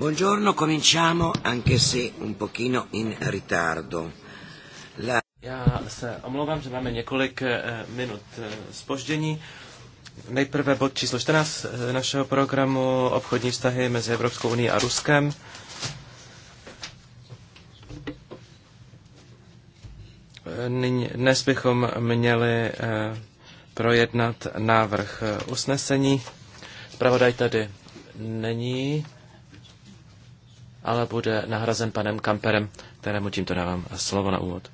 Buongiorno, cominciamo anche se un pochino in ritardo. La... Já se omlouvám, že máme několik eh, minut spoždění. Eh, Nejprve bod číslo 14 eh, našeho programu obchodní vztahy mezi Evropskou unii a Ruskem. Dnes bychom měli projednat návrh usnesení. Zpravodaj tady není ale bude nahrazen panem Kamperem, kterému tímto dávám slovo na úvod.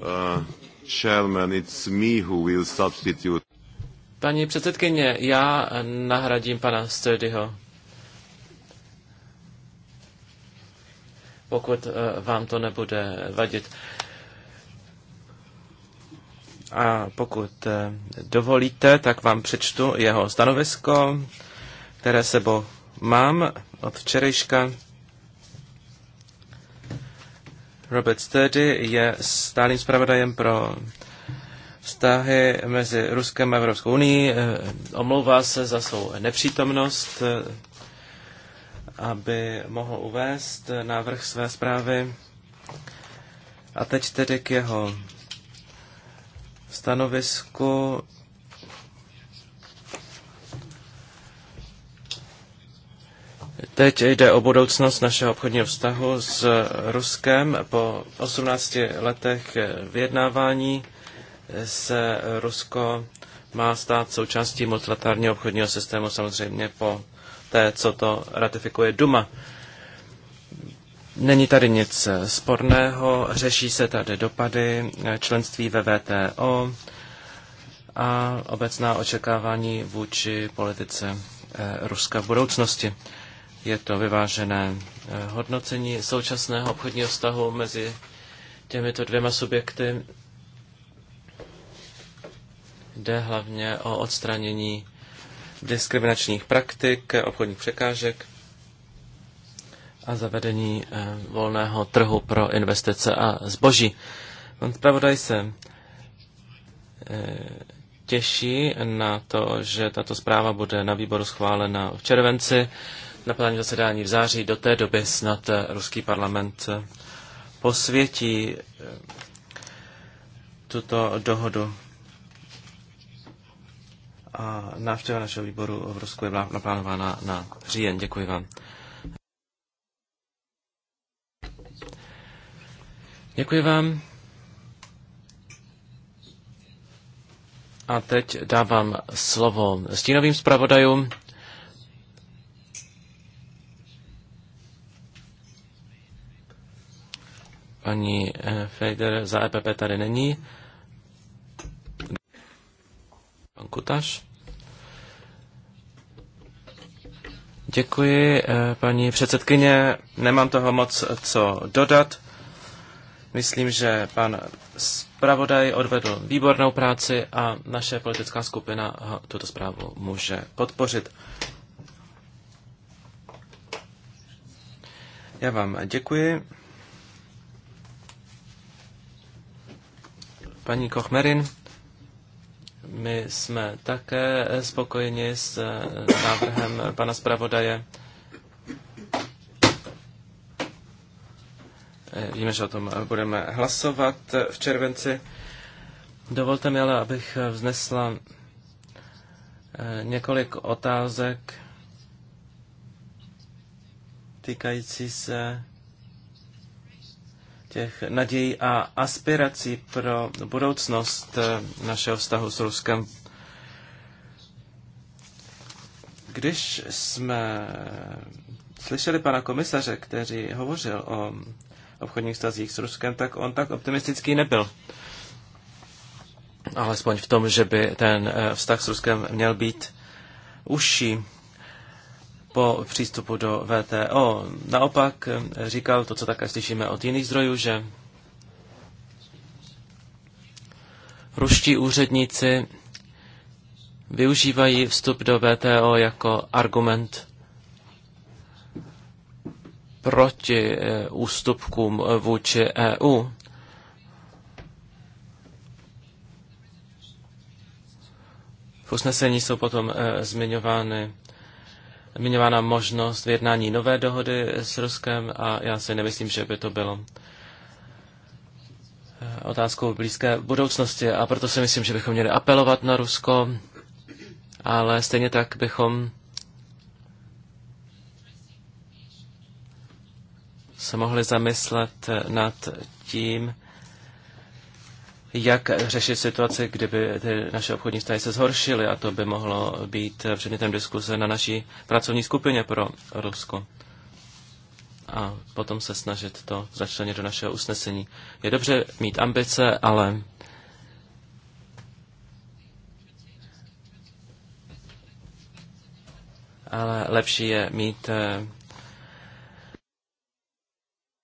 Uh, chairman, it's me who will substitute. Paní předsedkyně, já nahradím pana Sturdyho. Pokud eh, vám to nebude vadit. A pokud eh, dovolíte, tak vám přečtu jeho stanovisko, které sebo mám od včerejška. Robert Sturdy je stálým zpravodajem pro vztahy mezi Ruskem a Evropskou unii. Eh, omlouvá se za svou nepřítomnost, eh, aby mohl uvést návrh své zprávy. A teď tedy k jeho Stanovisko Teď jde o budoucnost našeho obchodního vztahu s Ruskem. Po 18 letech vyjednávání se Rusko má stát součástí multilaterálního obchodního systému samozřejmě po té, co to ratifikuje Duma. Není tady nic sporného, řeší se tady dopady eh, členství ve VTO a obecná očekávání vůči politice eh, Ruska v budoucnosti. Je to vyvážené eh, hodnocení současného obchodního vztahu mezi těmito dvěma subjekty. Jde hlavně o odstranění diskriminačních praktik, obchodních překážek a zavedení eh, volného trhu pro investice a zboží. Pan zpravodaj se eh, těší na to, že tato zpráva bude na výboru schválena v červenci, na plání zasedání v září. Do té doby snad eh, ruský parlament posvětí tuto dohodu. A návštěva našeho výboru v Rusku je naplánována na říjen. Děkuji vám. Děkuji vám. A teď dávám slovo stínovým zpravodajům. Paní eh, Fejder za EPP tady není. Pan Kutaš. Děkuji, eh, paní předsedkyně. Nemám toho moc co dodat. Myslím, že pan zpravodaj odvedl výbornou práci a naše politická skupina tuto zprávu může podpořit. Já vám děkuji. Paní Kochmerin, my jsme také spokojeni s návrhem pana zpravodaje. Eh, víme, že o tom eh, budeme hlasovat eh, v červenci. Dovolte mi ale, abych vznesla několik otázek týkající se těch nadějí a aspirací pro budoucnost našeho vztahu s Ruskem. Když jsme slyšeli pana komisaře, který hovořil o obchodních stazích s Ruskem, tak on tak optimistický nebyl. Alespoň v tom, že by ten eh, vztah s Ruskem měl být užší po přístupu do VTO. Naopak eh, říkal to, co také slyšíme od jiných zdrojů, že ruští úředníci využívají vstup do VTO jako argument proti eh, ústupkům eh, vůči EU. V usnesení jsou potom eh, zmiňovány zmiňována možnost vyjednání nové dohody s Ruskem a já si nemyslím, že by to bylo otázkou blízké budoucnosti a proto si myslím, že bychom měli apelovat na Rusko, ale stejně tak bychom se mohli zamyslet nad tím, jak řešit situaci, kdyby ty naše obchodní vztahy se zhoršily a to by mohlo být předmětem diskuse na naší pracovní skupině pro Rusko. A potom se snažit to začlenit do našeho usnesení. Je dobře mít ambice, ale ale lepší je mít eh,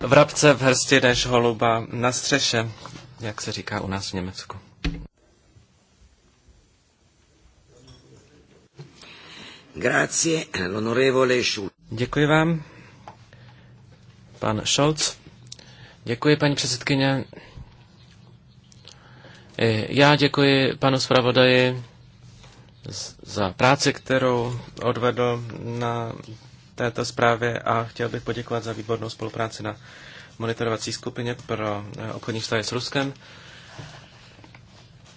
vrabce v hrsti než holuba na střeše, jak se říká u nás v Německu. Grazie, l'onorevole Děkuji vám, pan Scholz. Děkuji, paní předsedkyně. Já děkuji panu zpravodaji za práci, kterou odvedl na této zprávě a chtěl bych poděkovat za výbornou spolupráci na monitorovací skupině pro eh, obchodní vztahy s Ruskem.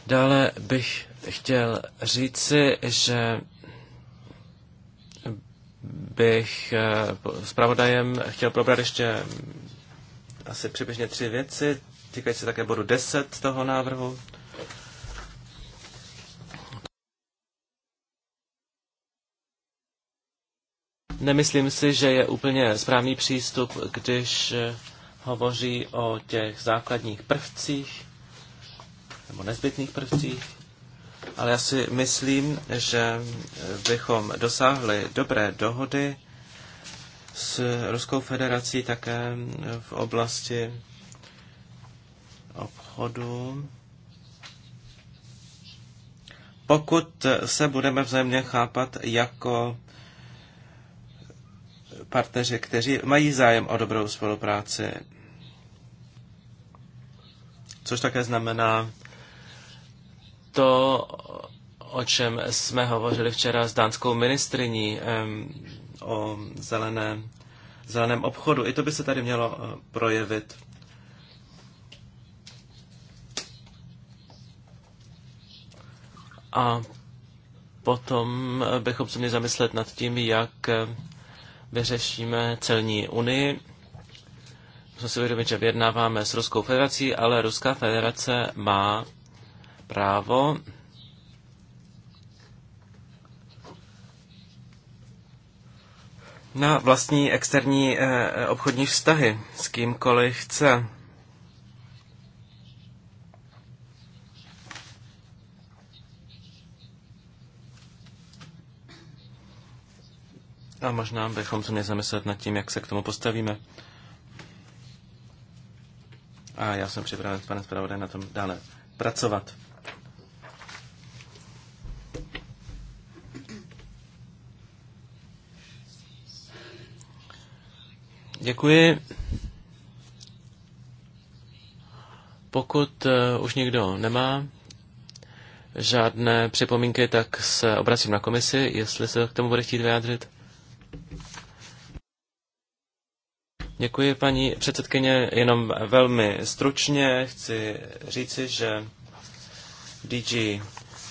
Dále bych chtěl říci, že bych eh, pravodajem chtěl probrat ještě mm, asi přibližně tři věci, týkají se také bodu 10 toho návrhu Nemyslím si, že je úplně správný přístup, když eh, hovoří o těch základních prvcích nebo nezbytných prvcích, ale já si myslím, že eh, bychom dosáhli dobré dohody s Ruskou federací také eh, v oblasti obchodu. Pokud se budeme vzájemně chápat jako partneři, kteří mají zájem o dobrou spolupráci. Což také znamená to, o čem jsme hovořili včera s dánskou ministriní o zelené, zeleném obchodu. I to by se tady mělo eh, projevit. A potom eh, bychom se měli zamyslet nad tím, jak eh, vyřešíme celní unii. Musíme si uvědomit, že vyjednáváme s Ruskou federací, ale Ruská federace má právo na vlastní externí eh, obchodní vztahy s kýmkoliv chce. A možná bychom se měli zamyslet nad tím, jak se k tomu postavíme. A já jsem připraven s panem zpravodajem na tom dále pracovat. Děkuji. Pokud eh, už někdo nemá žádné připomínky, tak se obracím na komisi, jestli se k tomu bude chtít vyjádřit. Děkuji, paní předsedkyně. Jenom velmi stručně chci říci, že DG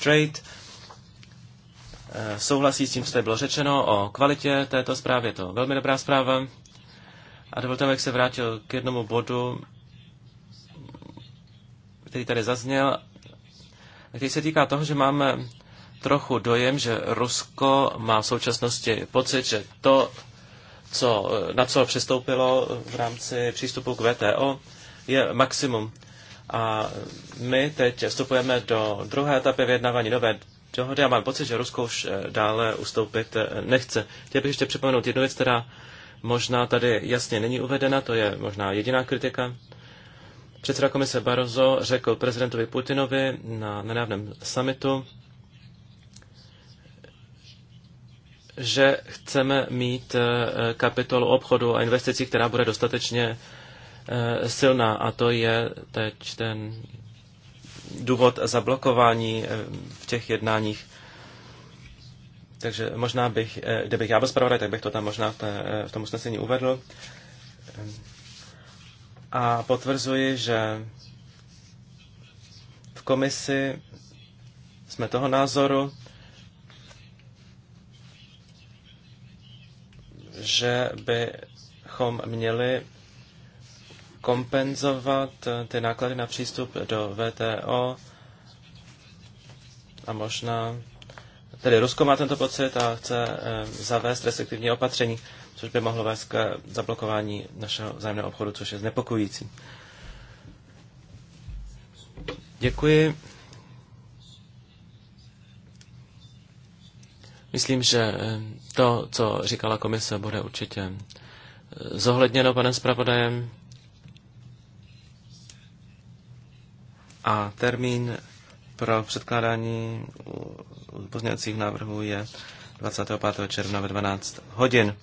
Trade eh, souhlasí s tím, co tady bylo řečeno o kvalitě této zprávy. Je to velmi dobrá zpráva. A dovolte mi, jak se vrátil k jednomu bodu, který tady zazněl, který se týká toho, že máme trochu dojem, že Rusko má v současnosti pocit, že to, co, na co přistoupilo v rámci přístupu k VTO, je maximum. A my teď vstupujeme do druhé etapy vyjednávání nové dohody a mám pocit, že Rusko už eh, dále ustoupit eh, nechce. Chtěl bych ještě připomenout jednu věc, která možná tady jasně není uvedena, to je možná jediná kritika. Předseda komise Barroso řekl prezidentovi Putinovi na nedávném summitu, že chceme mít eh, kapitolu obchodu a investicí, která bude dostatečně eh, silná. A to je teď ten důvod zablokování eh, v těch jednáních. Takže možná bych, kdybych já byl zpravodaj, tak bych to tam možná v, té, v tom usnesení uvedl. A potvrzuji, že v komisi jsme toho názoru, že bychom měli kompenzovat eh, ty náklady na přístup do VTO a možná tedy Rusko má tento pocit a chce eh, zavést restriktivní opatření, což by mohlo vést k zablokování našeho vzájemného obchodu, což je znepokojící. Děkuji. Myslím, že eh, to, co říkala komise, bude určitě eh, zohledněno panem zpravodajem. A termín pro předkládání eh, pozměňovacích návrhů je 25. června ve 12 hodin.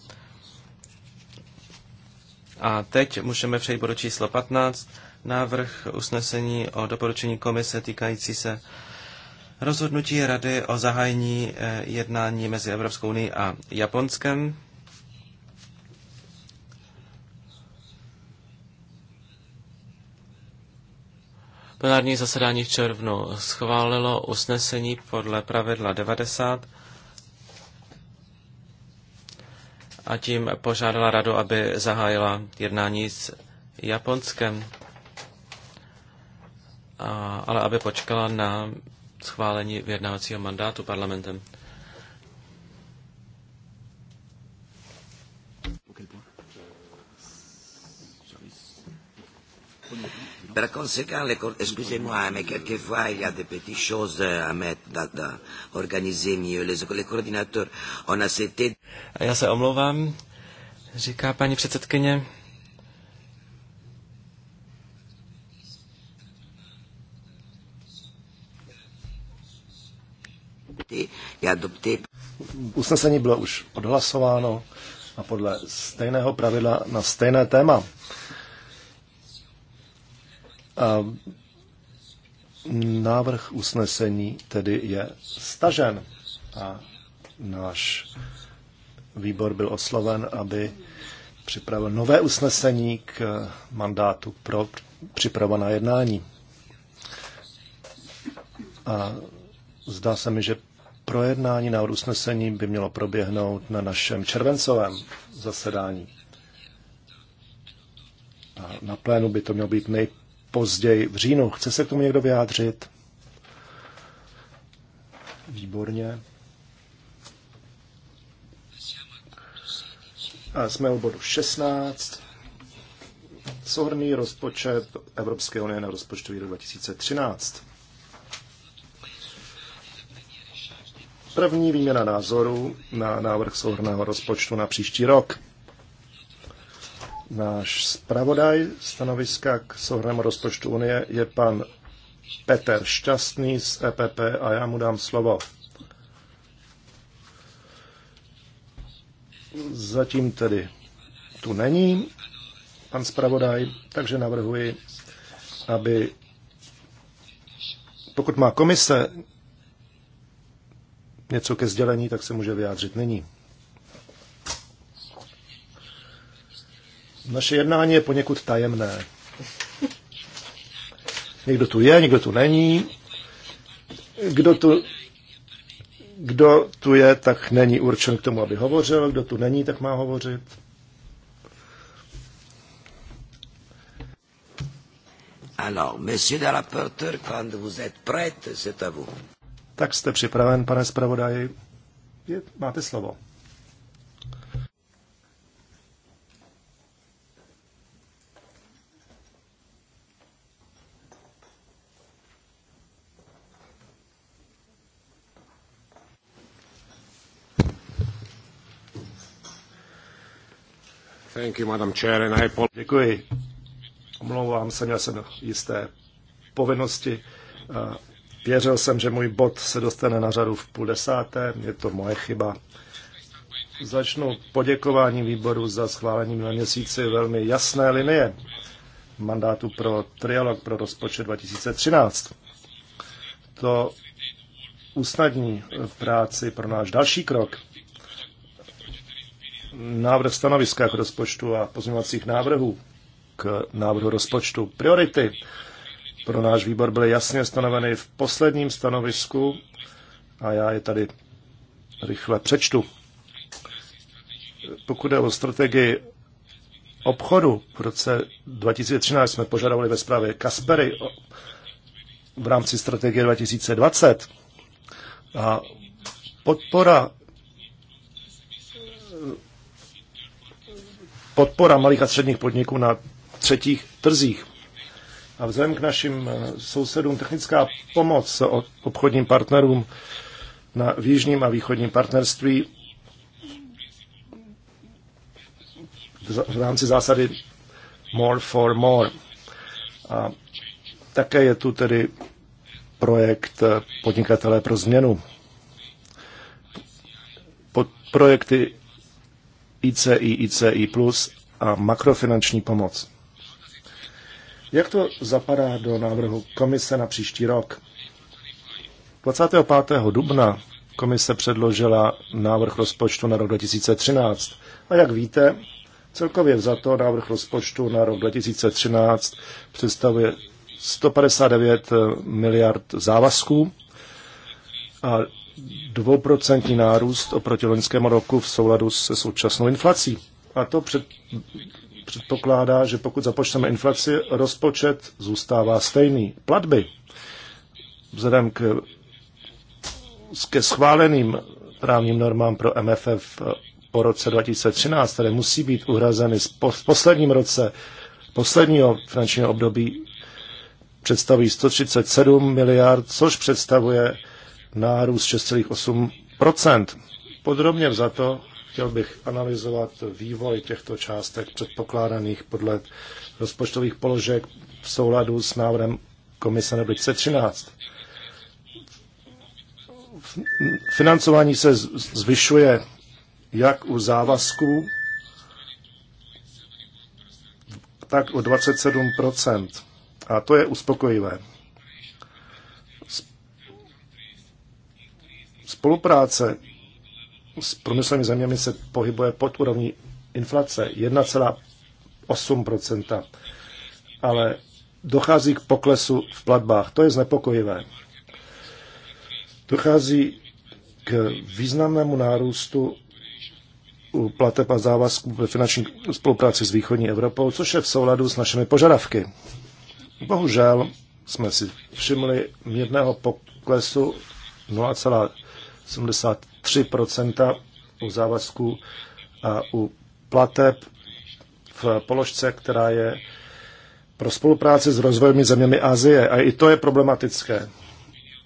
A teď můžeme přejít bodu číslo 15, návrh usnesení o doporučení komise týkající se rozhodnutí Rady o zahájení eh, jednání mezi Evropskou unii a Japonskem. Plenární zasedání v červnu schválilo usnesení podle pravidla 90 a tím požádala radu, aby zahájila jednání s Japonskem, a, ale aby počkala na schválení vyjednávacího mandátu parlamentem. Per conseguire le conséquent, excusez-moi, eh, mais quelquefois il y a des petites choses eh, à mettre, à, à organiser mieux. Les, le coordinatori, on a cité... Já se omlouvám, říká paní předsedkyně. adopté. Usnesení bylo už odhlasováno a podle stejného pravidla na stejné téma. A návrh usnesení tedy je stažen a náš výbor byl osloven, aby připravil nové usnesení k mandátu pro připravená jednání. A zdá se mi, že Projednání na usnesení by mělo proběhnout na našem červencovém zasedání. A na plénu by to mělo být nejpozději v říjnu. Chce se k tomu někdo vyjádřit? Výborně. A jsme u bodu 16. Souhrný rozpočet Evropské unie na rozpočtový rok 2013. První výměna názorů na návrh souhrného rozpočtu na příští rok. Náš zpravodaj stanoviska k souhrnému rozpočtu Unie je pan Petr Šťastný z EPP a já mu dám slovo. Zatím tedy tu není pan zpravodaj, takže navrhuji, aby pokud má komise něco ke sdělení, tak se může vyjádřit nyní. Naše jednání je poněkud tajemné. Někdo tu je, někdo tu není. Kdo tu, kdo tu je, tak není určen k tomu, aby hovořil. Kdo tu není, tak má hovořit. Alors, monsieur le rapporteur, quand vous êtes prête, c'est à vous. Tak jste připraven, pane zpravodaji? Je, máte slovo. Thank you, Madam Chair, and I Děkuji. Omlouvám se, měl jsem jisté povinnosti. Eh, Věřil jsem, že můj bod se dostane na řadu v půl desáté, je to moje chyba. Začnu poděkování výboru za schválení na měsíci velmi jasné linie mandátu pro trialog pro rozpočet 2013. To usnadní v práci pro náš další krok. Návrh stanoviska k rozpočtu a pozměňovacích návrhů k návrhu rozpočtu. Priority pro náš výbor byly jasně stanoveny v posledním stanovisku a já je tady rychle přečtu. Pokud je o strategii obchodu v roce 2013 jsme požadovali ve zprávě Kaspery v rámci strategie 2020 a podpora podpora malých a středních podniků na třetích trzích a vzhledem k našim eh, sousedům technická pomoc obchodním partnerům na výžním a východním partnerství v rámci zásady more for more. A také je tu tedy projekt eh, Podnikatelé pro změnu. Pod projekty ICI, ICI Plus a makrofinanční pomoc. Jak to zapadá do návrhu komise na příští rok? 25. dubna komise předložila návrh rozpočtu na rok 2013. A jak víte, celkově to návrh rozpočtu na rok 2013 představuje 159 miliard závazků a dvouprocentní nárůst oproti loňskému roku v souladu se současnou inflací. A to před, předpokládá, že pokud započteme inflaci, rozpočet zůstává stejný. Platby vzhledem k, ke schváleným právním normám pro MFF po roce 2013, které musí být uhrazeny v posledním roce posledního finančního období, představují 137 miliard, což představuje nárůst 6,8 Podrobně za to Chtěl bych analyzovat vývoj těchto částek předpokládaných podle rozpočtových položek v souladu s návrhem komise nebo 13. Financování se zvyšuje jak u závazků, tak o 27%. A to je uspokojivé. Spolupráce s průmyslovými zeměmi se pohybuje pod úrovní inflace 1,8%, ale dochází k poklesu v platbách. To je znepokojivé. Dochází k významnému nárůstu u plateb a závazků ve finanční spolupráci s východní Evropou, což je v souladu s našimi požadavky. Bohužel jsme si všimli mírného poklesu 73% u závazků a u plateb v položce, která je pro spolupráci s rozvojovými zeměmi Asie. A i to je problematické,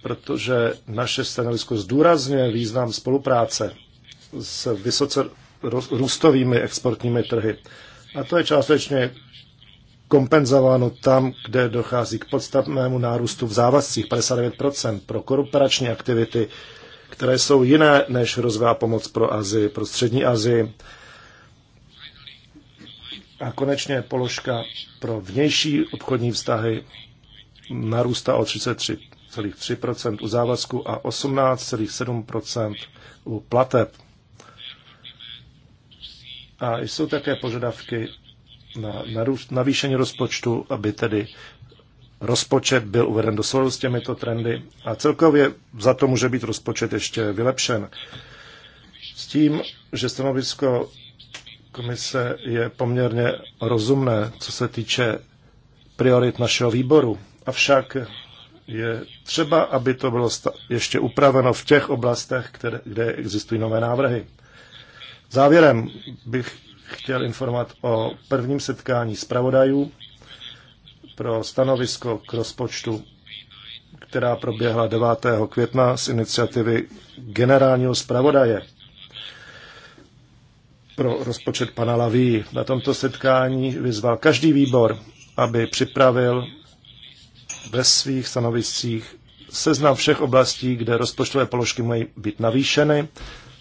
protože naše stanovisko zdůrazňuje význam spolupráce s vysoce růstovými exportními trhy. A to je částečně kompenzováno tam, kde dochází k podstatnému nárůstu v závazcích 59% pro korporační aktivity které jsou jiné než rozvá pomoc pro Azii, pro střední Azii. A konečně položka pro vnější obchodní vztahy narůstá o 33,3 u závazku a 18,7 u plateb. A jsou také požadavky na navýšení rozpočtu, aby tedy rozpočet byl uveden do souladu s těmito trendy a celkově za to může být rozpočet ještě vylepšen. S tím, že stanovisko komise je poměrně rozumné, co se týče priorit našeho výboru. Avšak je třeba, aby to bylo ještě upraveno v těch oblastech, které, kde existují nové návrhy. Závěrem bych chtěl informovat o prvním setkání zpravodajů pro stanovisko k rozpočtu, která proběhla 9. května z iniciativy generálního zpravodaje pro rozpočet pana Laví. Na tomto setkání vyzval každý výbor, aby připravil ve svých stanoviscích seznam všech oblastí, kde rozpočtové položky mají být navýšeny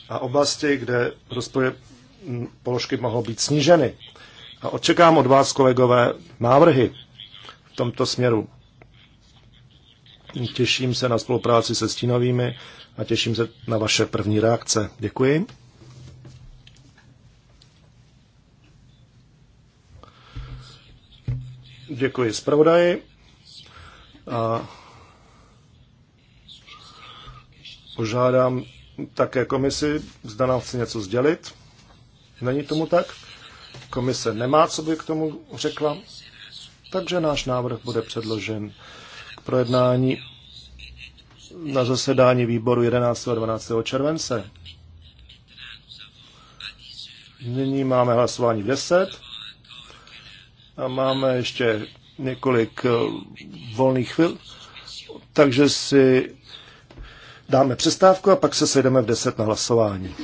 a oblasti, kde rozpočtové položky mohou být sníženy. A očekám od vás, kolegové, návrhy tomto směru. Těším se na spolupráci se Stínovými a těším se na vaše první reakce. Děkuji. Děkuji zpravodaji. A požádám také komisi, zda nám chce něco sdělit. Není tomu tak? Komise nemá, co by k tomu řekla. Takže náš návrh bude předložen k projednání na zasedání výboru 11. a 12. července. Nyní máme hlasování 10 a máme ještě několik eh, volných chvil, takže si dáme přestávku a pak se sejdeme v 10 na hlasování.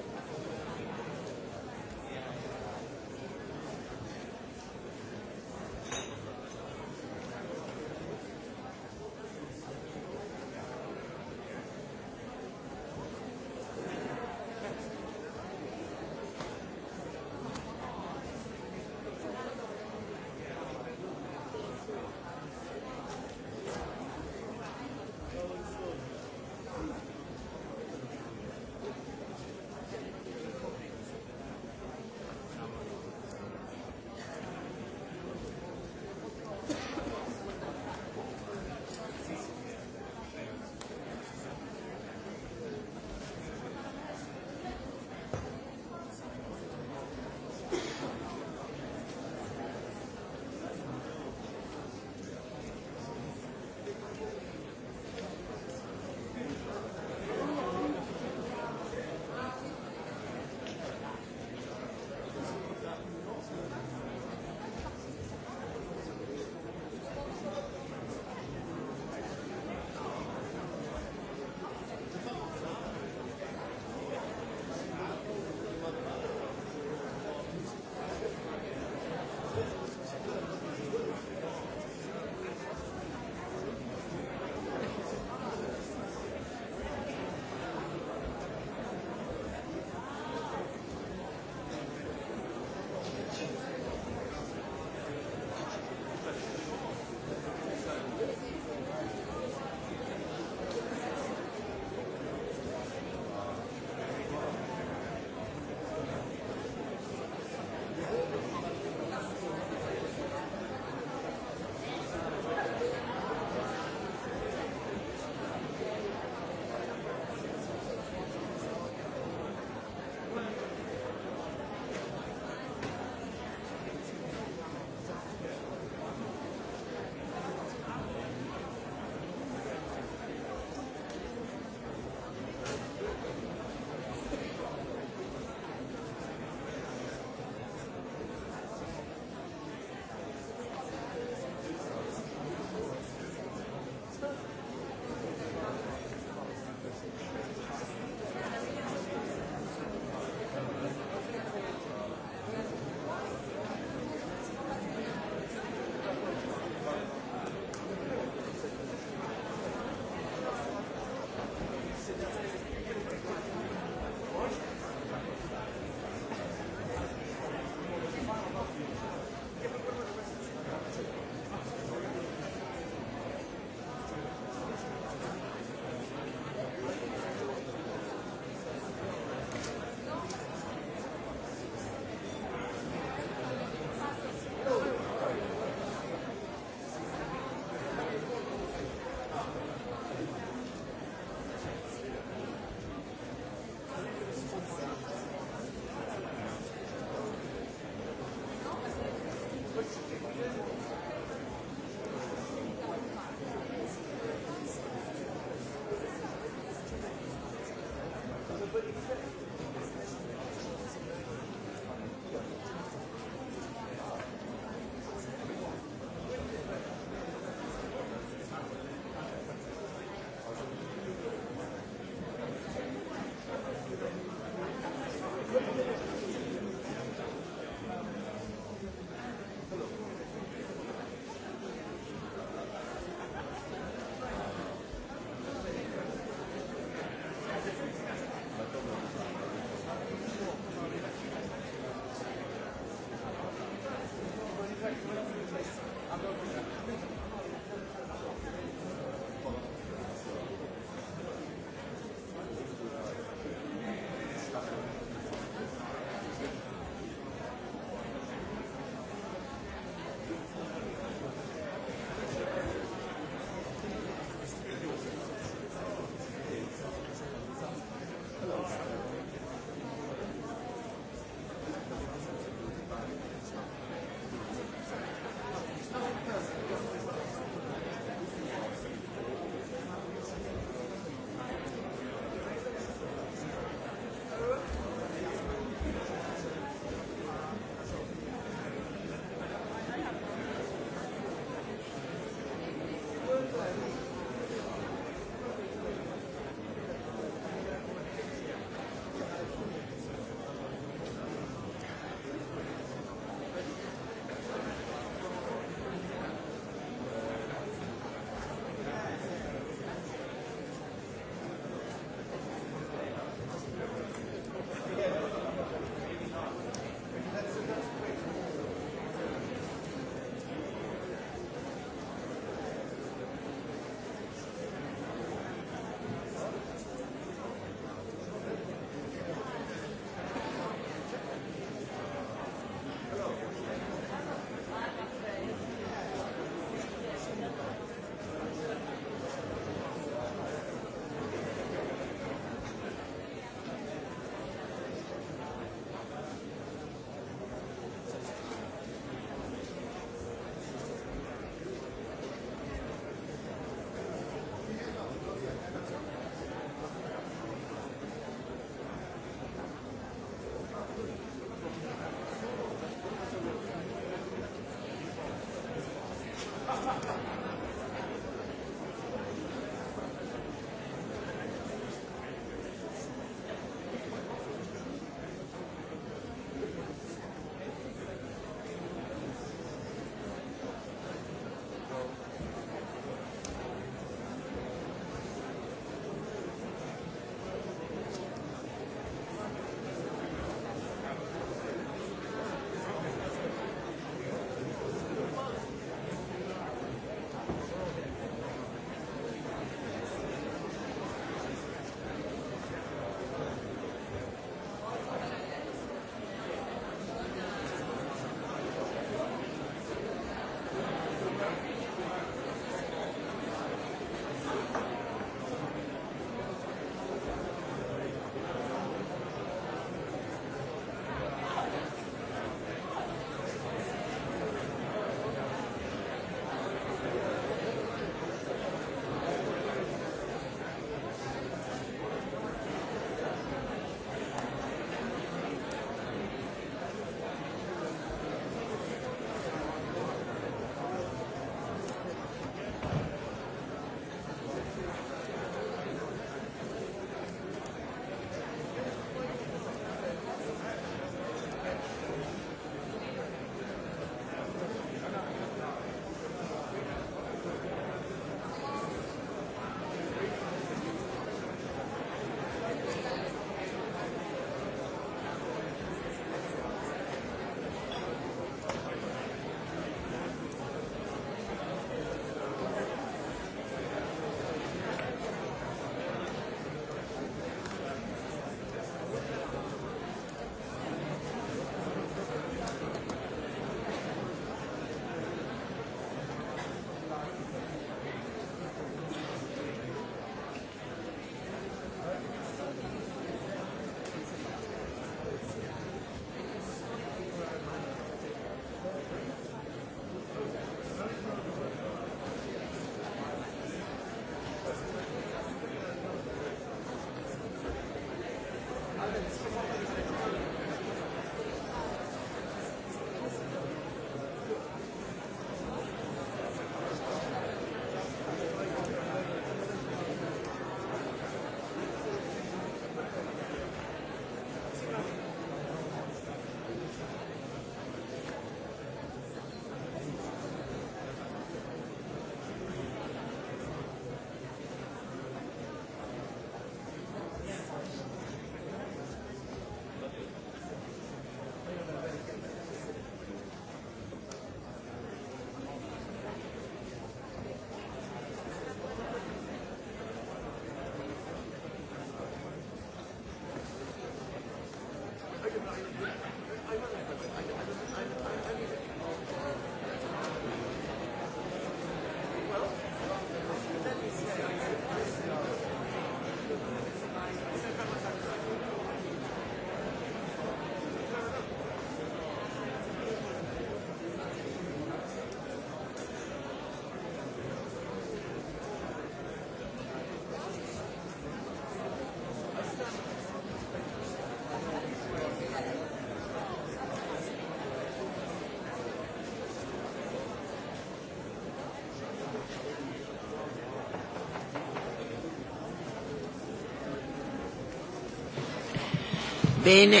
Bene,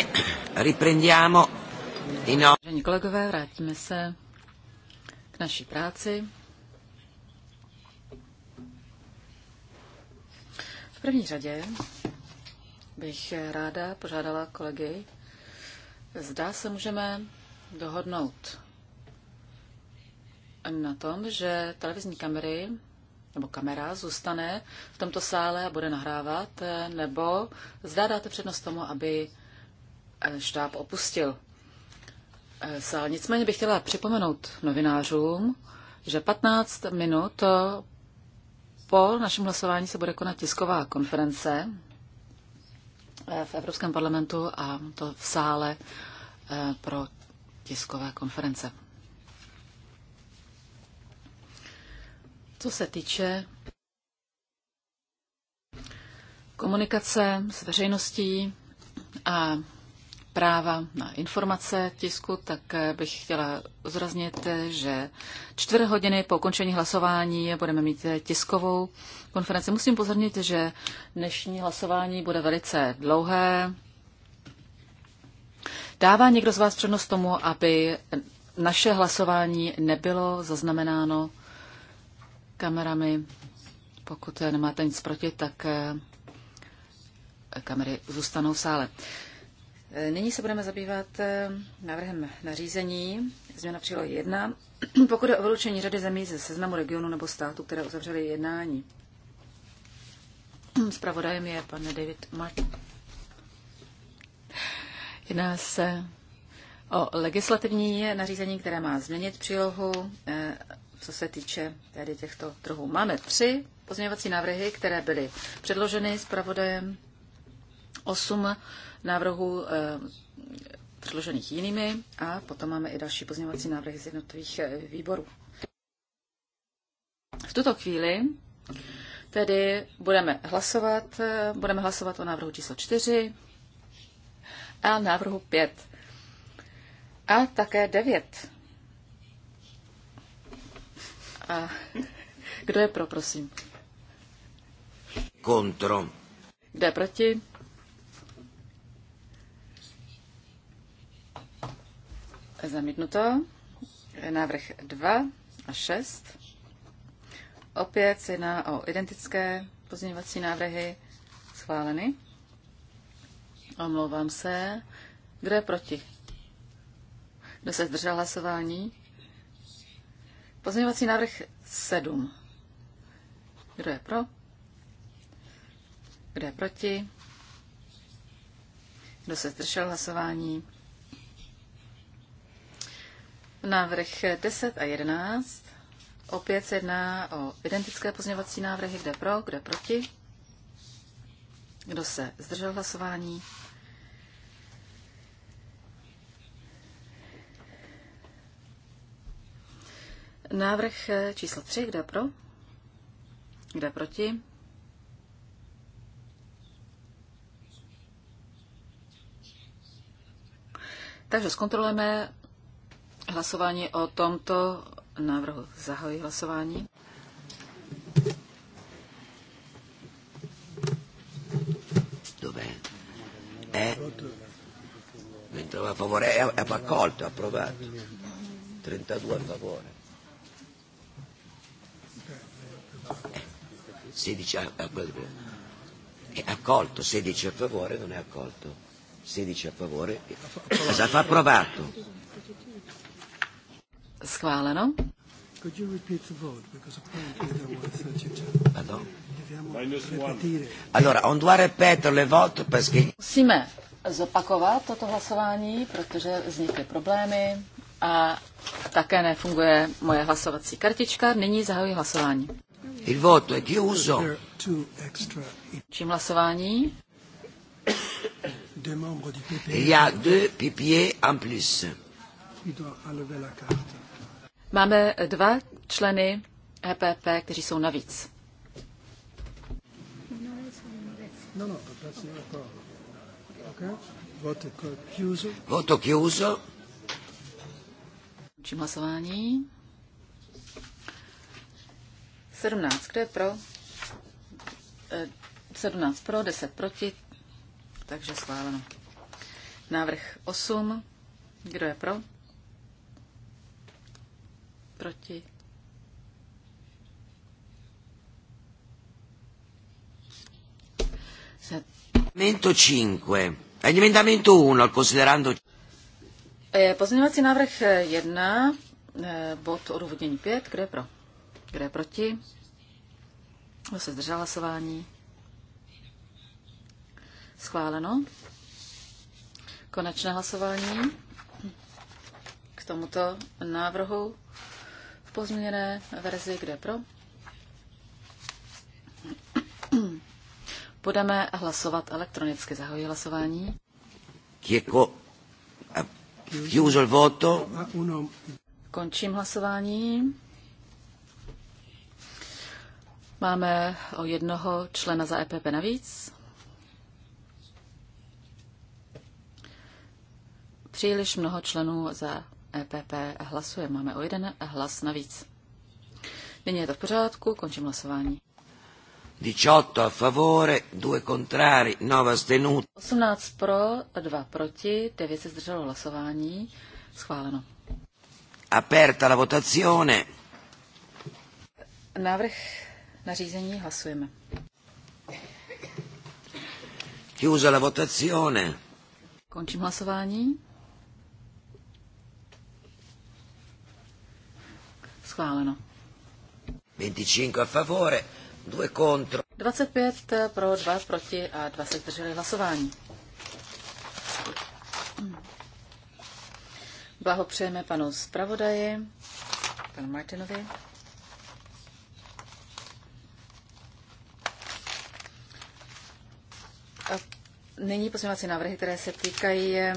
riprendiamo i no... kolegové, vrátíme se k naší práci. V první řadě bych ráda požádala kolegy, zda se můžeme dohodnout na tom, že televizní kamery nebo kamera zůstane v tomto sále a bude nahrávat, nebo zda dáte přednost tomu, aby štáb opustil sál. Eh, nicméně bych chtěla připomenout novinářům, že 15 minut eh, po našem hlasování se bude konat tisková konference eh, v Evropském parlamentu a to v sále pro tiskové konference. Co se týče komunikace s veřejností a práva na informace tisku, tak bych chtěla zraznit, že čtvrt hodiny po ukončení hlasování budeme mít tiskovou konferenci. Musím pozornit, že dnešní hlasování bude velice dlouhé. Dává někdo z vás přednost tomu, aby naše hlasování nebylo zaznamenáno kamerami? Pokud nemáte nic proti, tak kamery zůstanou v sále. Nyní se budeme zabývat eh, návrhem nařízení, změna přílohy 1, pokud je o vyloučení řady zemí ze seznamu regionu nebo státu, které uzavřely jednání. Zpravodajem je pan David Martin. Jedná se o legislativní nařízení, které má změnit přílohu, eh, co se týče tedy těchto trhů. Máme tři pozměňovací návrhy, které byly předloženy zpravodajem. Osm návrhů eh, předložených jinými a potom máme i další pozměňovací návrhy z jednotlivých eh, výborů. V tuto chvíli tedy budeme hlasovat, eh, budeme hlasovat o návrhu číslo 4 a návrhu 5 a také 9. A kdo je pro, prosím? Kontro. Kdo je proti? Zamítnuto. Návrh 2 a 6. Opět se jedná o identické pozměňovací návrhy schváleny. Omlouvám se. Kdo je proti? Kdo se zdržel hlasování? Pozměňovací návrh 7. Kdo je pro? Kdo je proti? Kdo se zdržel hlasování? Návrh 10 a 11. Opět se jedná o identické pozměňovací návrhy, kde pro, kde proti. Kdo se zdržel hlasování? Návrh číslo 3, kde pro? Kde proti? Takže zkontrolujeme hlasování o tomto návrhu. Zahajuji hlasování. Dov'è? Eh? Mentre a favore è, eh, eh, eh, è accolto, approvato. 32 a favore. 16 a, a, è accolto, 16 a favore non è accolto. 16 a favore, cosa fa approvato? Schváleno. Musíme zopakovat toto hlasování, protože vznikly problémy a také nefunguje moje hlasovací kartička. Nyní zahajuji hlasování. Il voto è chiuso. Čím hlasování? E. Il y a deux pipiers en plus. Il doit enlever la carte. Máme dva členy EPP, kteří jsou navíc. Voto chiuso. Voto chiuso. Končím hlasování. 17, kdo je pro? 17 eh, pro, 10 proti, takže schváleno. Návrh 8, kdo je pro? Proti. Emendamento 5. Emendamento 1 al considerando. Eh, pozměňovací návrh 1, eh, eh, bod odůvodnění 5, kdo je pro? Kdo je proti? Kdo se zdržel hlasování? Schváleno. Konečné hlasování k tomuto návrhu pozměněné verzi, kde pro. Budeme hlasovat elektronicky. Zahoji hlasování. Chieko. voto. Končím hlasování. Máme o jednoho člena za EPP navíc. Příliš mnoho členů za EPP hlasuje. Máme o jeden hlas navíc. Nyní je to v pořádku, končím hlasování. 18 a favore, 2 contrari, 9 astenuti. 18 pro, 2 proti, 9 se zdrželo hlasování. Schváleno. Aperta la votazione. Návrh nařízení hlasujeme. Chiusa la votazione. Končím hlasování. schváleno. 25 a favore, 2 contro. 25 eh, pro, 2 proti a 2 se zdrželi hlasování. Blahopřejeme panu zpravodaji, panu Martinovi. A nyní pozměňovací návrhy, které se týkají eh,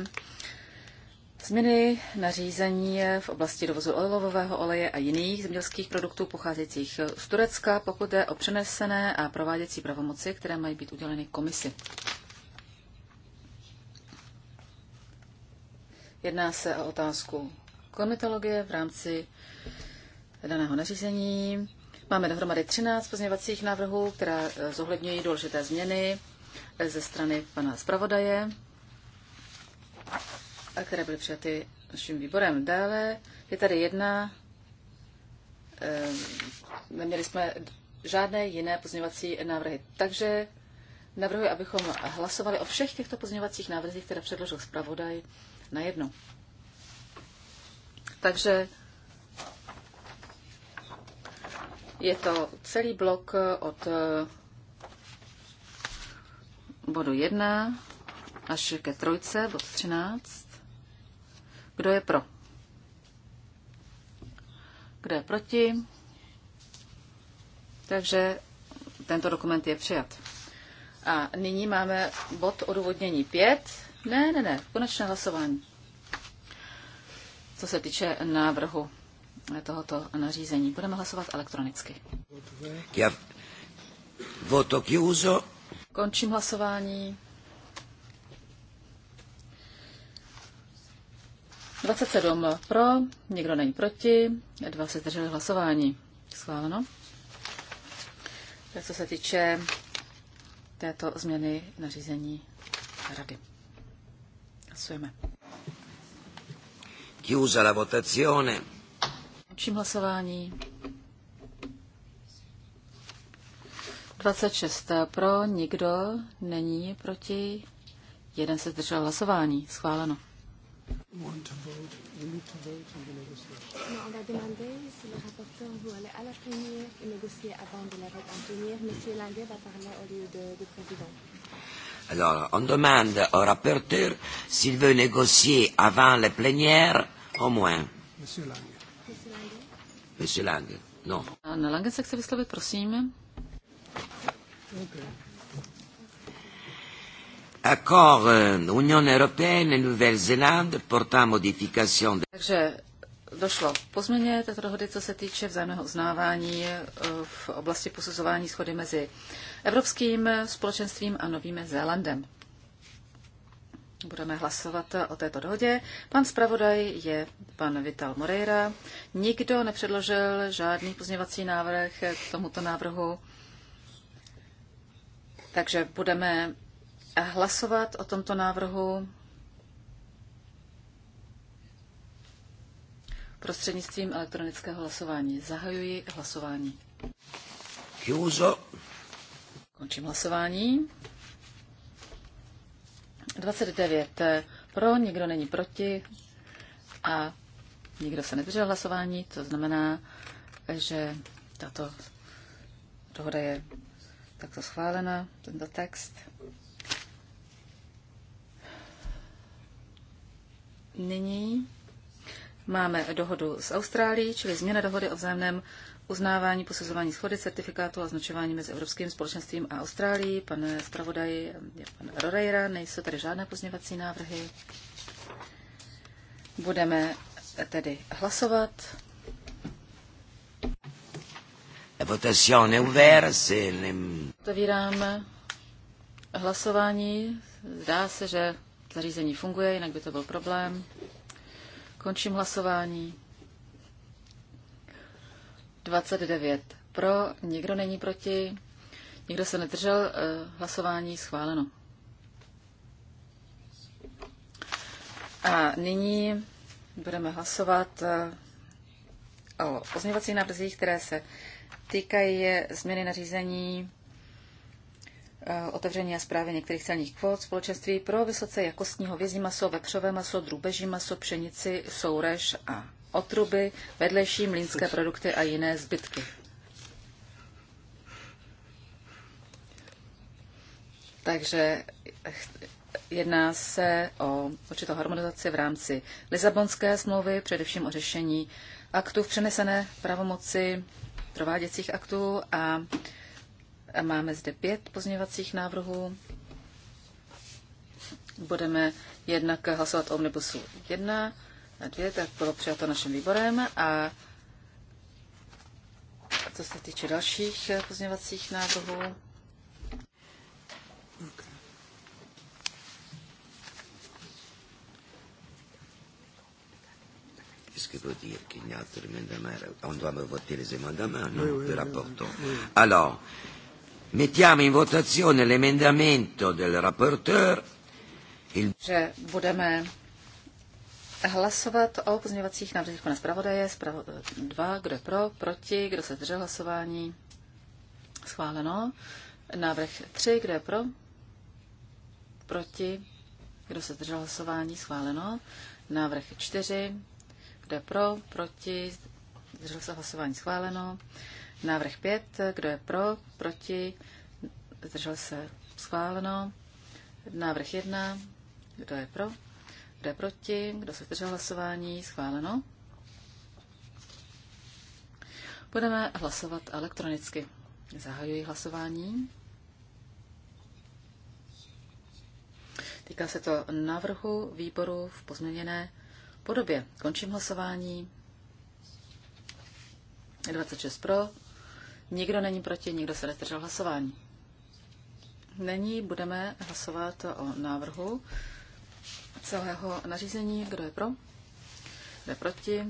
Změny nařízení v oblasti dovozu olivového oleje a jiných zemědělských produktů pocházejících z Turecka, pokud je o přenesené a prováděcí pravomoci, které mají být uděleny komisi. Jedná se o otázku komitologie v rámci daného nařízení. Máme dohromady 13 pozměňovacích návrhů, které eh, zohledňují důležité změny eh, ze strany pana zpravodaje a které byly přijaty naším výborem. Dále je tady jedna, eh, neměli jsme žádné jiné pozměňovací návrhy. Takže navrhuji, abychom hlasovali o všech těchto pozměňovacích návrzích, které předložil zpravodaj na jednu. Takže je to celý blok od eh, bodu 1 až ke trojce, bod 13. Kdo je pro? Kdo je proti? Takže tento dokument je přijat. A nyní máme bod odůvodnění 5. Ne, ne, ne, konečné hlasování. Co se týče návrhu tohoto nařízení. Budeme hlasovat elektronicky. Voto chiuso. Končím hlasování. 27 pro, nikdo není proti, dva se zdrželi hlasování. Schváleno. Tak co se týče této změny nařízení rady. Hlasujeme. Chiusa la votazione. Končím hlasování. 26 pro, nikdo není proti, jeden se zdržel hlasování. Schváleno want to vote, we need to vote on the negotiation. Non, on va demander si le rapporteur veut aller à la plénière et négocier avant de la vote en plénière. Monsieur Languet va parler au lieu de, du président. Alors, on demande au rapporteur s'il veut négocier avant la plénière, au moins. Monsieur Lange. Monsieur Lange. Monsieur non. Anna Lange se vous plaît, prosím. Okay. Accord euh, Unione Européenne et Nouvelle-Zélande portant modification de... Takže došlo k pozměně této dohody, co se týče vzájemného uznávání eh, v oblasti posuzování schody mezi Evropským společenstvím a Novým Zélandem. Budeme hlasovat o této dohodě. Pan zpravodaj je pan Vital Moreira. Nikdo nepředložil žádný pozměvací návrh k tomuto návrhu, takže budeme a hlasovat o tomto návrhu prostřednictvím elektronického hlasování. Zahajuji hlasování. Chiuso. Končím hlasování. 29 pro, nikdo není proti a nikdo se nedržel hlasování, to znamená, že tato dohoda je takto schválena, tento text. Nyní máme dohodu s Austrálií, čili změna dohody o vzájemném uznávání, posuzování schody, certifikátu a značování mezi Evropským společenstvím a Austrálií. Pane zpravodaji, pan Roreira, nejsou tady žádné pozměvací návrhy. Budeme tedy hlasovat. Otevírám hlasování. Zdá se, že zařízení funguje, jinak by to byl problém. Končím hlasování. 29 pro, nikdo není proti, nikdo se nedržel, eh, hlasování schváleno. A nyní budeme hlasovat eh, o pozměňovacích návrzích, které se týkají eh, změny nařízení Eh, otevření a zprávy některých celních kvót společenství pro vysoce jakostního vězní maso, vepřové maso, drůbeží maso, pšenici, sourež a otruby, vedlejší mlínské produkty a jiné zbytky. Takže jedná se o určitou harmonizaci v rámci Lisabonské smlouvy, především o řešení aktů v přenesené pravomoci, prováděcích aktů a Máme zde pět pozměňovacích návrhů. Budeme jednak hlasovat o omnibusu 1 a 2, tak bylo přijato naším výborem. A co se týče dalších pozměňovacích návrhů, ce que veut dire qu'il a On doit voter les amendements, non, oui, oui, Oui, oui. Alors, Mettiamo in votazione l'emendamento del rapporteur. Il... Že budeme hlasovat o pozměňovacích návrzích pana zpravodaje. Zpravo... Dva, kdo je pro, proti, kdo se zdržel hlasování. Schváleno. Návrh tři, kdo je pro, proti, kdo se zdržel hlasování. Schváleno. Návrh čtyři, kdo je pro, proti, zdržel se hlasování. Schváleno. Návrh 5. Kdo je pro? Proti? Zdržel se? Schváleno. Návrh 1. Kdo je pro? Kdo je proti? Kdo se zdržel hlasování? Schváleno. Budeme hlasovat elektronicky. Zahajuji hlasování. Týká se to návrhu výboru v pozměněné podobě. Končím hlasování. 26 pro, Nikdo není proti, nikdo se nezdržel hlasování. Není, budeme hlasovat o návrhu celého nařízení. Kdo je pro? Kdo je proti?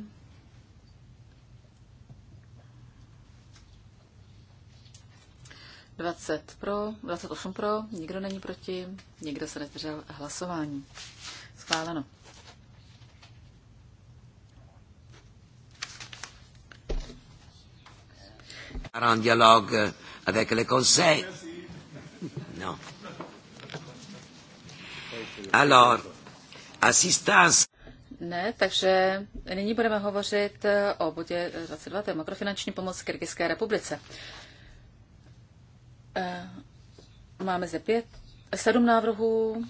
Dvacet pro, 28 pro, nikdo není proti, nikdo se nezdržel hlasování. Schváleno. un dialogue eh, avec le conseil. Non. Alors, assistance. Ne, takže nyní budeme hovořit eh, o bodě 22, to je makrofinanční pomoc Kyrgyzské republice. Eh, máme zde pět, sedm návrhů.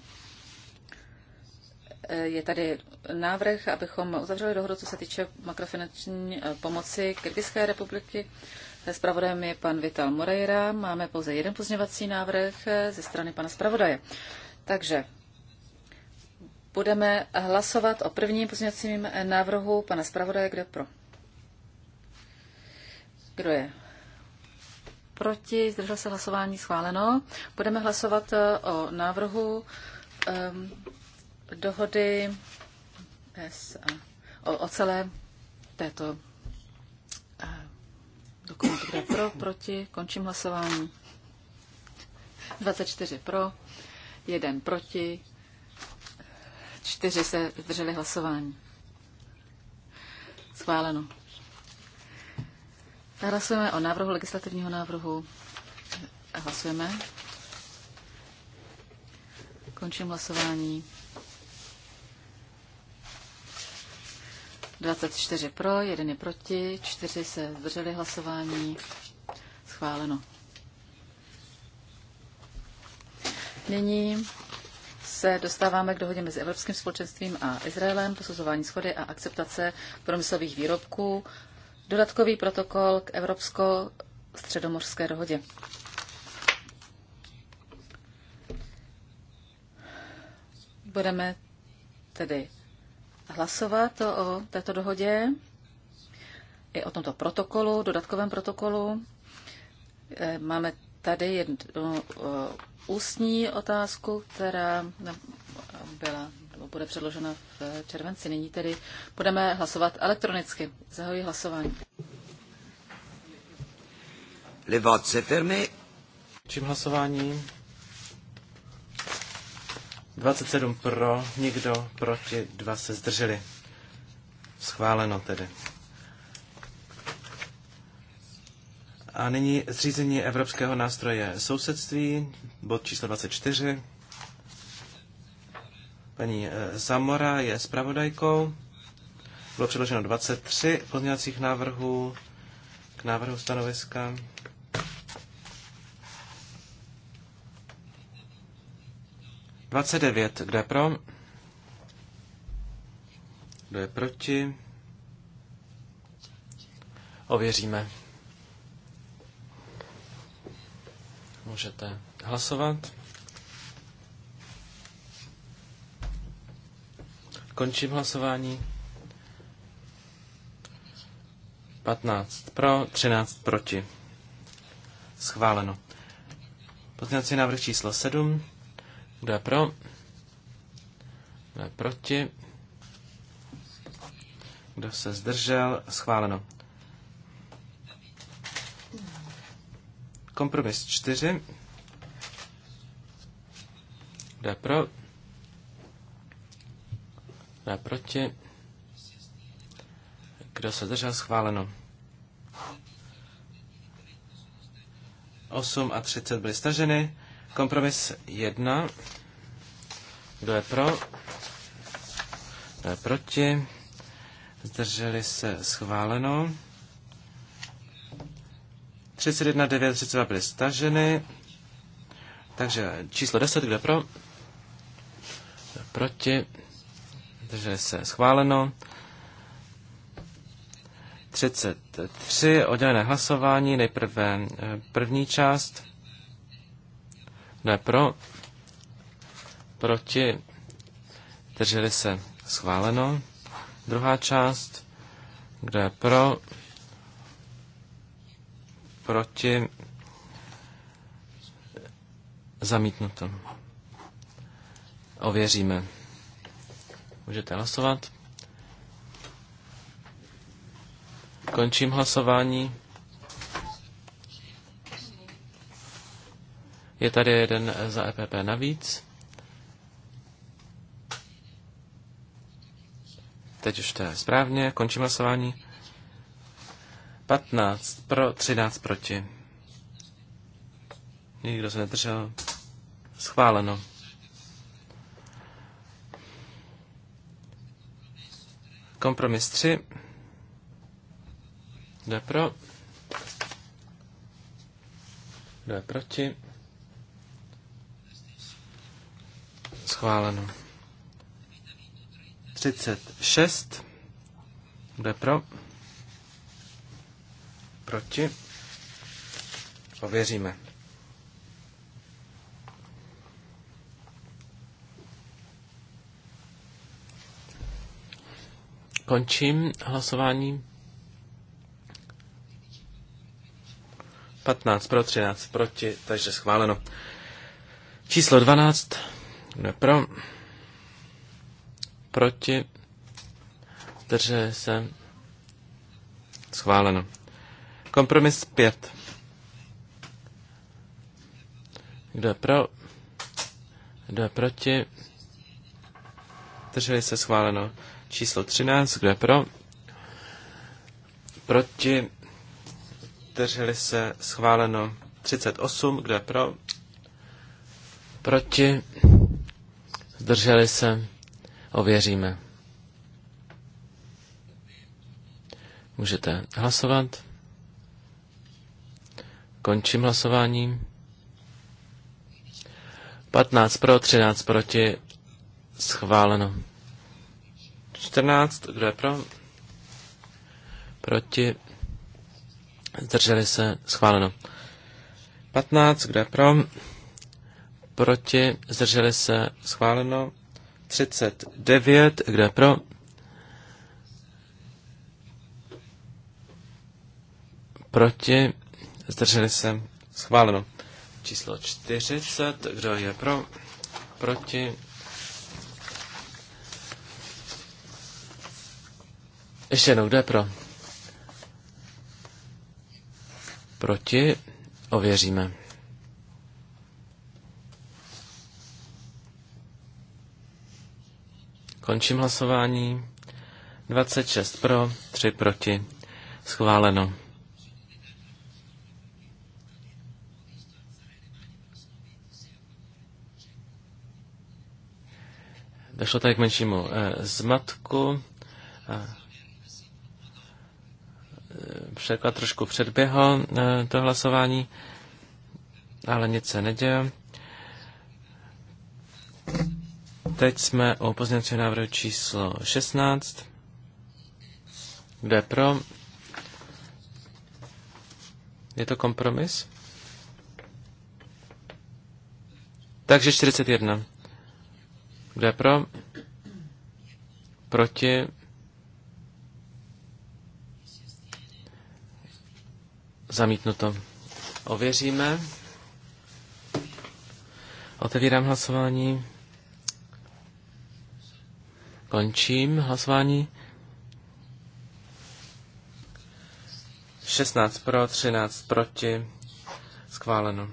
Je tady návrh, abychom uzavřeli dohodu, co se týče makrofinanční pomoci Kyrgyzské republiky. Spravodajem je pan Vital Moreira. Máme pouze jeden pozměvací návrh eh, ze strany pana spravodaje. Takže budeme hlasovat o prvním pozměvacím eh, návrhu pana zpravodaje. Kdo pro? Kdo je proti? Zdržel se hlasování schváleno. Budeme hlasovat eh, o návrhu um, dohody s, o, o celé této Dokument, kde pro, proti, končím hlasování. 24 pro, 1 proti, 4 se zdrželi hlasování. Schváleno. Hlasujeme o návrhu legislativního návrhu. Hlasujeme. Končím hlasování. 24 pro, 1 je proti, 4 se zdrželi hlasování. Schváleno. Nyní se dostáváme k dohodě mezi Evropským společenstvím a Izraelem, posuzování schody a akceptace promyslových výrobků, dodatkový protokol k Evropsko-středomorské dohodě. Budeme tedy hlasovat o této dohodě i o tomto protokolu, dodatkovém protokolu. Eh, máme tady jednu ústní otázku, která byla bude předložena v eh, červenci. Nyní tedy budeme hlasovat elektronicky. Zahoji hlasování. Le vote se Čím hlasování? 27 pro, nikdo proti, dva se zdrželi. Schváleno tedy. A nyní zřízení Evropského nástroje sousedství, bod číslo 24. Paní eh, Zamora je zpravodajkou. Bylo předloženo 23 pozměňovacích návrhů k návrhu stanoviska. 29. Kdo je pro? Kdo je proti? Ověříme. Můžete hlasovat. Končím hlasování. 15 pro, 13 proti. Schváleno. Pozměňovací návrh číslo 7. Kdo je pro? Kdo je proti? Kdo se zdržel? Schváleno. Kompromis 4. Kdo je pro? Kdo je proti? Kdo se zdržel? Schváleno. 8 a 30 byly staženy. Kompromis 1. Kdo je pro? Kdo je proti? Zdrželi se schváleno. 31, 9, 32 byly staženy. Takže číslo 10, kde pro? Proti. Zdrželi se schváleno. 33, oddělené hlasování, nejprve eh, první část. Ne, pro? Proti? Drželi se? Schváleno. Druhá část. Kdo je pro? Proti? Zamítnuto. Ověříme. Můžete hlasovat. Končím hlasování. Je tady jeden za EPP navíc. Teď už to je správně, končím hlasování. 15 pro, 13 proti. Nikdo se nedržel. Schváleno. Kompromis 3. Jde pro? Jde proti? Schváleno. 36. Bude pro. Proti. Ověříme. Končím hlasování. 15 pro 13 proti, takže schváleno. Číslo 12. Pro. Proti. drže se. Schváleno. Kompromis 5. Kdo je pro? Kdo je proti? Drželi se schváleno. Číslo 13. Kdo je pro? Proti? Drželi se schváleno. 38. Kdo je pro? Proti? zdrželi se, ověříme. Můžete hlasovat. Končím hlasování. 15 pro, 13 proti, schváleno. 14, kdo je pro? Proti, zdrželi se, schváleno. 15, kdo je pro? proti, zdrželi se, schváleno. 39, kde pro, proti, zdrželi se, schváleno. Číslo 40, kdo je pro, proti, Ještě jednou, kdo je pro? Proti? Ověříme. Končím hlasování. 26 pro, 3 proti. Schváleno. Došlo tady k menšímu eh, zmatku. Eh, překlad trošku předběhl eh, to hlasování, ale nic se neděje. Teď jsme o pozměňovacího návrhu číslo 16. Kde pro? Je to kompromis? Takže 41. Kde pro? Proti? Zamítnuto. Ověříme. Otevírám hlasování. Končím hlasování. 16 pro, 13 proti. Schváleno.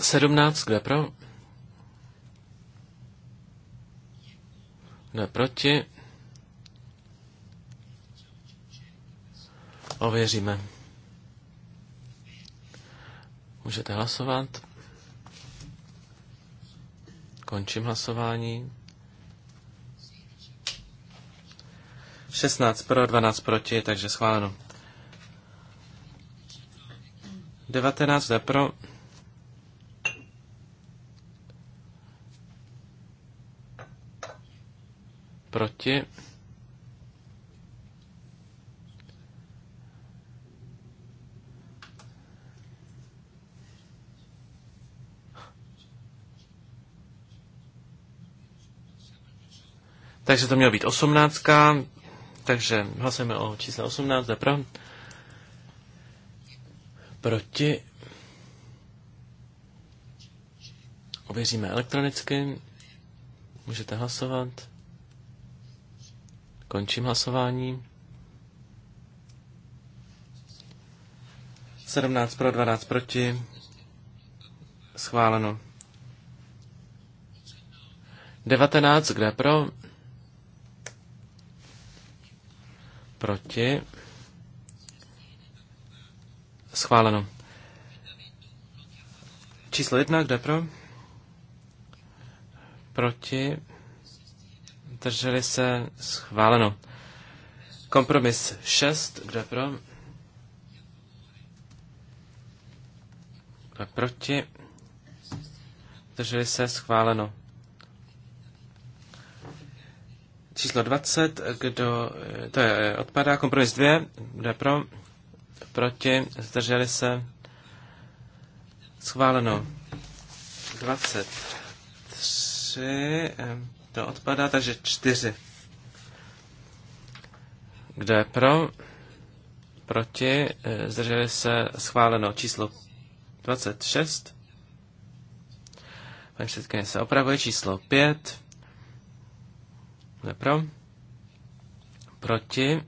Sedmnáct, kde pro? Kde proti? Ověříme. Můžete hlasovat. Končím hlasování. 16 pro, 12 proti, takže schváleno. 19 zde pro. Proti. Takže to mělo být osmnáctka, takže hlasujeme o čísle 18, pro. Proti. Ověříme elektronicky. Můžete hlasovat. Končím hlasování. 17 pro, 12 proti. Schváleno. 19, kde pro? Proti? Schváleno. Číslo jedna, kde pro? Proti? Drželi se? Schváleno. Kompromis 6, kde pro? Kde proti? Drželi se? Schváleno. číslo 20, kdo, to je, eh, odpadá, kompromis 2, kdo je pro, proti, zdrželi se, schváleno 23, eh, to odpadá, takže 4. Kdo je pro, proti, eh, zdrželi se, schváleno číslo 26, paní předsedkyně se opravuje, číslo 5, kdo proti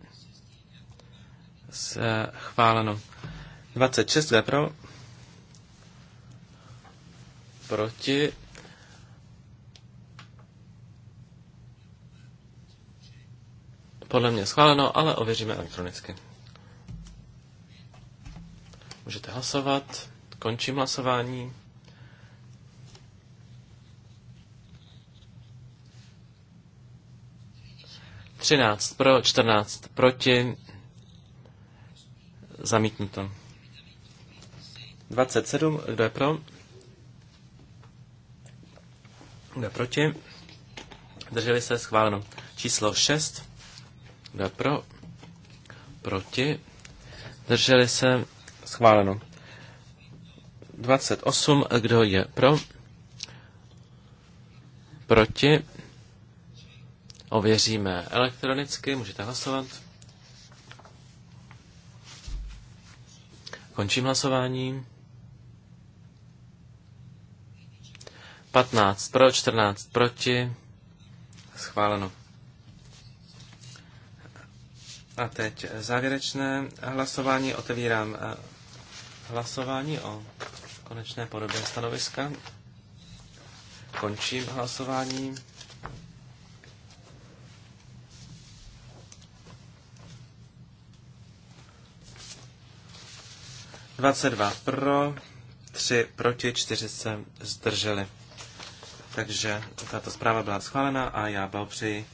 se chváleno. 26, kdo Proti? Podle mě schváleno, ale ověříme elektronicky. Můžete hlasovat. Končím hlasování. 13 pro, 14 proti, zamítnuto. 27, kdo je pro? Kdo je proti? Drželi se, schváleno. Číslo 6, kdo je pro? Proti. Drželi se, schváleno. 28, kdo je pro? Proti. Ověříme elektronicky, můžete hlasovat. Končím hlasování. 15 pro, 14 proti. Schváleno. A teď závěrečné hlasování. Otevírám eh, hlasování o konečné podobě stanoviska. Končím hlasování. 22 pro, 3 proti, 4 se zdrželi. Takže tato zpráva byla schválena a já blahopřeji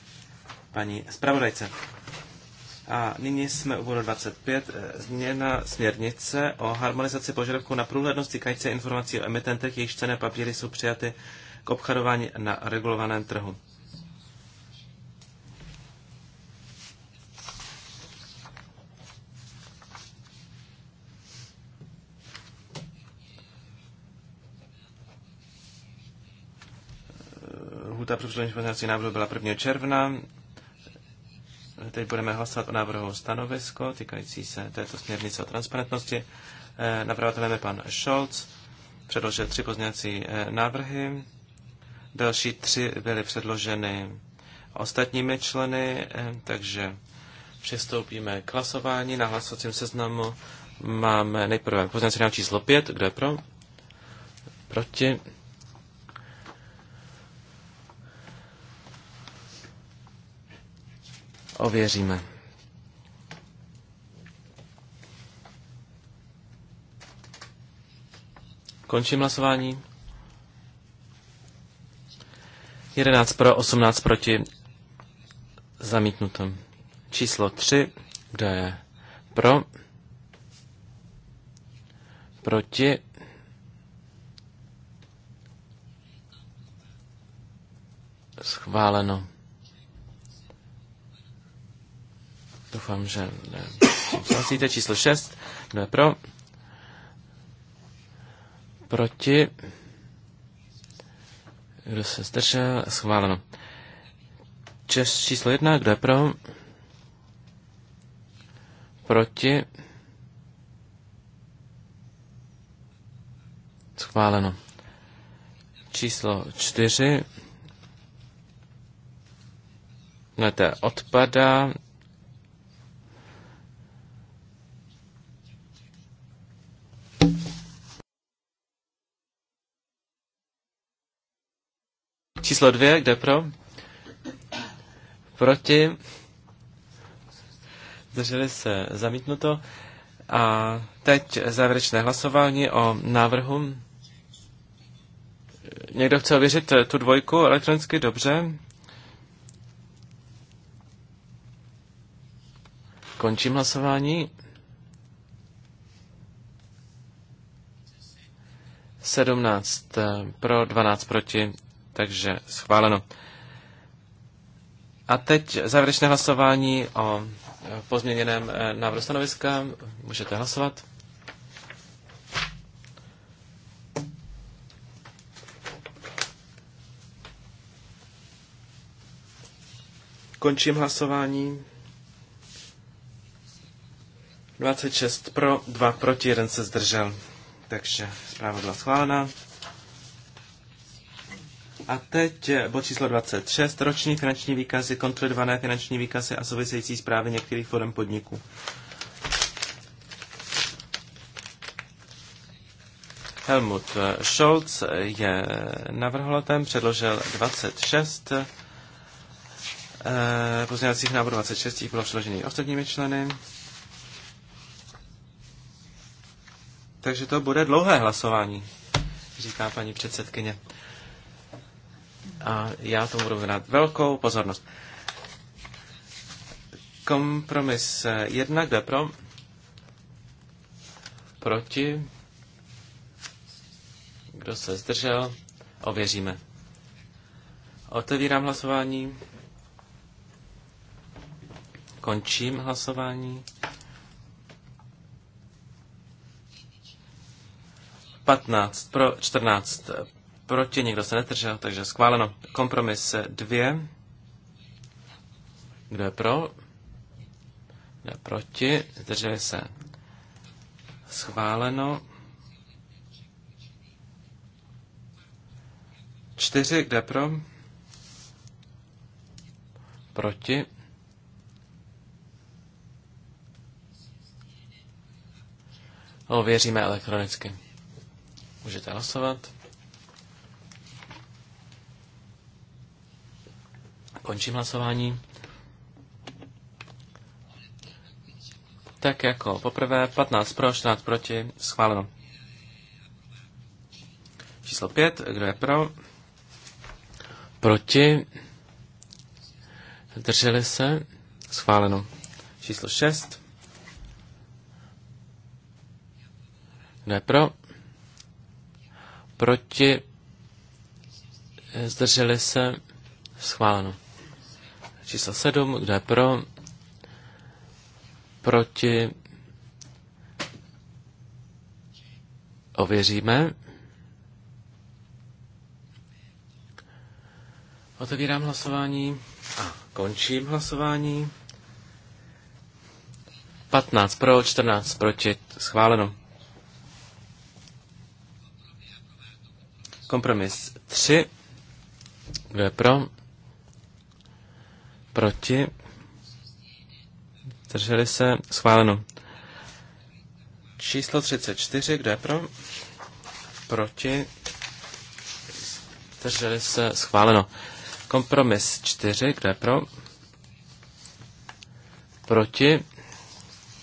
paní zpravodajce. A nyní jsme u bodu 25. Eh, změna směrnice o harmonizaci požadavků na průhlednost týkající informací o emitentech, jejichž cené papíry jsou přijaty k obchodování na regulovaném trhu. Lhuta pro předložení pozměňovacích návrhů byla 1. června. Teď budeme hlasovat o návrhu stanovisko týkající se této směrnice o transparentnosti. Eh, Napravatelem je pan Scholz. Předložil tři pozměňovací eh, návrhy. Další tři byly předloženy ostatními členy, eh, takže přistoupíme k hlasování. Na hlasovacím seznamu máme nejprve pozměňovací návrh číslo 5. Kdo je pro? Proti? ověříme. Končím hlasování. 11 pro, 18 proti. Zamítnuto. Číslo 3. Kdo je pro? Proti. Schváleno. Doufám, že ne. Souhlasíte číslo 6. Kdo je pro? Proti? Kdo se zdržel? Schváleno. Čes číslo 1. Kdo je pro? Proti? Schváleno. Číslo 4. No, to odpadá. číslo dvě, kde pro? Proti. Zdrželi se zamítnuto. A teď závěrečné hlasování o návrhu. Někdo chce ověřit tu dvojku elektronicky? Dobře. Končím hlasování. 17 pro, 12 proti, takže schváleno. A teď závěrečné hlasování o pozměněném eh, návrhu stanoviska. Můžete hlasovat. Končím hlasování. 26 pro, 2 proti, 1 se zdržel. Takže zpráva byla schválena. A teď eh, bod číslo 26. Roční finanční výkazy, kontrolované finanční výkazy a související zprávy některých forem podniků. Helmut eh, Scholz je navrhovatelem, předložil 26 eh, pozměňovacích návrhů 26 bylo předložený ostatními členy. Takže to bude dlouhé hlasování, říká paní předsedkyně a já tomu budu věnovat velkou pozornost. Kompromis jedna, kde pro? Proti? Kdo se zdržel? Ověříme. Otevírám hlasování. Končím hlasování. 15 pro, 14 proti, nikdo se netržel, takže schváleno. Kompromis dvě, Kdo je pro? Kdo je proti? Zdrželi se. Schváleno. čtyři kde pro? Proti. Ověříme elektronicky. Můžete hlasovat. Končím hlasování. Tak jako poprvé, 15 pro, 14 proti, schváleno. Číslo 5, kdo je pro? Proti, drželi se, schváleno. Číslo 6, kdo je pro? Proti, zdrželi se, schváleno číslo 7, kdo je pro, proti, ověříme. Otevírám hlasování a končím hlasování. 15 pro, 14 proti, schváleno. Kompromis 3. Kdo je pro? Proti? Drželi se? Schváleno. Číslo 34, kdo je pro? Proti? Drželi se? Schváleno. Kompromis 4, kdo je pro? Proti?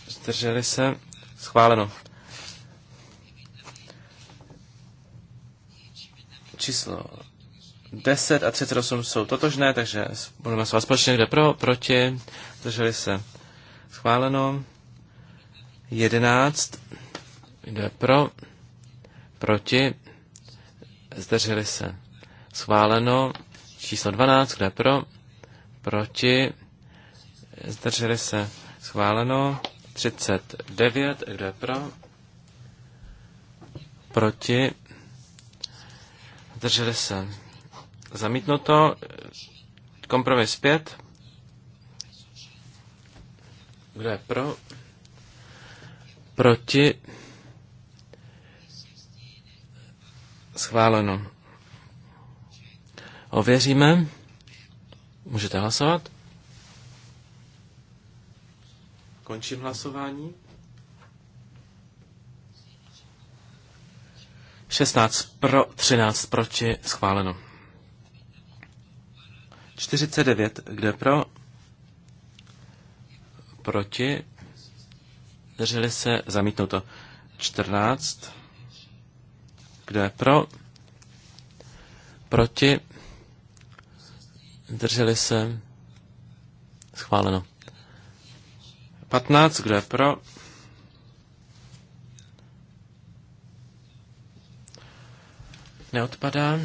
Zdrželi se? Schváleno. Číslo 10 a 38 jsou totožné, takže budeme se vás společně, kde pro, proti, zdrželi se schváleno. 11, Jde pro, proti, zdrželi se schváleno. Číslo 12, kde pro, proti, zdrželi se schváleno. 39, kde pro, proti, zdrželi se Zamítnuto. Kompromis 5. Kdo je pro? Proti? Schváleno. Ověříme. Můžete hlasovat. Končím hlasování. 16 pro, 13 proti, schváleno. 49, kde pro, proti, drželi se, zamítnuto. 14, kde pro, proti, drželi se, schváleno. 15, kde pro? Neodpadá.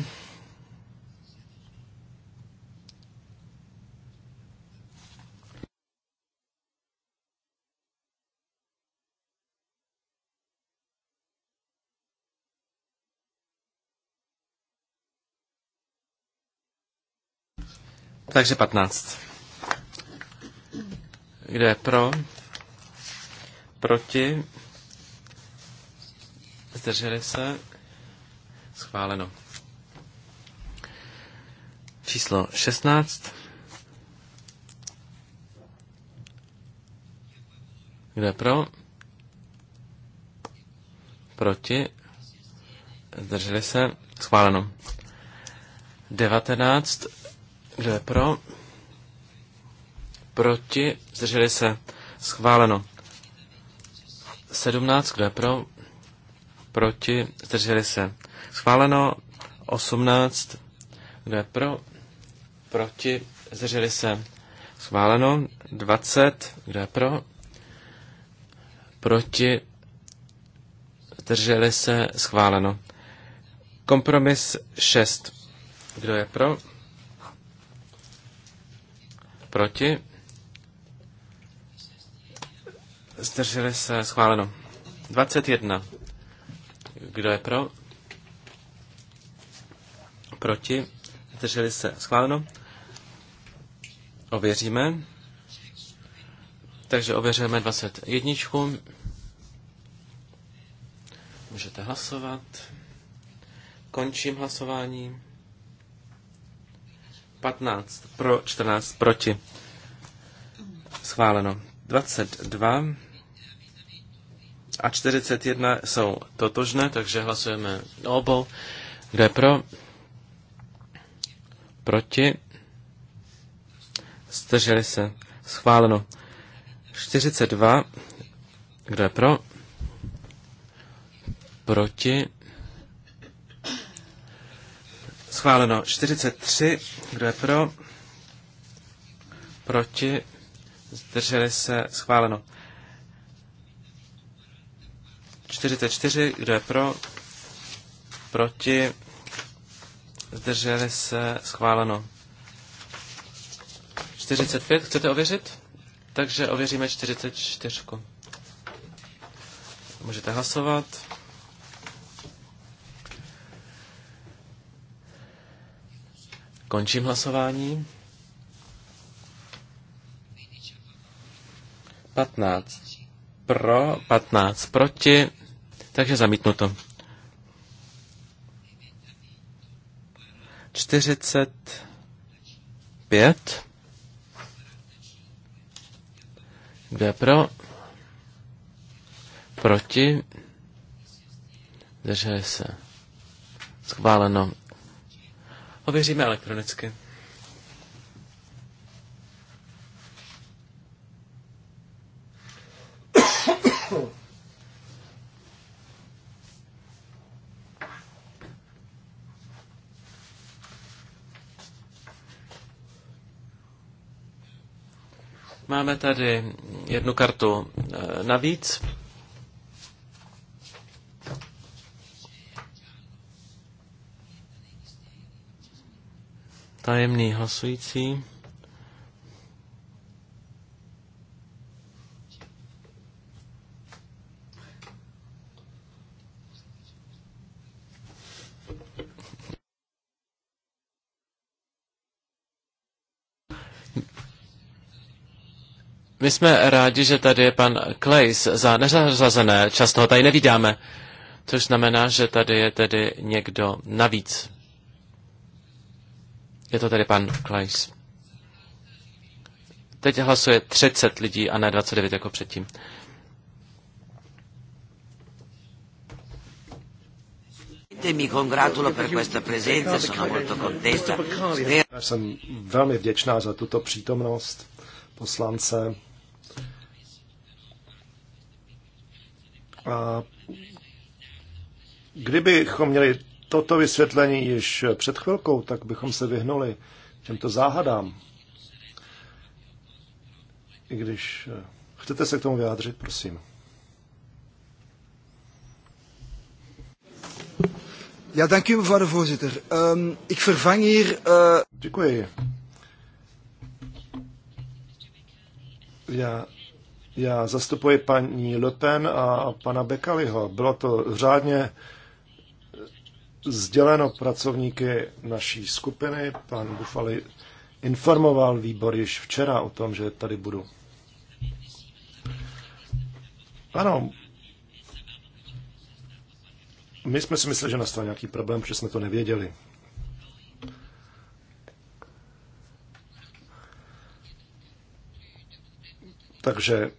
Takže 15. Kdo je pro? Proti? Zdrželi se? Schváleno. Číslo 16. Kdo je pro? Proti? Zdrželi se? Schváleno. 19 kdo je pro? Proti? Zdrželi se? Schváleno. 17. Kdo je pro? Proti? Zdrželi se? Schváleno. 18. Kdo je pro? Proti? Zdrželi se? Schváleno. 20. Kdo je pro? Proti? Zdrželi se? Schváleno. Kompromis 6. Kdo je pro? Proti? Zdrželi se schváleno. 21. Kdo je pro? Proti? Zdrželi se schváleno. Ověříme. Takže ověřujeme 21. Můžete hlasovat. Končím hlasování. 15 pro, 14 proti. Schváleno. 22 a 41 jsou totožné, takže hlasujeme obou. Kdo je pro? Proti? Zdrželi se. Schváleno. 42. Kdo je pro? Proti? Schváleno 43. Kdo je pro? Proti? Zdrželi se? Schváleno. 44. Kdo je pro? Proti? Zdrželi se? Schváleno. 45. Chcete ověřit? Takže ověříme 44. Můžete hlasovat. Končím hlasování. 15 pro, 15 proti, takže zamítnuto. 45. Kdo pro? Proti? Zdrželi se. Schváleno. Ověříme elektronicky. Máme tady jednu kartu eh, navíc. tajemný hlasující. My jsme rádi, že tady je pan Klejs za nezařazené. Často ho tady nevídáme. Což znamená, že tady je tedy někdo navíc. Je to tady pan Klajs. Teď hlasuje 30 lidí a ne 29 jako předtím. mi congratulo Jsem velmi vděčná za tuto přítomnost poslance. A kdybychom měli toto vysvětlení již před chvilkou, tak bychom se vyhnuli těmto záhadám. I když eh, chcete se k tomu vyjádřit, prosím. Ja, dank u mevrouw de voorzitter. Um, ik vervang hier... Uh... Děkuji. Já, já zastupuji paní Le Pen a pana Bekaliho. Bylo to řádně uh, sděleno pracovníky naší skupiny. Pan Bufali informoval výbor již včera o tom, že tady budu. Ano, my jsme si mysleli, že nastal nějaký problém, protože jsme to nevěděli. Takže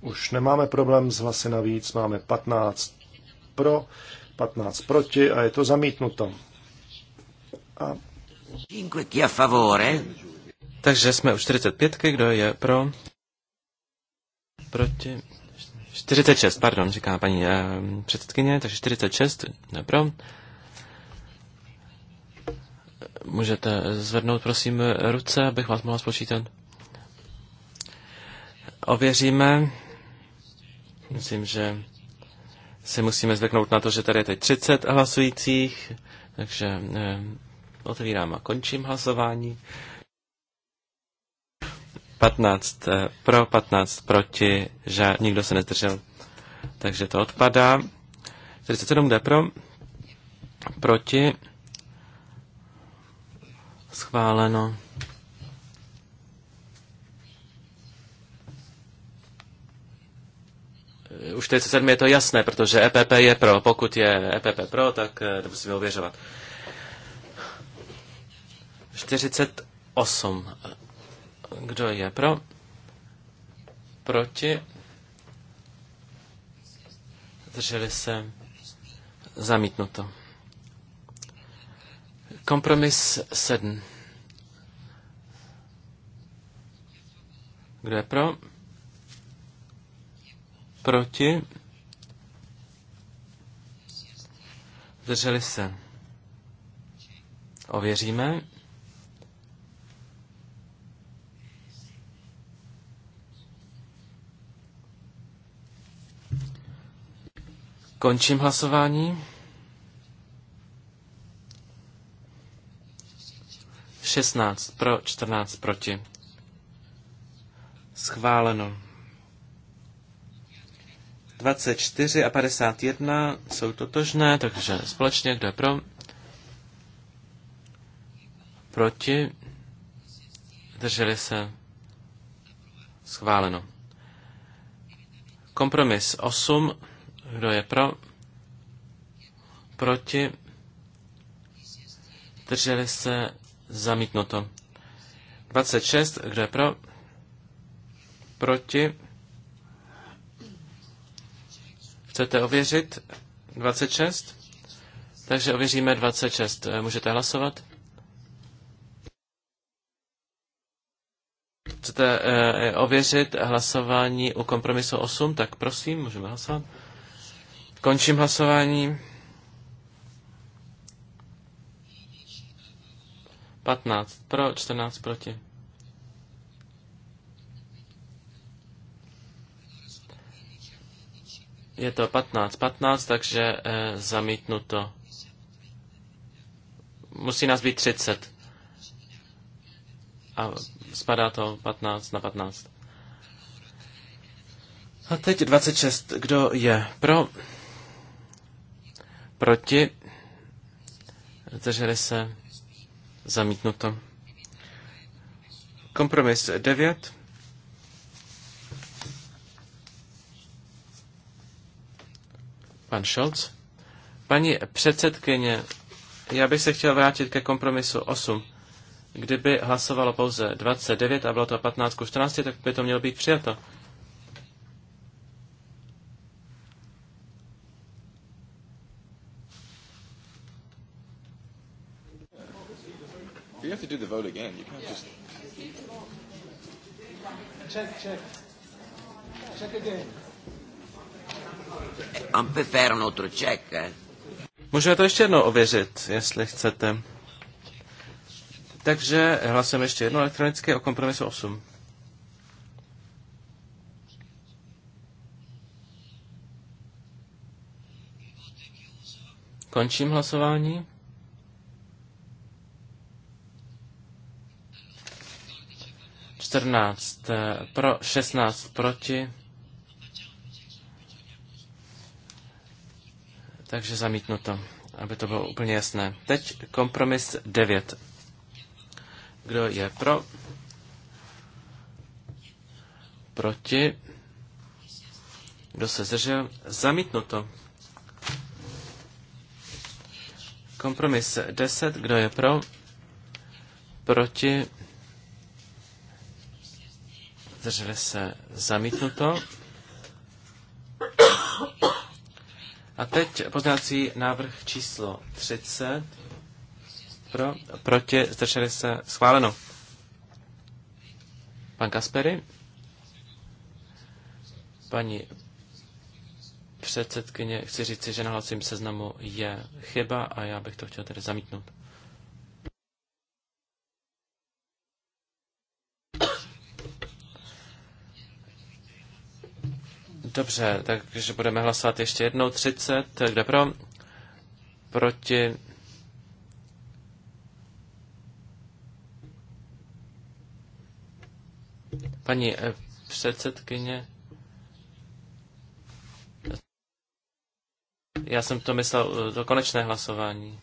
už nemáme problém s hlasy navíc, máme 15 pro, 15 proti a je to zamítnuto. A... Takže jsme u 45, kdo je pro? Proti? 46, pardon, říká paní uh, předsedkyně, takže 46, ne pro. Můžete zvednout, prosím, ruce, abych vás mohla spočítat. Ověříme. Myslím, že si musíme zvyknout na to, že tady je teď 30 hlasujících, takže eh, otevírám a končím hlasování. 15 eh, pro, 15 proti, že nikdo se nezdržel. Takže to odpadá. 47 jde pro, proti, schváleno. u 47 je to jasné, protože EPP je pro. Pokud je EPP pro, tak eh, nemusíme ověřovat. 48. Kdo je pro? Proti? Drželi se? Zamítnuto. Kompromis 7. Kdo je pro? Proti? Zdrželi se. Ověříme. Končím hlasování. 16 pro, 14 proti. Schváleno. 24 a 51 jsou totožné, takže společně kdo je pro? Proti? Drželi se? Schváleno. Kompromis 8. Kdo je pro? Proti? Drželi se? Zamítnuto. 26. Kdo je pro? Proti? Chcete ověřit 26? Takže ověříme 26. Eh, můžete hlasovat? Chcete eh, eh, ověřit hlasování u kompromisu 8? Tak prosím, můžeme hlasovat. Končím hlasování. 15 pro, 14 proti. Je to 15-15, takže e, zamítnuto. Musí nás být 30. A spadá to 15 na 15. A teď 26. Kdo je pro? Proti? Zdrželi se? Zamítnuto. Kompromis 9. Pan Scholz. Paní předsedkyně, já bych se chtěl vrátit ke kompromisu 8. Kdyby hlasovalo pouze 29 a bylo to 15 ku 14, tak by to mělo být přijato. You have to do the vote again. You can't just check, check, check again. Eh? Můžeme to ještě jednou ověřit, jestli chcete. Takže hlasujeme ještě jednou elektronicky o kompromisu 8. Končím hlasování. Čtrnáct eh, pro, šestnáct proti. Takže zamítnuto, aby to bylo úplně jasné. Teď kompromis 9. Kdo je pro? Proti? Kdo se zdržel? Zamítnuto. Kompromis 10. Kdo je pro? Proti? Zdrželi se? Zamítnuto. A teď poznávací návrh číslo 30. Pro, proti, zdrželi se, schváleno. Pan Kaspery? Paní předsedkyně, chci říci, že na hlasím seznamu je chyba a já bych to chtěl tedy zamítnout. Dobře, takže budeme hlasovat ještě jednou 30. Kde pro? Proti? Paní eh, předsedkyně. Já jsem to myslel do eh, konečné hlasování.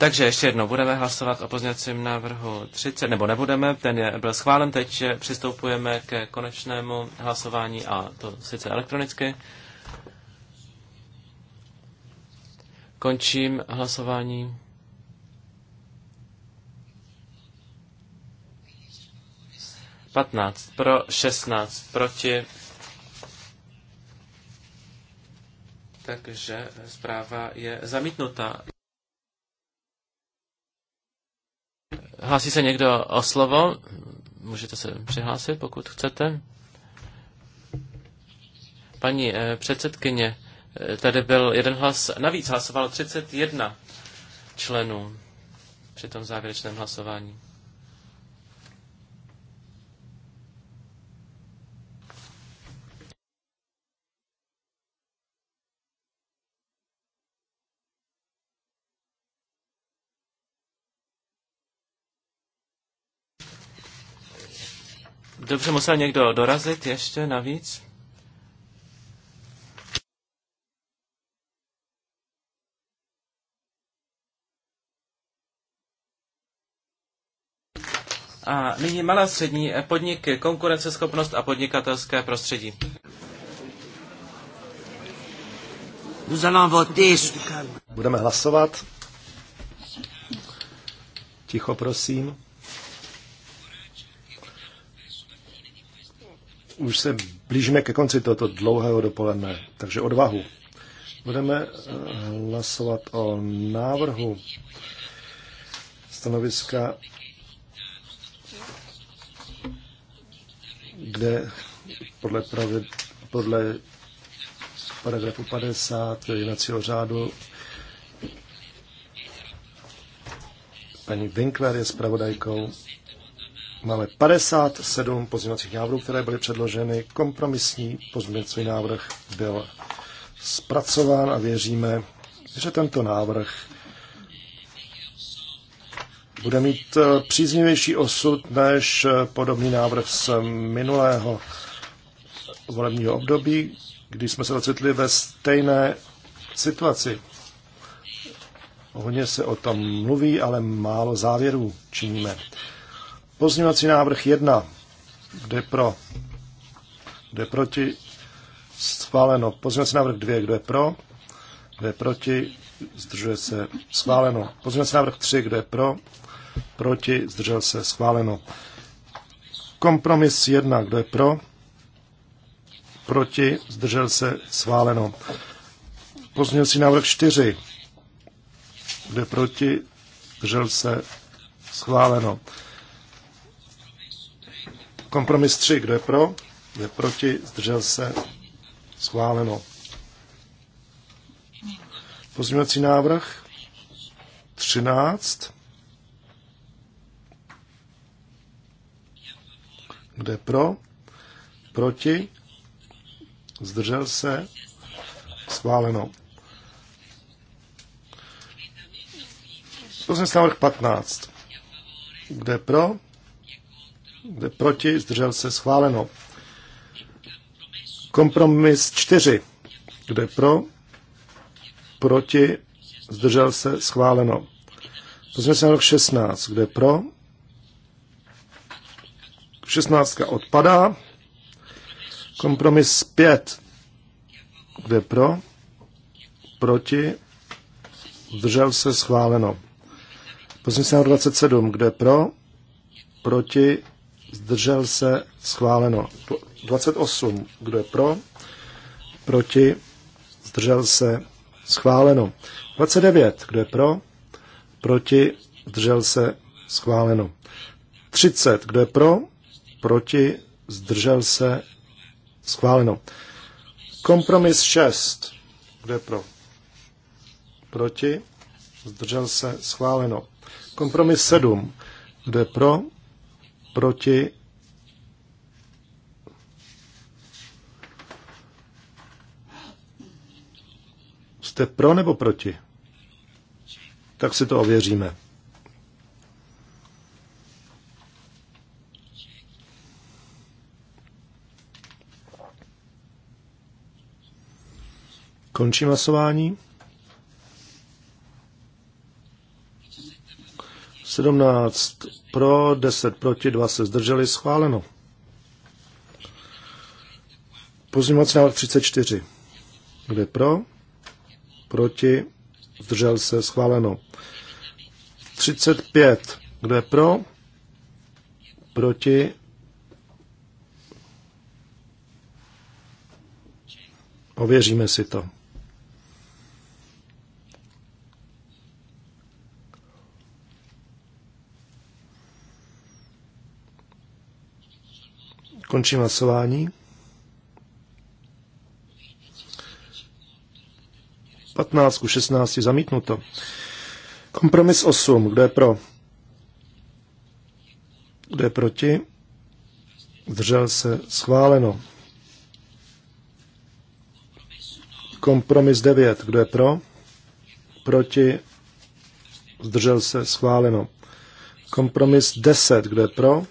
Takže ještě jednou, budeme hlasovat o pozněcím návrhu 30, nebo nebudeme, ten je, byl schválen, teď přistoupujeme ke konečnému hlasování a to sice elektronicky. Končím hlasování. Patnáct pro, šestnáct proti. Takže zpráva je zamítnuta. Hlásí se někdo o slovo? Můžete se přihlásit, pokud chcete. Paní eh, předsedkyně, eh, tady byl jeden hlas navíc, hlasovalo 31 členů při tom závěrečném hlasování. Dobře, musel někdo dorazit ještě navíc? A nyní malá střední podniky, konkurenceschopnost a podnikatelské prostředí. Budeme hlasovat. Ticho, prosím. už se blížíme ke konci tohoto dlouhého dopoledne, takže odvahu. Budeme eh, hlasovat o návrhu stanoviska, kde podle, pravě, podle paragrafu 50 jednacího řádu paní Winkler je zpravodajkou Máme 57 pozměňovacích návrhů, které byly předloženy. Kompromisní pozměňovací návrh byl zpracován a věříme, že tento návrh bude mít eh, příznivější osud než eh, podobný návrh z minulého volebního období, kdy jsme se ocitli ve stejné situaci. Hodně se o tom mluví, ale málo závěrů činíme. Pozměňovací návrh 1. Kdo je pro? Kdo je proti? Schváleno. Pozměňovací návrh 2. Kdo je pro? Kdo je proti? Zdržuje se. Schváleno. Pozměňovací návrh 3. Kdo je pro? Proti? Zdržel se. Schváleno. Kompromis 1. Kdo je pro? Proti? Zdržel se. Schváleno. Pozměňovací návrh 4. Kdo je proti? Zdržel se. Schváleno. Kompromis 3, kdo je pro, kdo je proti, zdržel se, schváleno. Pozměňovací návrh 13. Kdo je pro? Proti? Zdržel se? Schváleno. Pozměňovací návrh 15. Kdo je pro? kde proti, zdržel se, schváleno. Kompromis 4, kde pro, proti, zdržel se, schváleno. se na rok 16, kde pro, 16 odpadá, kompromis 5, kde pro, proti, zdržel se, schváleno. Pozměňovací návrh 27, kde pro, proti, zdržel se, schváleno. 28, kdo je pro, proti, zdržel se, schváleno. 29, kdo je pro, proti, zdržel se, schváleno. 30, kdo je pro, proti, zdržel se, schváleno. Kompromis 6, kdo je pro, proti, zdržel se, schváleno. Kompromis 7, kdo je pro, proti, jste pro nebo proti? Tak si to ověříme. Končím hlasování. 17 pro, 10 proti, 2 se zdrželi, schváleno. Pozměňovací návrh 34. Kde pro? Proti? Zdržel se? Schváleno. 35. Kdo je pro? Proti? Ověříme si to. Končím hlasování. Patnáctku, ku 16 zamítnuto. Kompromis 8. Kdo je pro? Kdo je proti? Zdržel se schváleno. Kompromis 9. Kdo je pro? Proti? Zdržel se schváleno. Kompromis 10. Kdo je pro?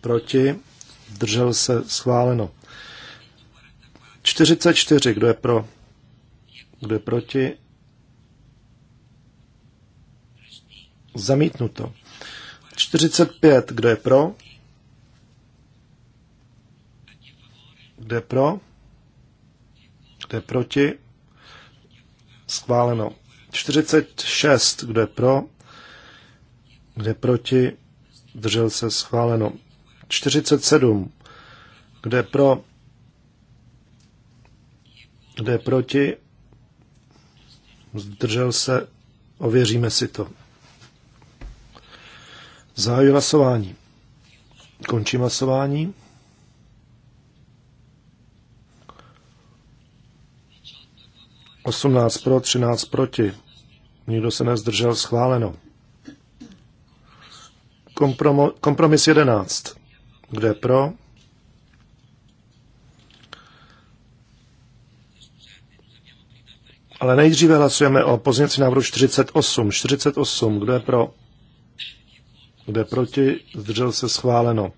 Proti? zdržel se, schváleno. 44, kdo je pro, kdo je proti, zamítnuto. 45, kdo je pro, kdo je pro, kdo je proti, schváleno. 46, kdo je pro, kde proti, držel se schváleno. 47. Kde pro? Kde proti? Zdržel se? Ověříme si to. Zahajuji hlasování. Končím hlasování. Osmnáct pro, třináct proti. Nikdo se nezdržel schváleno. Kompromo, kompromis 11. Kdo je pro? Ale nejdříve hlasujeme o pozměnci návrhu 48. 48. Kdo je pro? Kdo je proti? Zdržel se schváleno.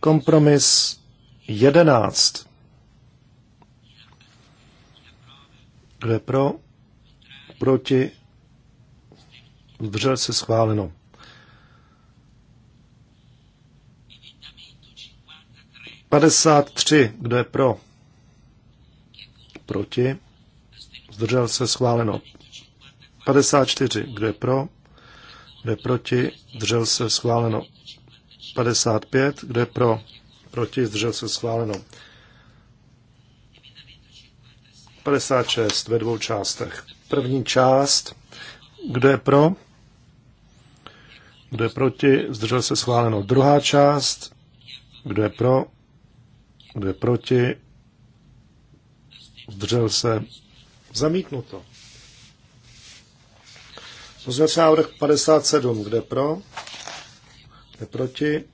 Kompromis 11. Kdo je pro? Proti? Zdržel se schváleno. 53. Kdo je pro? Proti? Zdržel se schváleno. 54. Kdo je pro? Kdo je proti? Zdržel se schváleno. 55. Kdo je pro? Proti? Zdržel se schváleno. 56 ve dvou částech. První část. Kdo je pro? Kdo je proti? Zdržel se schváleno. Druhá část. Kdo je pro? Kdo je proti? Zdržel se? Zamítnuto. Pozměňovací návrh 57. Kde pro? Kde proti?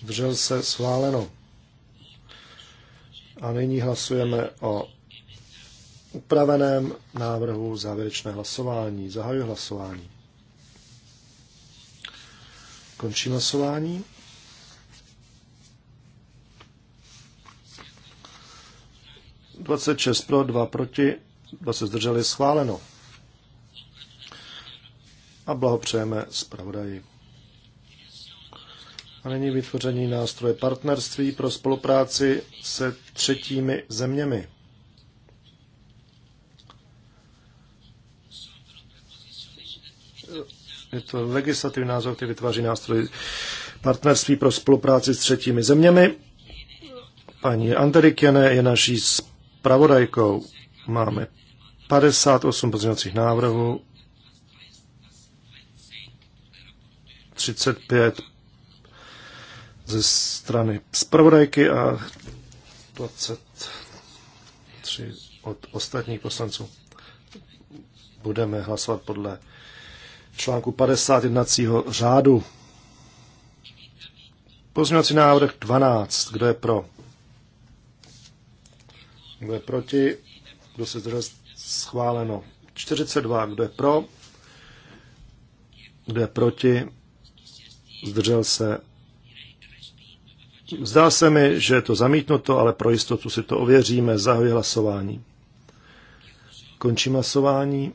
Zdržel se? sváleno. A nyní hlasujeme o upraveném návrhu závěrečné hlasování. Zahajuji hlasování. Končím hlasování. 26 pro, 2 proti, 2 se zdrželi, schváleno. A blahopřejeme zpravodaji. A nyní vytvoření nástroje partnerství pro spolupráci se třetími zeměmi. Je to legislativní názor, který vytváří nástroj partnerství pro spolupráci s třetími zeměmi. Paní Anderikene je naší zpravodajkou. Máme 58 pozměňovacích návrhů, 35 ze strany zpravodajky a 23 od ostatních poslanců. Budeme hlasovat podle článku 50 jednacího řádu. Pozměňovací návrh 12. Kdo je pro? Kdo je proti? Kdo se zdržel? Schváleno. 42. Kdo je pro? Kdo je proti? Zdržel se. Zdá se mi, že je to zamítnuto, ale pro jistotu si to ověříme. Zahoj hlasování. Končím hlasování.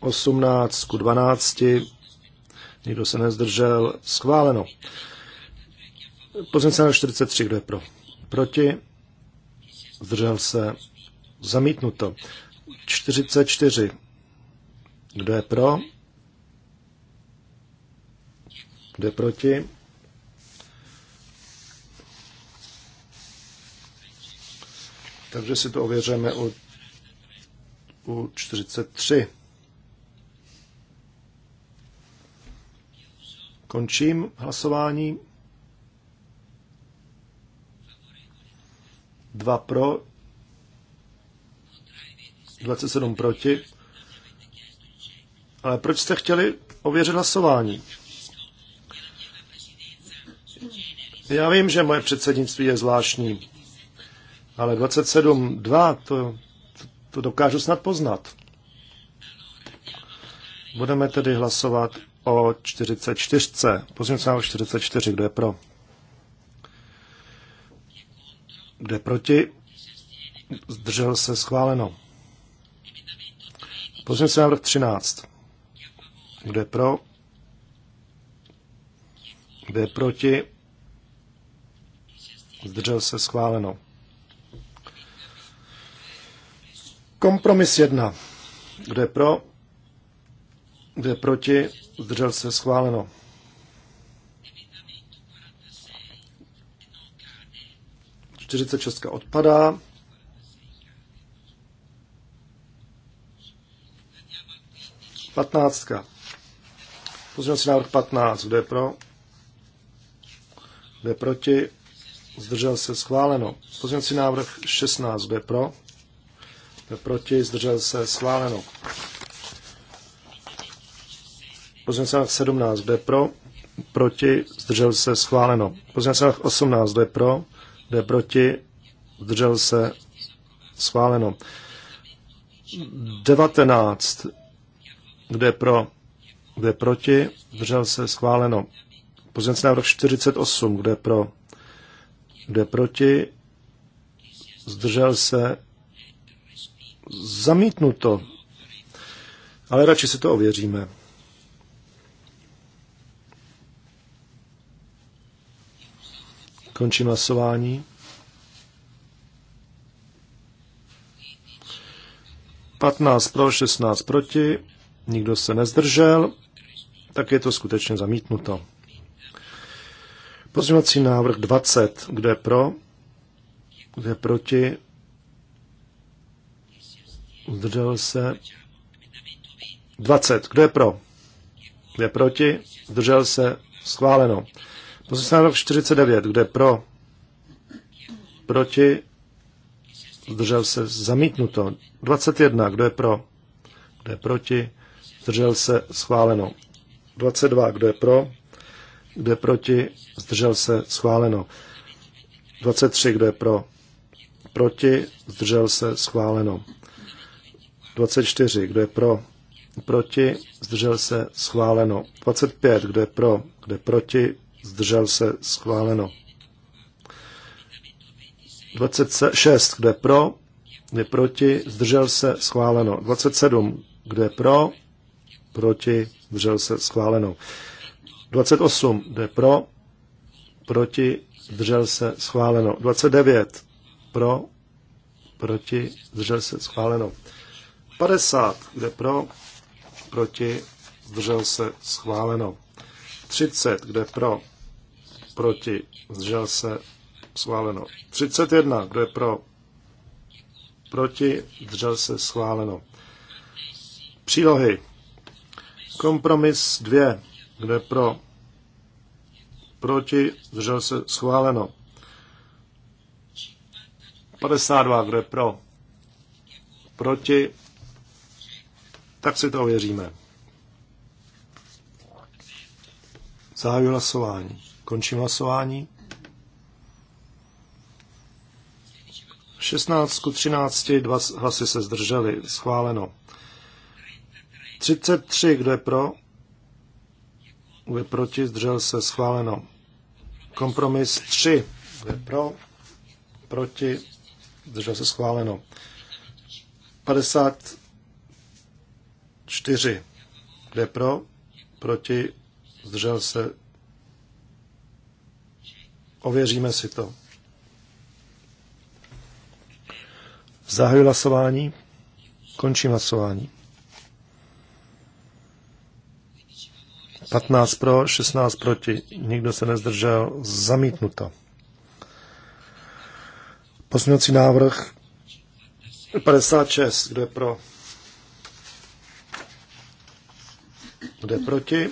18 ku 12. Nikdo se nezdržel. Schváleno. Pozice na 43, kdo je pro? Proti? Zdržel se? Zamítnuto. 44. Kdo je pro? Kdo je proti? Takže si to ověříme u, u 43. Končím hlasování. 2 pro, 27 proti. Ale proč jste chtěli ověřit hlasování? Já vím, že moje předsednictví je zvláštní, ale 27.2 to, to dokážu snad poznat. Budeme tedy hlasovat o 44. Pozměňovací návrh 44, kdo je pro? Kde proti? Zdržel se schváleno. Pozměňovací návrh 13. Kde pro? Kde proti? Zdržel se schváleno. Kompromis 1. Kde pro? Kde proti? Zdržel se schváleno. 46 odpadá. Patnáctka. Pozměňovací návrh 15. Kdo je pro? Kdo je proti? Zdržel se schváleno. Pozměňovací návrh 16. Kdo je pro? Kdo je proti? Zdržel se schváleno. Pozměňovací návrh 17. Kdo je pro? Proti? Zdržel se schváleno. Pozměňovací návrh 18. Kdo je pro? jde proti, zdržel se, schváleno. 19, kde pro, kde proti, zdržel se, schváleno. Pozměnce návrh 48, kde pro, kde proti, zdržel se, zamítnuto. Ale radši si to ověříme. Končím hlasování. Patnáct pro, 16 proti, nikdo se nezdržel, tak je to skutečně zamítnuto. Pozměňovací návrh 20, kdo je pro, kdo je proti, zdržel se. 20, kdo je pro, kdo je proti, zdržel se, schváleno. Pozměňovací rok 49, kde pro, proti, zdržel se, zamítnuto. 21, kdo je pro, kdo je proti, zdržel se, schváleno. 22, kdo je pro, kdo je proti, zdržel se, schváleno. 23, kdo je pro, proti, zdržel se, schváleno. 24, kdo je pro, proti, zdržel se, schváleno. 25, kdo je pro, kdo je proti, zdržel se, schváleno. 26, kdo je pro, je proti, zdržel se, schváleno. 27, kdo je pro, proti, zdržel se, schváleno. 28, kdo je pro, proti, zdržel se, schváleno. 29, pro, proti, zdržel se, schváleno. 50, kde pro, proti, zdržel se, schváleno. 30, kde pro, proti, zdržel se, schváleno. 31, kdo je pro, proti, zdržel se, schváleno. Přílohy. Kompromis 2, kdo je pro, proti, zdržel se, schváleno. 52, kdo je pro, proti, tak si to ověříme. Zahajuji hlasování. Končím hlasování. 16 ku 13, dva hlasy se zdrželi. Schváleno. 33, kdo je pro? Kdo je proti? Zdržel se. Schváleno. Kompromis 3, kdo je pro? Proti? Zdržel se. Schváleno. 54, kdo je pro? Proti? Zdržel se. Ověříme si to. Zahajuji hlasování. Končím hlasování. 15 pro, 16 proti. Nikdo se nezdržel. Zamítnuto. Pozměňovací návrh 56. Kdo je pro? Kdo je proti?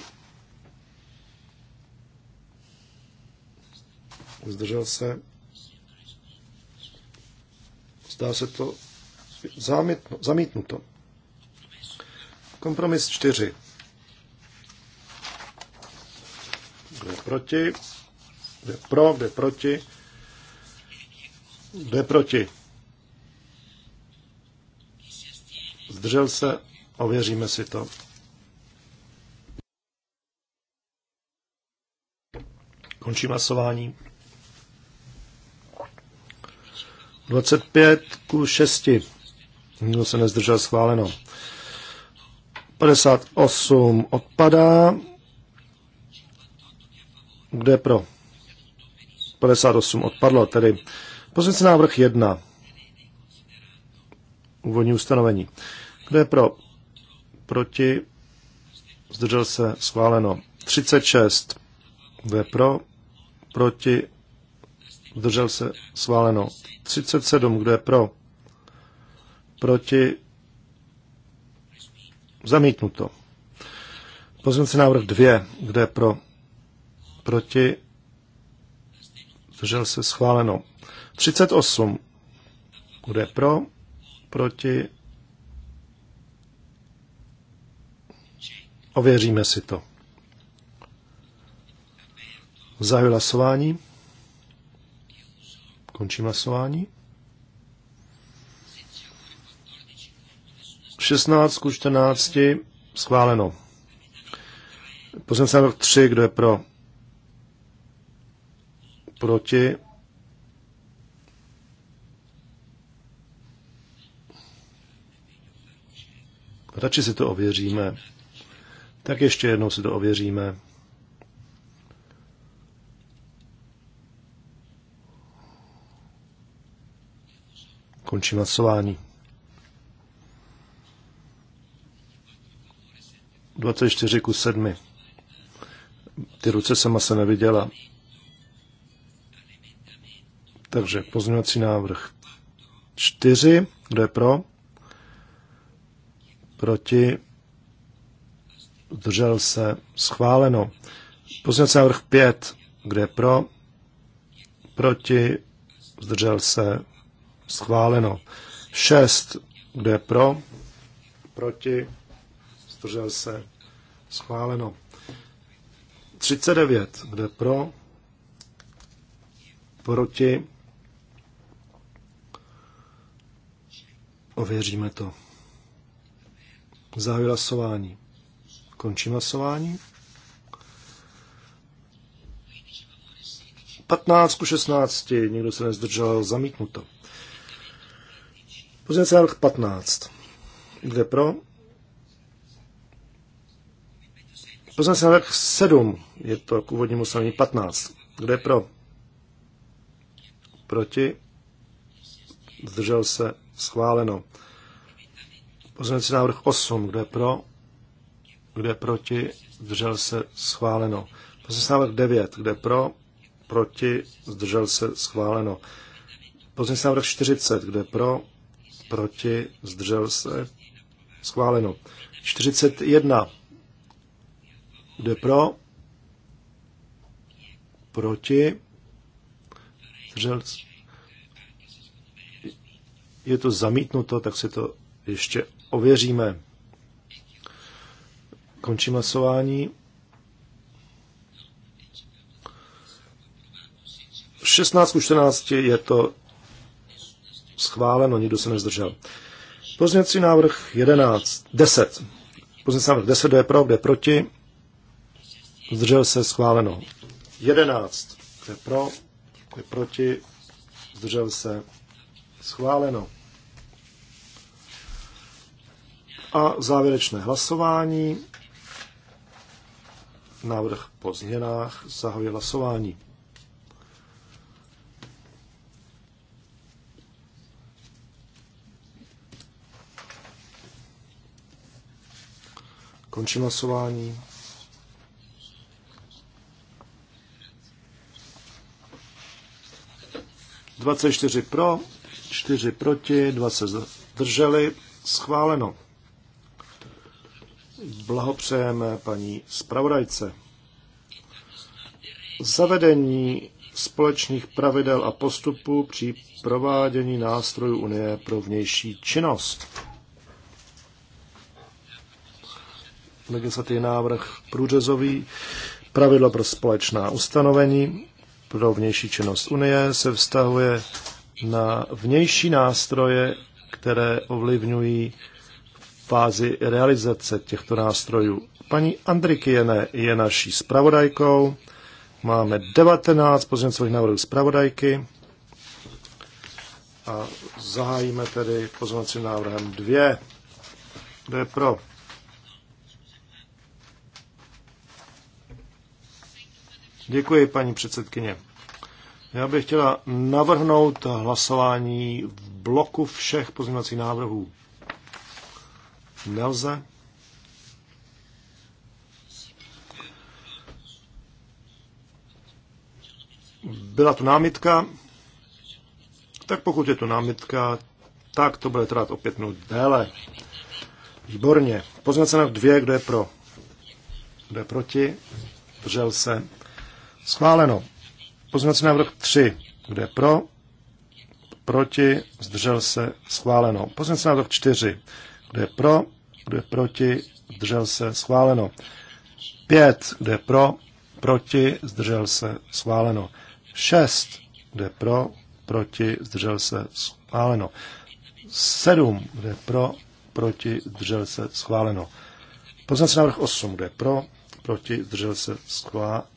zdržel se, zdá se to zamítno, zamítnuto. Kompromis 4. Kdo je proti? Kdo je pro? Kdo je proti? Kdo je proti? Zdržel se? Ověříme si to. Končím hlasování. 25 ku 6. Nikdo se nezdržel schváleno. 58 odpadá. Kde pro? 58 odpadlo, tedy pozici návrh 1. Úvodní ustanovení. Kde pro? Proti? Zdržel se schváleno. 36. Kde pro? Proti? zdržel se schváleno. 37, kdo je pro, proti, zamítnuto. Pozměňovací návrh 2, kde je pro, proti, zdržel se schváleno. 38, kde je pro, proti, ověříme si to. Zahajuji hlasování. Končím hlasování. 16 ku 14 schváleno. Pozměňovací návrh 3, kdo je pro? Proti? Radši si to ověříme. Tak ještě jednou si to ověříme. Končím hlasování. 24 ku 7. Ty ruce sama se neviděla. Takže pozměňovací návrh 4. Kdo je pro? Proti? Zdržel se? Schváleno. Pozměňovací návrh 5. Kdo je pro? Proti? Zdržel se? schváleno. 6, kdo je pro, proti, zdržel se, schváleno. 39, je pro, proti, ověříme to. Zahajuji hlasování. Končím hlasování. 15 ku 16, nikdo se nezdržel, zamítnuto. Pozměňovací návrh 15. Kde pro? Pozměňovací návrh 7. Je to k úvodnímu ustanovení 15. Kde pro? Proti? Zdržel se? Schváleno. Pozměňovací návrh 8. Kde pro? Kde proti? Zdržel se? Schváleno. Pozměňovací návrh 9. Kde pro? Proti? Zdržel se? Schváleno. Pozměňovací návrh 40. Kde pro? proti, zdržel se, schváleno. 41, kde pro, proti, zdržel se. Je to zamítnuto, tak si to ještě ověříme. Končím hlasování. 16 14 je to schváleno, nikdo se nezdržel. Pozněcí návrh 11, 10. Pozněcí návrh 10, kdo je pro, kdo je proti, zdržel se, schváleno. 11, kdo je pro, kdo je proti, zdržel se, schváleno. A závěrečné hlasování. Návrh po změnách zahajuje hlasování. Končím hlasování. Dvacet čtyři pro, čtyři proti, dva se zdrželi. Schváleno. Blahopřejeme paní zpravodajce. Zavedení společných pravidel a postupů při provádění nástrojů Unie pro vnější činnost. legislativní návrh průřezový, pravidla pro společná ustanovení pro vnější činnost Unie se vztahuje na vnější nástroje, které ovlivňují fázi realizace těchto nástrojů. Paní Jene je naší spravodajkou. Máme 19 pozměňovacích návrhů zpravodajky a zahájíme tedy pozměňovacím návrhem 2. Kdo je pro? Děkuji, paní předsedkyně. Já bych chtěla navrhnout hlasování v bloku všech pozměňovacích návrhů. Nelze. Byla tu námitka, tak pokud je tu námitka, tak to bude trvat o pět minut déle. Výborně. Pozměňovací návrh dvě, kdo je pro? Kdo je proti? Držel se? Schváleno. Pozměňovací návrh 3. Kdo je pro? Proti? Zdržel se? Schváleno. Pozměňovací návrh 4. Kdo je pro? Kdo je proti? Zdržel se? Schváleno. 5. Kdo je pro? Proti? Zdržel se? Schváleno. 6. Kdo je pro? Proti? Zdržel se? Schváleno. 7. Kdo je pro? Proti? Zdržel se? Schváleno. Poznací návrh 8. Kdo je pro? Proti? Zdržel se? Schváleno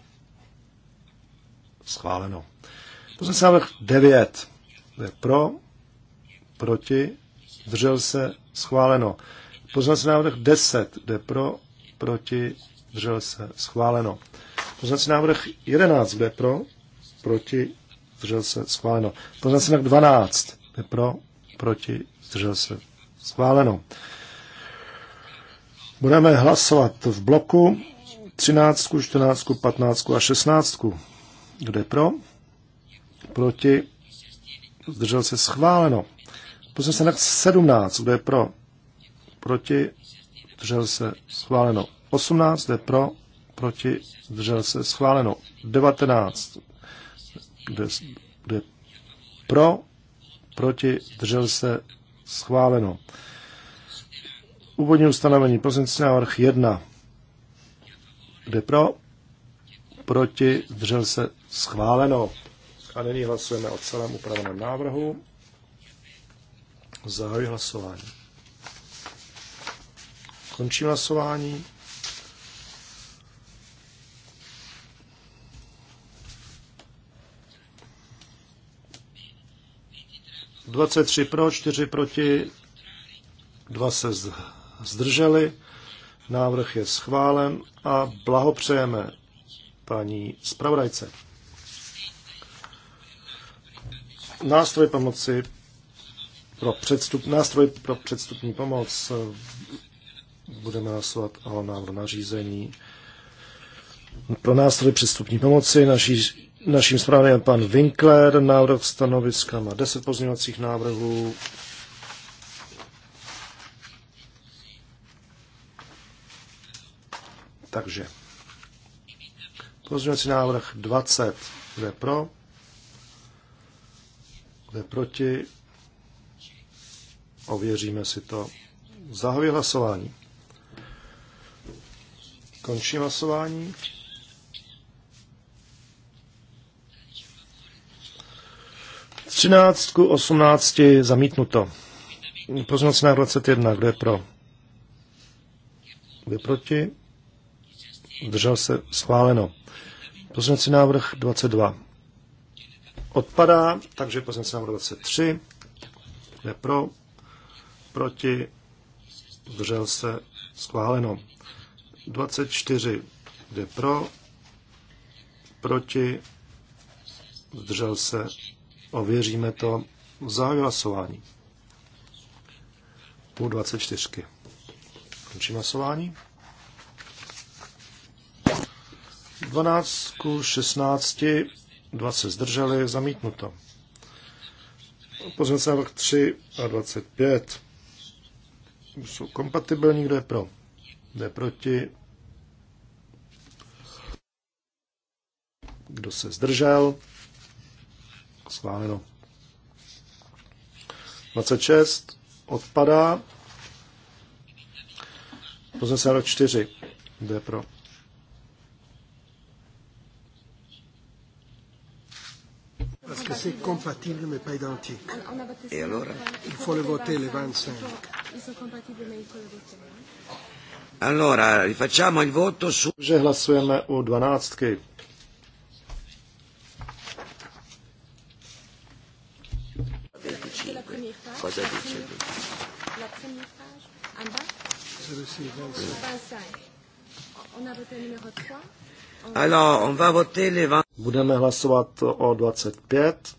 Schváleno. To Pozměňovací návrh 9. Je pro, proti, zdržel se, schváleno. Pozměňovací návrh 10. Kde pro, proti, zdržel se, schváleno. Pozměňovací návrh 11. Kde pro, proti, zdržel se, schváleno. Pozměňovací návrh 12. Kde pro, proti, zdržel se, schváleno. Budeme hlasovat v bloku 13, 14, 15 a 16. Kdo je pro? Proti? Zdržel se schváleno. se na 17. Kdo je pro? Proti? Zdržel se schváleno. 18. Kdo je pro? Proti? Zdržel se schváleno. 19. Kdo je, kdo je pro? Proti? Zdržel se schváleno. Úvodní ustanovení. Pozměňovací návrh 1. Kde pro? proti, zdržel se, schváleno. A nyní hlasujeme o celém upraveném návrhu. Zahajuji hlasování. Končím hlasování. Dvacet tři pro, čtyři proti, dva se zdrželi. Návrh je schválen a blahopřejeme paní zpravodajce. Nástroj pomoci pro předstup, nástroj pro předstupní pomoc budeme hlasovat o návrhu nařízení. Pro nástroj předstupní pomoci naší, naším je pan Winkler, návrh stanoviska má 10 pozměňovacích návrhů. Takže Pozměňovací návrh 20. Kdo je pro? Kdo je proti? Ověříme si to. Zahajuji hlasování. Končím hlasování. Třináctku, osmnácti, zamítnuto. Pozměňovací návrh 21. Kdo je pro? Kdo je proti? zdržel se, schváleno. Pozměňovací návrh 22 odpadá, takže pozměňovací návrh 23 je pro, proti, zdržel se, schváleno. 24 jde pro, proti, zdržel se, ověříme to, zahájí hlasování. Půl 24. Končím hlasování. 12 16, 20 se zdrželi, zamítnuto. Pozměnce návrh 3 a 25 jsou kompatibilní, kdo je pro, kdo je proti, kdo se zdržel, schváleno. 26 odpadá, Pozměnce návrh 4, kdo je pro, c'est compatible mais pas identique. E allora? Il faut le voter le 25. Allora, rifacciamo il voto su... Že hlasujeme u dvanáctky. Cosa dice? La première page, en bas? 25. On a voté numero 3. Budeme hlasovat o 25.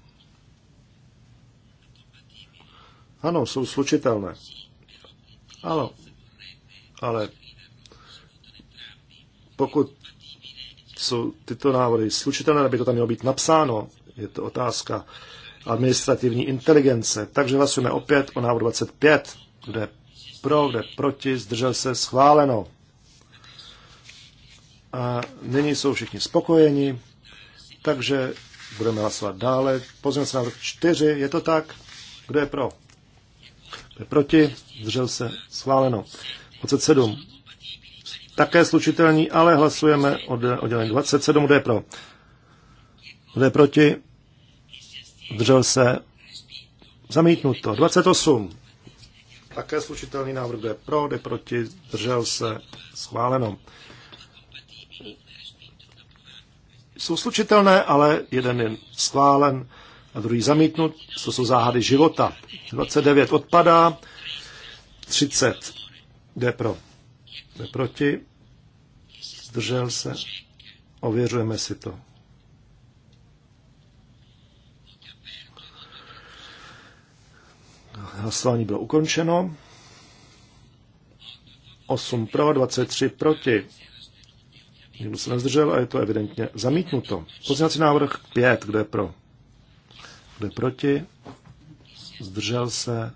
Ano, jsou slučitelné. Ano, ale pokud jsou tyto návrhy slučitelné, aby to tam mělo být napsáno, je to otázka administrativní inteligence. Takže hlasujeme opět o návod 25, kde pro, kde proti, zdržel se, schváleno. A nyní jsou všichni spokojeni, takže budeme hlasovat dále. na návrh 4, je to tak? Kdo je pro? Kdo je proti? Zdržel se? Schváleno. 27. Také slučitelní, ale hlasujeme od oddělení 27. Kdo je pro? Kdo je proti? Zdržel se? Zamítnuto. 28. Také slučitelný návrh, kdo je pro, kdo je proti, zdržel se, schváleno. jsou slučitelné, ale jeden je schválen a druhý zamítnut. To jsou záhady života. 29 odpadá, 30 jde pro, jde proti, zdržel se, ověřujeme si to. Hlasování bylo ukončeno. 8 pro, 23 proti. Nikdo se nezdržel a je to evidentně zamítnuto. Pozměňovací návrh 5, kdo je pro? Kdo je proti? Zdržel se?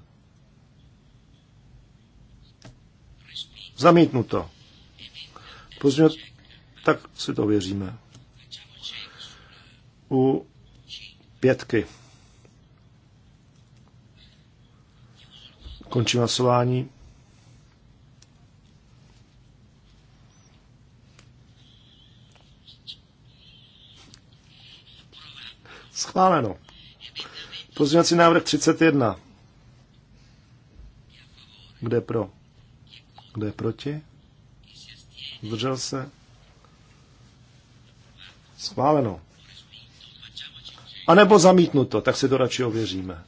Zamítnuto. Pozměň, tak si to věříme. U pětky. Končím hlasování. Schváleno. Pozměňovací návrh 31. Kde je pro? Kde je proti? Zdržel se? Schváleno. A nebo zamítnuto, tak si to radši ověříme.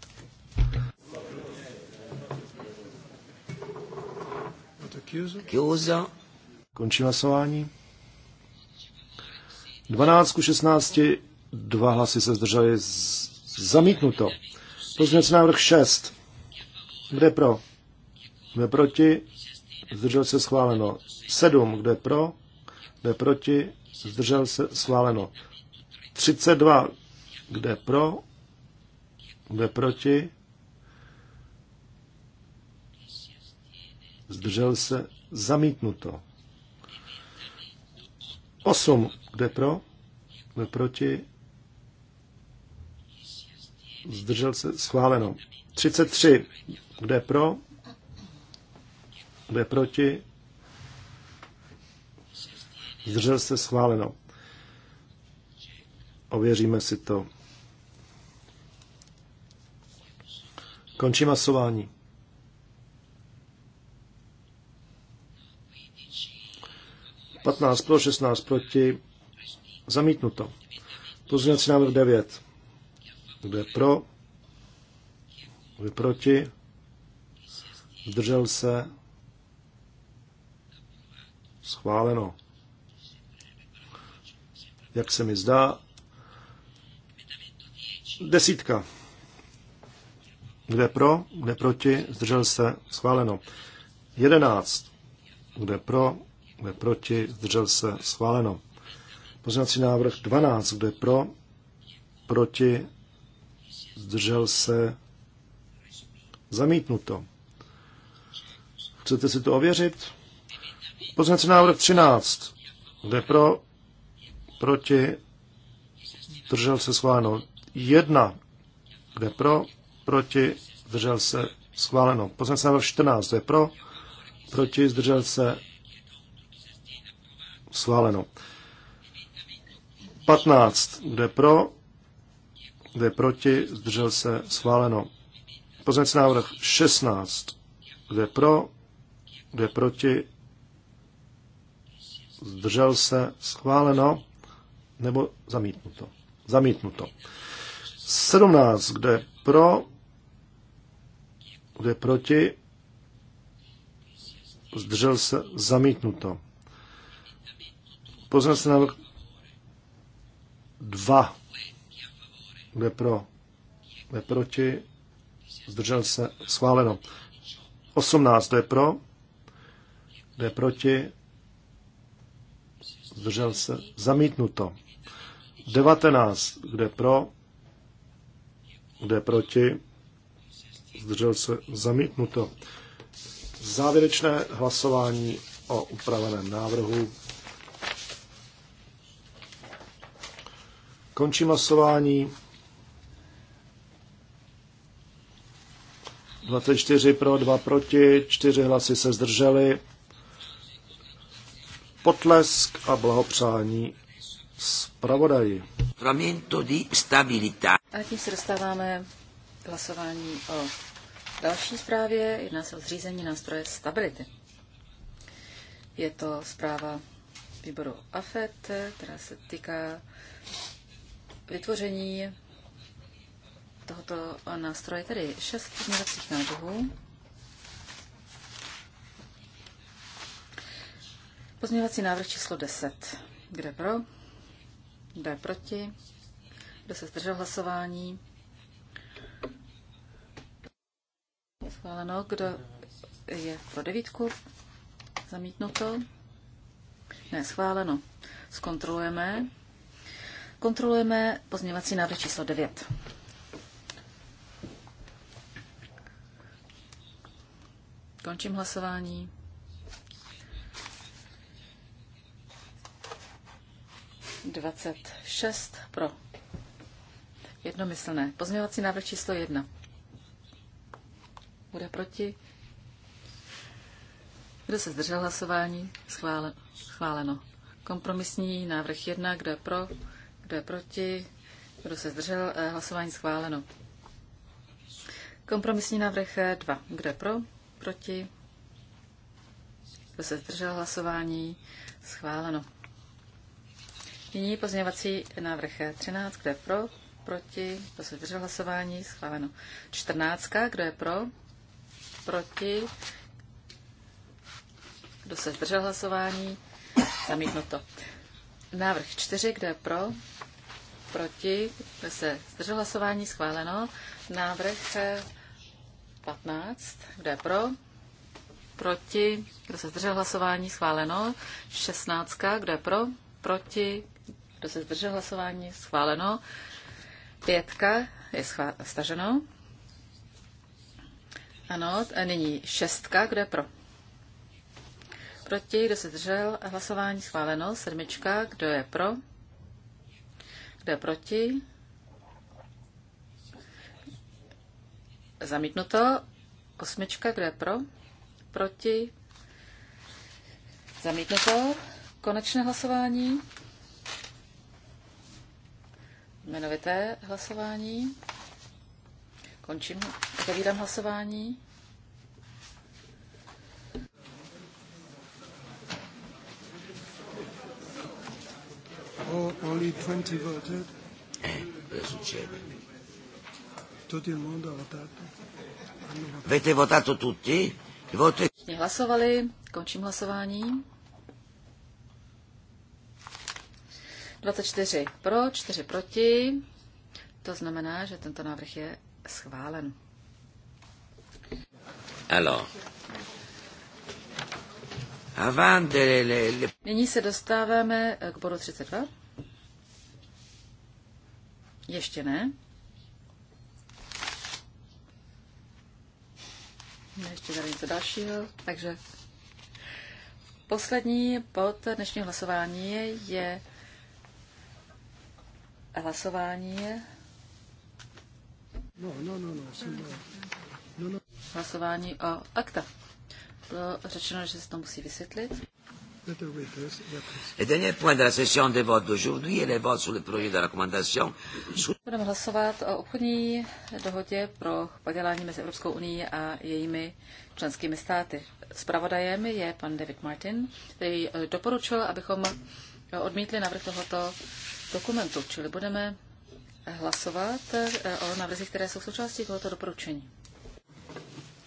Končí hlasování. 12 ku 16 Dva hlasy se zdrželi zamítnuto. Pozměňovací návrh 6. Kde pro? Kde proti? Zdržel se schváleno. 7. Kde pro? Kde proti? Zdržel se schváleno. 32. Kde pro? Kde proti? Zdržel se zamítnuto. 8. Kde pro? Kde proti? zdržel se, schváleno. 33, kde pro, kde proti, zdržel se, schváleno. Ověříme si to. končí masování, Patnáct pro, šestnáct proti, zamítnuto. Pozměňovací návrh 9. Kdo je pro? Kdo je proti? Zdržel se? Schváleno. Jak se mi zdá? Desítka. Kde pro, kde proti, zdržel se, schváleno. Jedenáct. Kde pro, kde proti, zdržel se, schváleno. Poznací návrh 12. Kde pro, proti, zdržel se, zamítnuto. Chcete si to ověřit? Poznací návrh 13. Jde pro, proti, zdržel se schváleno. Jedna Jde pro, proti, zdržel se schváleno. Poznací návrh 14. Jde pro, proti, zdržel se schváleno. 15. Jde pro, kdo je proti, zdržel se, schváleno. Pozměňovací návrh 16, kdo je pro, kdo je proti, zdržel se, schváleno, nebo zamítnuto. Zamítnuto. 17, kdo je pro, kdo je proti, zdržel se, zamítnuto. Pozměňovací návrh 2, kdo pro? Kdo proti? Zdržel se? Schváleno. 18. Kdo je pro? Kdo proti? Zdržel se? Zamítnuto. 19. kde pro? kde proti? Zdržel se? Zamítnuto. Závěrečné hlasování o upraveném návrhu. Končím hlasování. 24 pro, 2 proti, 4 hlasy se zdrželi. Potlesk a blahopřání zpravodaji. Pramento di stabilita. A tím se dostáváme k hlasování o další zprávě. Jedná se o zřízení nástroje stability. Je to zpráva výboru AFET, která se týká vytvoření tohoto eh, nástroje, tedy šest pozměňovacích návrhů. Pozměňovací návrh číslo 10. Kde pro? Kde proti? Kdo se zdržel hlasování? Je schváleno. Kdo je pro devítku? Zamítnuto? Ne, schváleno. Zkontrolujeme. Kontrolujeme pozměňovací návrh číslo 9. Končím hlasování. Dvacet šest pro. Jednomyslné. Pozměňovací návrh číslo jedna. Bude proti? Kdo se zdržel hlasování? Schvále, schváleno. Kompromisní návrh jedna. Kdo je pro? Kdo je proti? Kdo se zdržel? Eh, hlasování schváleno. Kompromisní návrh eh, dva. Kdo je pro? Proti? Kdo se zdržel hlasování? Schváleno. Nyní pozměňovací návrh 13. Kdo je pro? Proti? Kdo se zdržel hlasování? Schváleno. 14. Kdo je pro? Proti? Kdo se zdržel hlasování? Zamítnuto. Návrh 4. Kdo je pro? Proti? Kdo se zdržel hlasování? Schváleno. Návrh 15. Kdo je pro? Proti? Kdo se zdržel hlasování? Schváleno. 16. Kdo je pro? Proti? Kdo se zdržel hlasování? Schváleno. 5. je schvá- staženo. Ano, nyní šestka, kdo je pro? Proti, kdo se držel, hlasování schváleno. Sedmička, kdo je pro? Kdo je proti? Zamítnuto. Osmička, kdo je pro? Proti? Zamítnuto. Konečné hlasování. Jmenovité hlasování. Končím. Otevírám hlasování. Oh, only 20 voted. Eh, cosa succede? Tutto il mondo ha votato. Avete votato tutti? Il voto è... hlasovali, končím hlasování. 24 pro, 4 proti. To znamená, že tento návrh je schválen. Alors. Avant de le, le... Nyní se dostáváme k bodu 32. Ještě ne. Ještě tady něco dalšího, takže poslední bod dnešního hlasování je hlasování no, no, no, no, no, no. hlasování o akta. Bylo řečeno, že se to musí vysvětlit. Le dernier point de la session des votes d'aujourd'hui est le vote sur le projet de recommandation. Budeme hlasovat o obchodní dohodě pro padělání mezi Evropskou unii a jejími členskými státy. Spravodajem je pan David Martin, který eh, doporučil, abychom eh, odmítli návrh tohoto dokumentu, čili budeme hlasovat eh, o návrzích, které jsou součástí tohoto doporučení.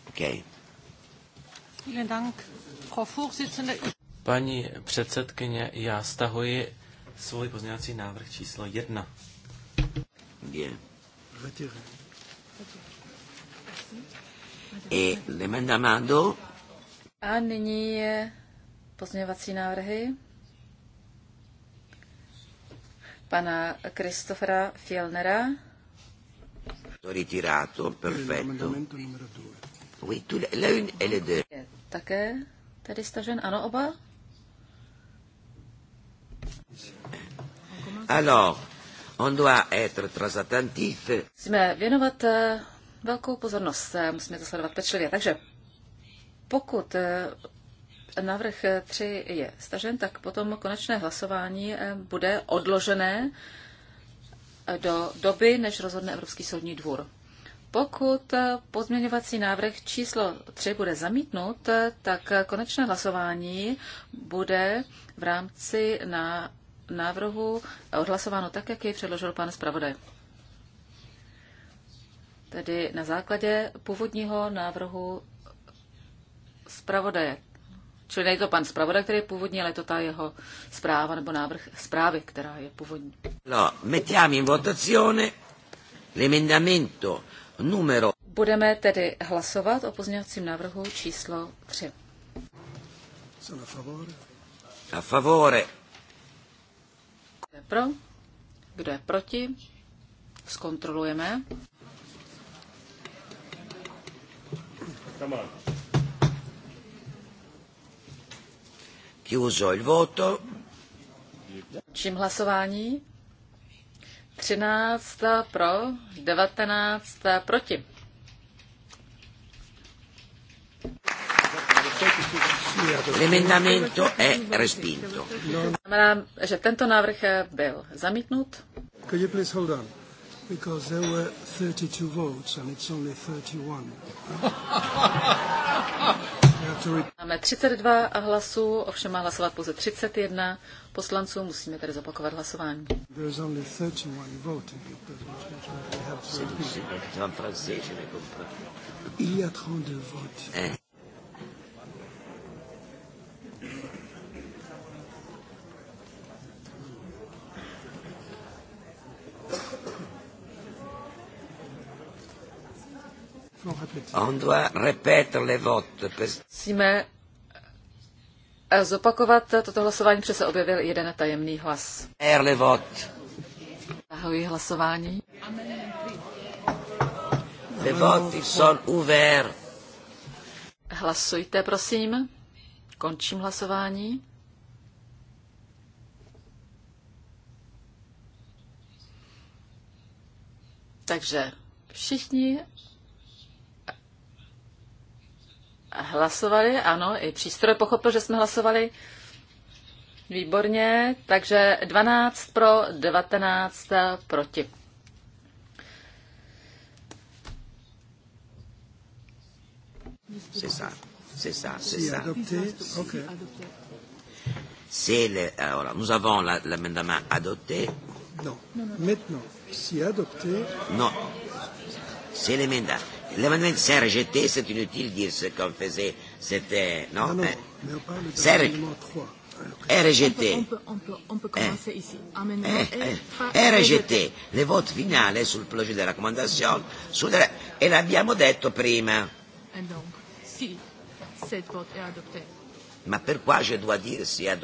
Okay. Vielen Dank, Frau Vorsitzende. Paní předsedkyně, já stahuji svůj pozměňovací návrh číslo jedna. Bien. Et eh, l'emendamento. A nyní je pozměňovací návrhy pana Kristofera Fielnera. Ritirato, perfetto. Oui, tu, la une et le deux. Také tady stažen, ano, oba? Alors, on doit être transatlantif. Musíme věnovat eh, velkou pozornost, eh, musíme to sledovat pečlivě. Takže pokud eh, návrh 3 je stažen, tak potom konečné hlasování bude odložené do doby, než rozhodne Evropský soudní dvůr. Pokud pozměňovací návrh číslo 3 bude zamítnut, tak konečné hlasování bude v rámci na návrhu odhlasováno tak, jak jej předložil pan zpravodaj. Tedy na základě původního návrhu zpravodaje. Čili nejde to pan zpravodaj, který je původní, ale je to ta jeho zpráva nebo návrh zprávy, která je původní. No, mettiamo in votazione l'emendamento numero. Budeme tedy hlasovat o pozměňovacím návrhu číslo 3. Sono a favore. A favore pro? Kdo je proti? Zkontrolujeme. Chiuso il voto. Čím hlasování? 13 pro, 19 proti. L'emendamento è respinto. že tento návrh byl zamítnut. Could you please hold on? Because there were 32 votes and it's only 31. Máme 32 hlasů, ovšem má hlasovat pouze 31 poslanců, musíme tedy zopakovat hlasování. There is only 31 voting, Il y a 32 votes. On doit répéter les votes. Musíme eh, zopakovat toto hlasování, protože se objevil jeden tajemný hlas. Les votes. Zahajuji hlasování. Les votes sont Hlasujte, prosím. Končím hlasování. Takže všichni hlasovali, ano, i přístroj pochopil, že jsme hlasovali. Výborně, takže 12 pro, 19 proti. C'est ça, c'est ça, c'est ça. Adopté, ok. nous avons l'amendement adopté. Non, maintenant, si adopté. Non, c'est l'amendement. L'amendement Serre rejeté, c'est inutile de dire ce qu'on faisait, c'était... Non, non, non mais on parle de est eh, rejeté. On eh. eh, Le vote finale sul plagio della raccomandazione sulla, e l'abbiamo detto prima. donc, si cette vote è Ma per qua je dois dire si è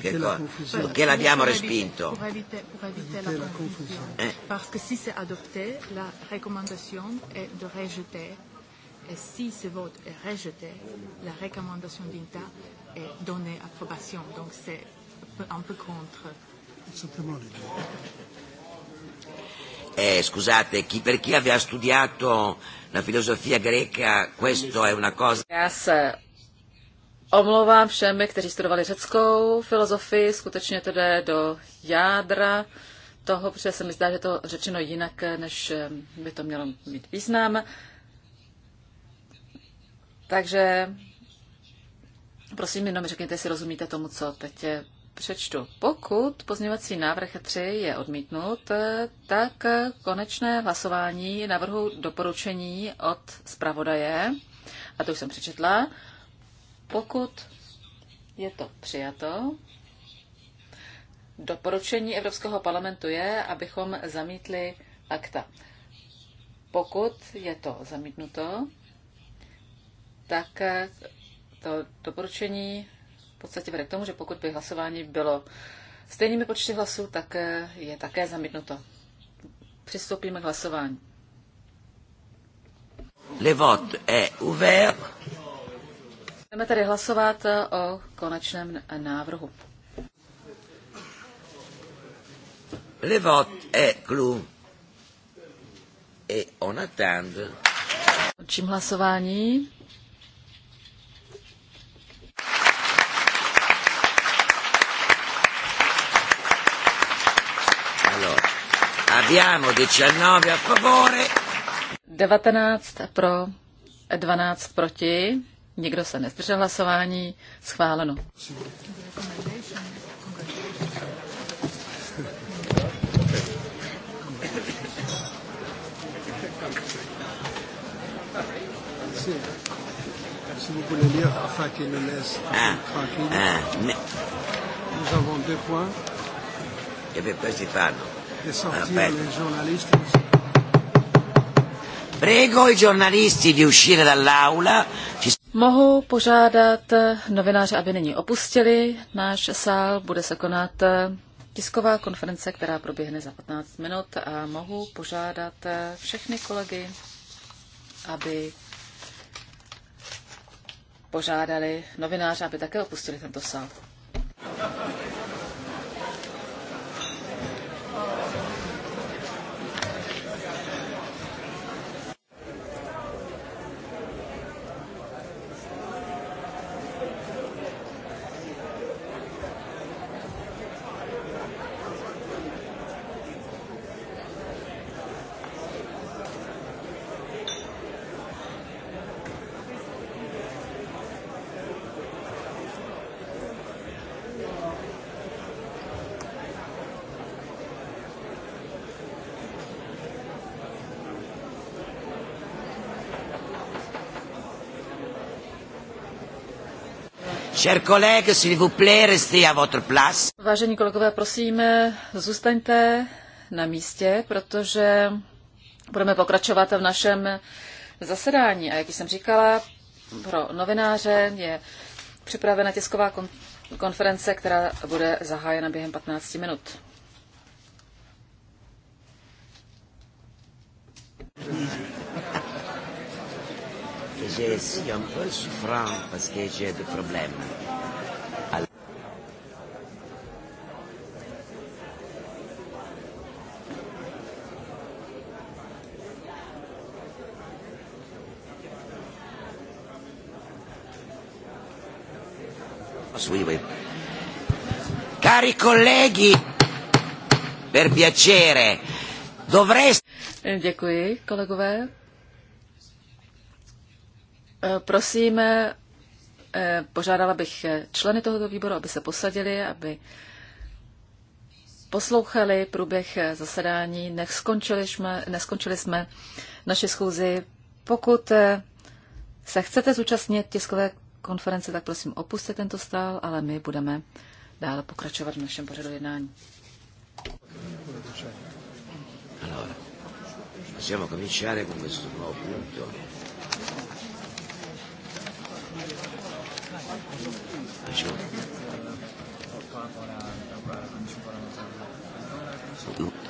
che, co- che l'abbiamo respinto. Perché se pour éviter la confusion. Eh? Parce si c'est adopté, la recommandation est de rejeter. Et si ce vote est rejeté, la raccomandazione d'INTA è donnée approbation. Donc c'est un peu contre. Eh, scusate, chi, per chi aveva studiato la filosofia greca, questo è una cosa... Yes, omlouvám všem, kteří studovali řeckou filozofii, skutečně to jde do jádra toho, protože se mi zdá, že to řečeno jinak, než eh, by to mělo mít význam. Takže prosím, jenom řekněte, jestli rozumíte tomu, co teď přečtu. Pokud pozměvací návrh 3 je odmítnut, tak konečné hlasování navrhu doporučení od zpravodaje, a to už jsem přečetla, pokud je to přijato, doporučení Evropského parlamentu je, abychom zamítli akta. Pokud je to zamítnuto, tak to doporučení v podstatě vede k tomu, že pokud by hlasování bylo stejnými počty hlasů, tak je také zamítnuto. Přistoupíme k hlasování. Le vote est ouvert. Budeme tedy hlasovat eh, o konečném návrhu. Le vote est clos. Et on attend. hlasování. Alors, abbiamo 19 a favore. 19 pro, 12 proti. Nikdo se nezdržel hlasování. Schváleno. Ah, ah, nous avons deux points. pas ah, De les journalistes. Prego i giornalisti di uscire dall'aula. Mohu požádat novináře, aby nyní opustili náš sál. Bude se konat eh, tisková konference, která proběhne za 15 minut a mohu požádat eh, všechny kolegy, aby požádali novináře, aby také opustili tento sál. Vážení kolegové, prosím, zůstaňte na místě, protože budeme pokračovat v našem zasedání. A jak jsem říkala, pro novináře je připravena tisková konference, která bude zahájena během 15 minut. Mm je suis un peu souffrant parce que j'ai des problèmes. Oui, oui. Cari colleghi, per piacere, dovreste... Děkuji, kolegové. Eh, prosím, eh, požádala bych eh, členy tohoto výboru, aby se posadili, aby poslouchali průběh zasedání. Neskončili jsme, neskončili jsme naši schůzi. Pokud se chcete zúčastnit tiskové konference, tak prosím opuste tento stál, ale my budeme dále pokračovat v našem pořadu jednání. Allora, possiamo cominciare con questo nuovo punto. región.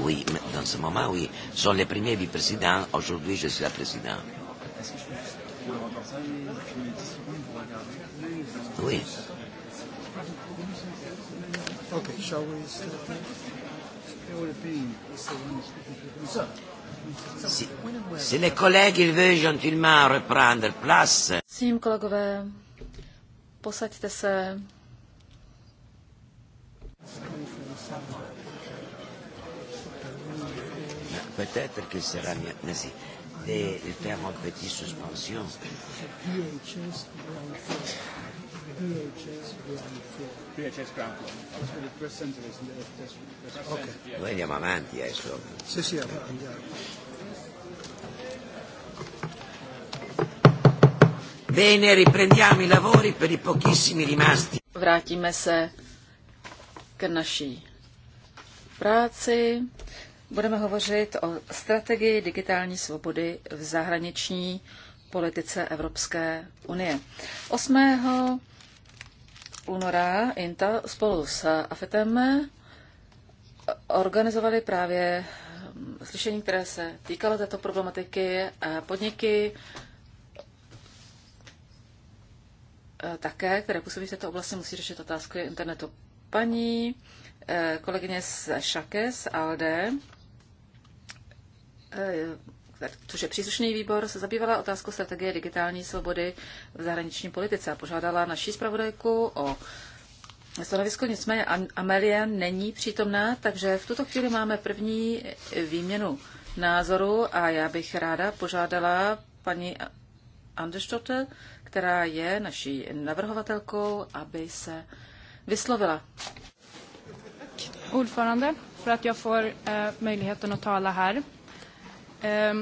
Oui, dans ce moment, oui. Ce Sont les premiers vice-présidents. Aujourd'hui, je suis la présidente. Oui. Okay, shall we Si, si les collègues ils veulent gentiment reprendre place. Sim, kolegové, Posaďte se. Peut-être que sera mieux de faire une petite suspension. VHS Ground Floor. VHS Ground Floor. VHS Ground press center is. Okay. avanti adesso. Eh, sì, sì, andiamo. Bene, riprendiamo i lavori per i pochissimi rimasti. Vrátíme se k naší práci. Budeme hovořit o strategii digitální svobody v zahraniční politice Evropské unie. 8. února INTA spolu s AFETem organizovali právě slyšení, které se týkalo této problematiky. Podniky, Eh, také, které působí v této oblasti, musí řešit otázku internetu. Paní eh, kolegyně z Šake, z ALDE, eh, což je příslušný výbor, se zabývala otázkou strategie digitální svobody v zahraniční politice a požádala naší zpravodajku o stanovisko. Nicméně Amelia není přítomná, takže v tuto chvíli máme první výměnu názoru a já bych ráda požádala paní Andersdotter, která je naší navrhovatelkou, aby se vyslovila. Ordförande, för att jag får eh, möjligheten att tala här. Eh,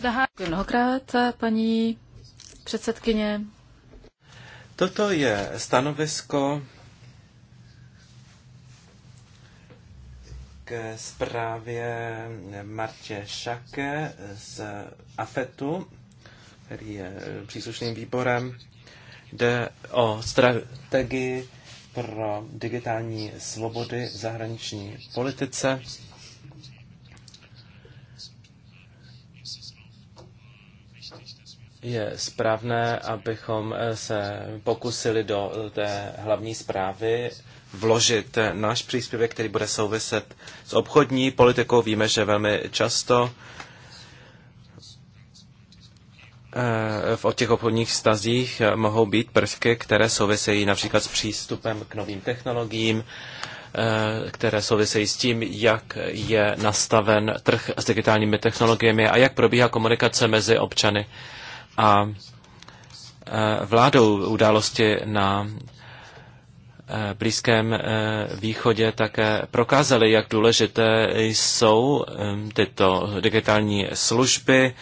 det här... Mnohokrát, paní předsedkyně. Toto je stanovisko k zprávě Martě Šake z AFETu který je eh, příslušným výborem. Jde o strategii pro digitální svobody v zahraniční politice. Je správné, abychom eh, se pokusili do eh, té hlavní zprávy vložit náš příspěvek, který bude souviset s obchodní politikou. Víme, že velmi často Eh, v těch obchodních stazích eh, mohou být prvky, které souvisejí například s přístupem k novým technologiím, eh, které souvisejí s tím, jak je nastaven trh s digitálními technologiemi a jak probíhá komunikace mezi občany a vládou události na Blízkém východě také prokázali, jak důležité jsou tyto digitální služby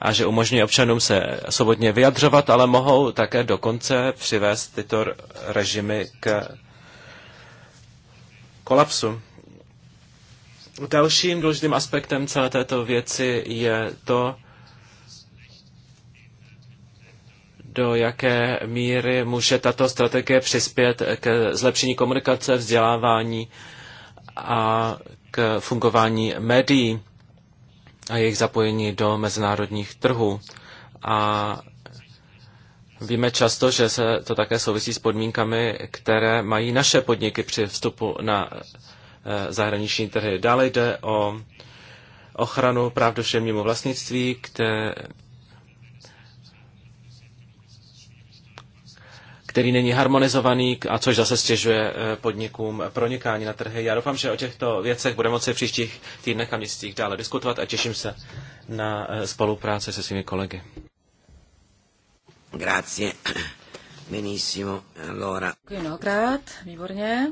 a že umožní občanům se svobodně vyjadřovat, ale mohou také dokonce přivést tyto režimy k kolapsu. Dalším důležitým aspektem celé této věci je to, do jaké míry může tato strategie přispět k zlepšení komunikace, vzdělávání a k fungování médií a jejich zapojení do mezinárodních trhů. A víme často, že se to také souvisí s podmínkami, které mají naše podniky při vstupu na e, zahraniční trhy. Dále jde o ochranu práv duševnímu vlastnictví, které který není harmonizovaný a což zase stěžuje eh, podnikům pronikání na trhy. Já doufám, že o těchto věcech budeme moci v příštích týdnech a měsících dále diskutovat a těším se na eh, spolupráci se svými kolegy. Grazie. Benissimo. Allora. Děkuji mnohokrát, výborně.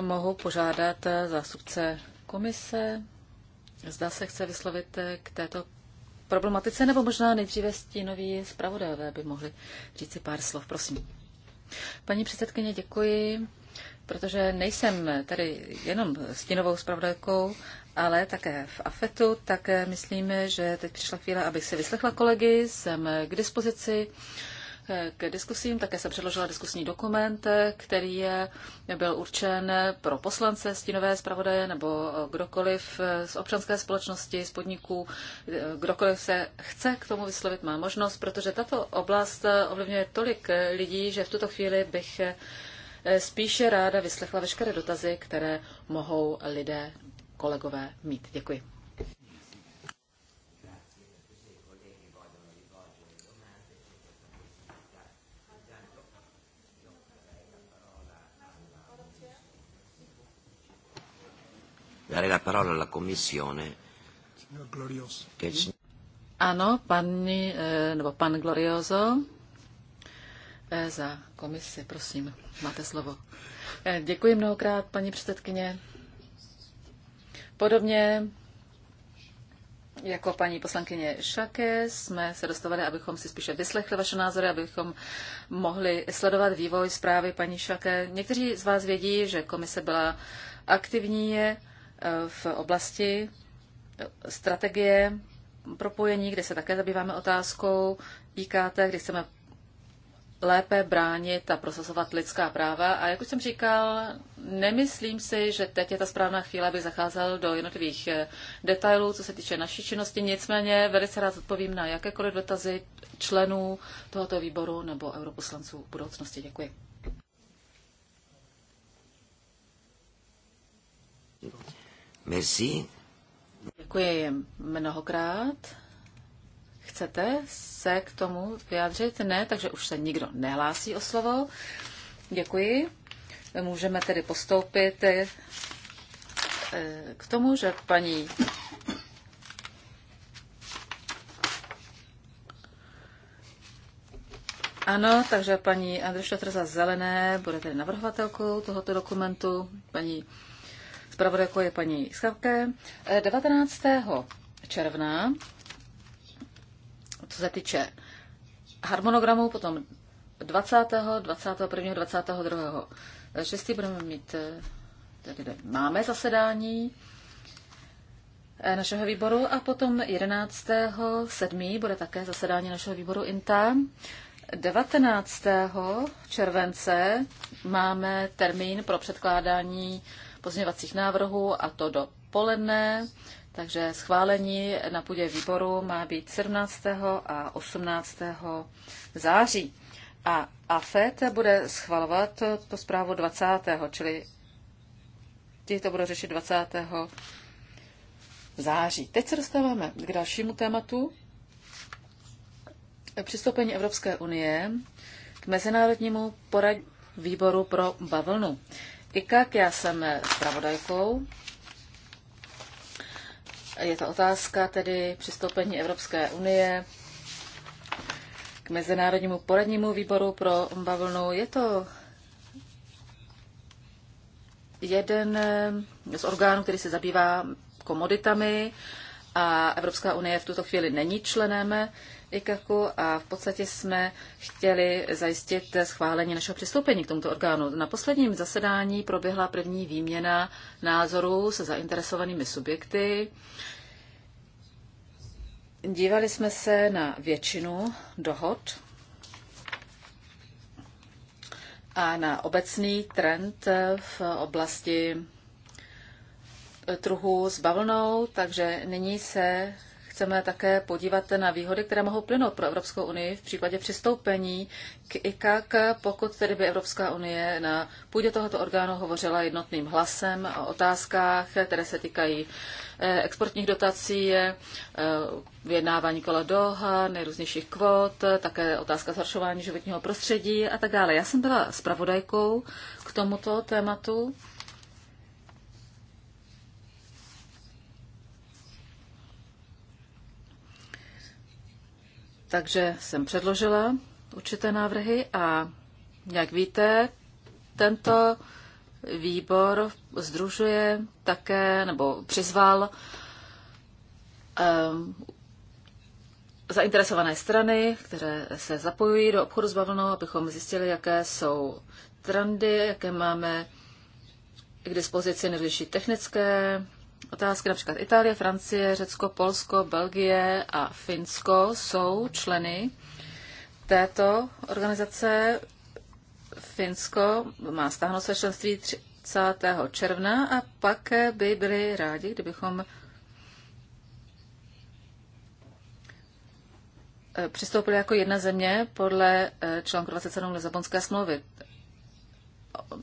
Mohu požádat eh, zástupce komise, zda se chce vyslovit k této problematice, nebo možná nejdříve stínoví zpravodajové by mohli říct si pár slov, prosím. Paní předsedkyně, děkuji, protože nejsem tady jenom stínovou zpravodajkou, ale také v AFETu, tak myslíme, že teď přišla chvíle, abych si vyslechla kolegy, jsem k dispozici k diskusím. Také se předložila diskusní dokument, který je, byl určen pro poslance, stínové zpravodaje nebo kdokoliv z občanské společnosti, z podniků. Kdokoliv se chce k tomu vyslovit, má možnost, protože tato oblast ovlivňuje tolik lidí, že v tuto chvíli bych spíše ráda vyslechla veškeré dotazy, které mohou lidé, kolegové mít. Děkuji. dare la parola alla Commissione. Ano, paní, eh, nebo pan Glorioso eh, za komisi, prosím, máte slovo. Eh, děkuji mnohokrát, paní předsedkyně. Podobně jako paní poslankyně Šake jsme se dostavili, abychom si spíše vyslechli vaše názory, abychom mohli sledovat vývoj zprávy paní Šake. Někteří z vás vědí, že komise byla aktivní, v oblasti strategie propojení, kde se také zabýváme otázkou IKT, kde chceme lépe bránit a prosazovat lidská práva. A jak už jsem říkal, nemyslím si, že teď je ta správná chvíle, abych zacházel do jednotlivých eh, detailů, co se týče naší činnosti. Nicméně velice rád odpovím na jakékoliv dotazy členů tohoto výboru nebo europoslanců v budoucnosti. Děkuji. Merci. Děkuji mnohokrát. Chcete se k tomu vyjádřit? Ne, takže už se nikdo nehlásí o slovo. Děkuji. Můžeme tedy postoupit eh, k tomu, že paní Ano, takže paní Andrešta za zelené bude tedy navrhovatelkou tohoto dokumentu, paní Zpravodajkou je paní Schalke. 19. Eh, června, co se týče harmonogramu, potom 20., 21., 22. 6. budeme mít, eh, tady máme zasedání eh, našeho výboru a potom 11. 7. bude také zasedání našeho výboru INTA. 19. července máme termín pro předkládání pozměňovacích návrhů a to do poledne, takže schválení na půdě výboru má být 17. a 18. září. A AFET bude schvalovat to zprávu 20. čili ti to bude řešit 20. září. Teď se dostáváme k dalšímu tématu. Přistoupení Evropské unie k Mezinárodnímu porad výboru pro bavlnu. IKAK, já jsem zpravodajkou. Je to otázka tedy přistoupení Evropské unie k Mezinárodnímu poradnímu výboru pro bavlnu. Je to jeden z orgánů, který se zabývá komoditami a Evropská unie v tuto chvíli není členem IKAKu a v podstatě jsme chtěli zajistit schválení našeho přistoupení k tomuto orgánu. Na posledním zasedání proběhla první výměna názorů se zainteresovanými subjekty. Dívali jsme se na většinu dohod a na obecný trend v oblasti trhu s bavlnou, takže nyní se chceme také podívat na výhody, které mohou plynout pro Evropskou unii v případě přistoupení k ICAC, pokud tedy by Evropská unie na půdě tohoto orgánu hovořila jednotným hlasem o otázkách, které se týkají eh, exportních dotací, eh, vyjednávání kola doha, nejrůznějších kvót, také otázka zhoršování životního prostředí a tak dále. Já jsem byla spravodajkou k tomuto tématu Takže jsem předložila určité návrhy a jak víte, tento výbor združuje také, nebo přizval um, zainteresované strany, které se zapojují do obchodu s bavlnou, abychom zjistili, jaké jsou trendy, jaké máme k dispozici nejrůznější technické otázky, například Itálie, Francie, Řecko, Polsko, Belgie a Finsko jsou členy této organizace. Finsko má stáhnout své členství 30. června a pak by byli rádi, kdybychom eh, přistoupili jako jedna země podle eh, článku 27 Lisabonské smlouvy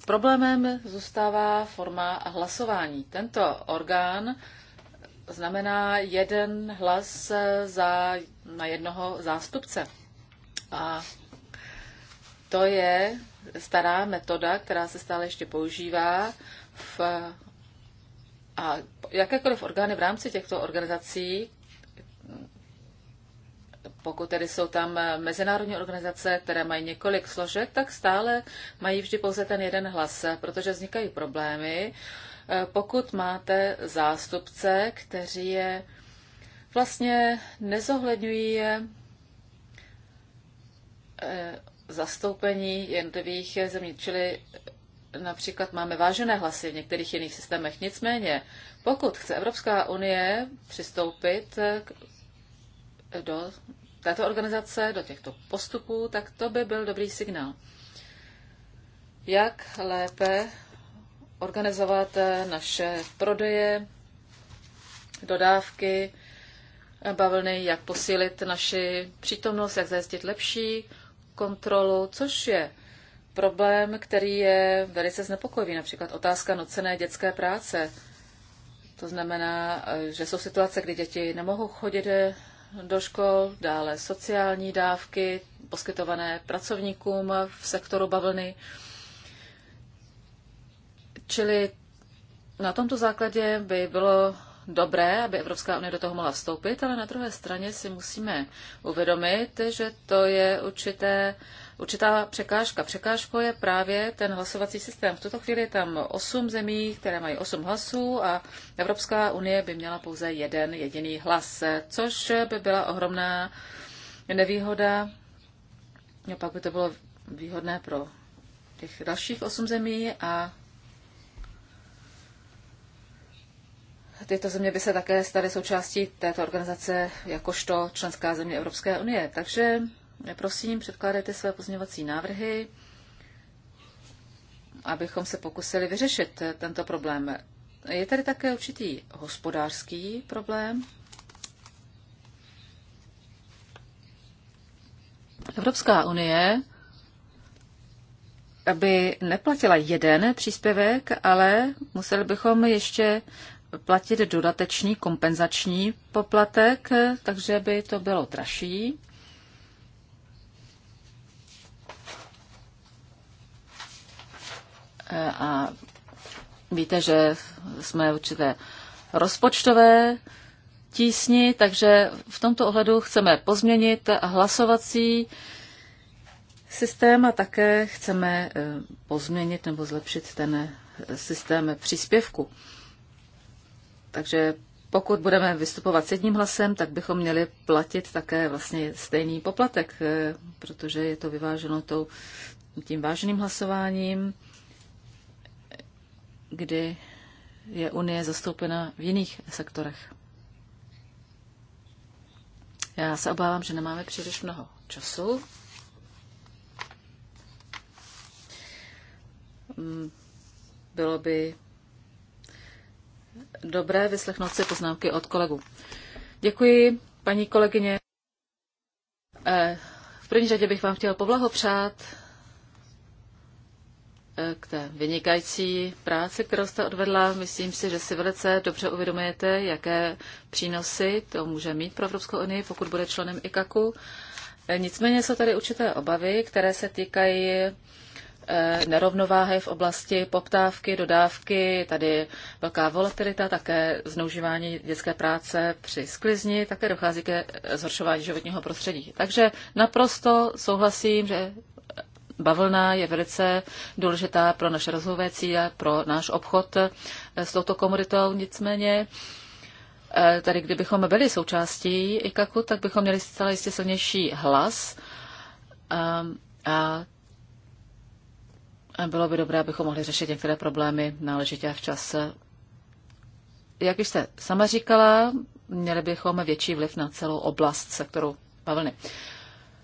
problémem zůstává forma hlasování. Tento orgán znamená jeden hlas za, na jednoho zástupce. A to je stará metoda, která se stále ještě používá v, a jakékoliv orgány v rámci těchto organizací, pokud tedy jsou tam eh, mezinárodní organizace, které mají několik složek, tak stále mají vždy pouze ten jeden hlas, eh, protože vznikají problémy. Eh, pokud máte zástupce, kteří je vlastně nezohledňují zastoupení jednotlivých zemí, čili například máme vážené hlasy v některých jiných systémech. Nicméně, pokud chce Evropská unie přistoupit do této organizace, do těchto postupů, tak to by byl dobrý signál. Jak lépe organizovat naše prodeje, dodávky, bavlny, jak posílit naši přítomnost, jak zajistit lepší kontrolu, což je problém, který je velice znepokojivý. Například otázka nocené dětské práce. To znamená, že jsou situace, kdy děti nemohou chodit do škol, dále sociální dávky poskytované pracovníkům v sektoru bavlny. Čili na tomto základě by bylo dobré, aby Evropská unie do toho mohla vstoupit, ale na druhé straně si musíme uvědomit, že to je určité určitá překážka. Překážkou je právě ten hlasovací systém. V tuto chvíli je tam osm zemí, které mají osm hlasů a Evropská unie by měla pouze jeden jediný hlas, což by byla ohromná nevýhoda. A pak by to bylo výhodné pro těch dalších osm zemí a tyto země by se také staly součástí této organizace jakožto členská země Evropské unie. Takže Prosím, předkládejte své pozměňovací návrhy, abychom se pokusili vyřešit tento problém. Je tady také určitý hospodářský problém. Evropská unie aby neplatila jeden příspěvek, ale museli bychom ještě platit dodatečný kompenzační poplatek, takže by to bylo dražší. a víte, že jsme určité rozpočtové tísni, takže v tomto ohledu chceme pozměnit hlasovací systém a také chceme eh, pozměnit nebo zlepšit ten eh, systém příspěvku. Takže pokud budeme vystupovat s jedním hlasem, tak bychom měli platit také vlastně stejný poplatek, eh, protože je to vyváženo tou, tím váženým hlasováním kdy je Unie zastoupena v jiných sektorech. Já se obávám, že nemáme příliš mnoho času. Mm, bylo by dobré vyslechnout si poznámky od kolegu. Děkuji, paní kolegyně. Eh, v první řadě bych vám chtěl přát. Eh, k té vynikající práci, kterou jste odvedla. Myslím si, že si velice dobře uvědomujete, jaké přínosy to může mít pro Evropskou unii, pokud bude členem IKAKu. Eh, nicméně jsou tady určité obavy, které se týkají eh, nerovnováhy v oblasti poptávky, dodávky, tady velká volatilita, také zneužívání dětské práce při sklizni, také dochází ke zhoršování životního prostředí. Takže naprosto souhlasím, že bavlna je velice důležitá pro naše rozvojové cíle, pro náš obchod eh, s touto komoditou. Nicméně eh, tady, kdybychom byli součástí IKAKu, tak bychom měli zcela jistě silnější hlas a, ehm, a bylo by dobré, abychom mohli řešit některé problémy náležitě a včas. Jak už jste sama říkala, měli bychom větší vliv na celou oblast sektoru bavlny. Uh,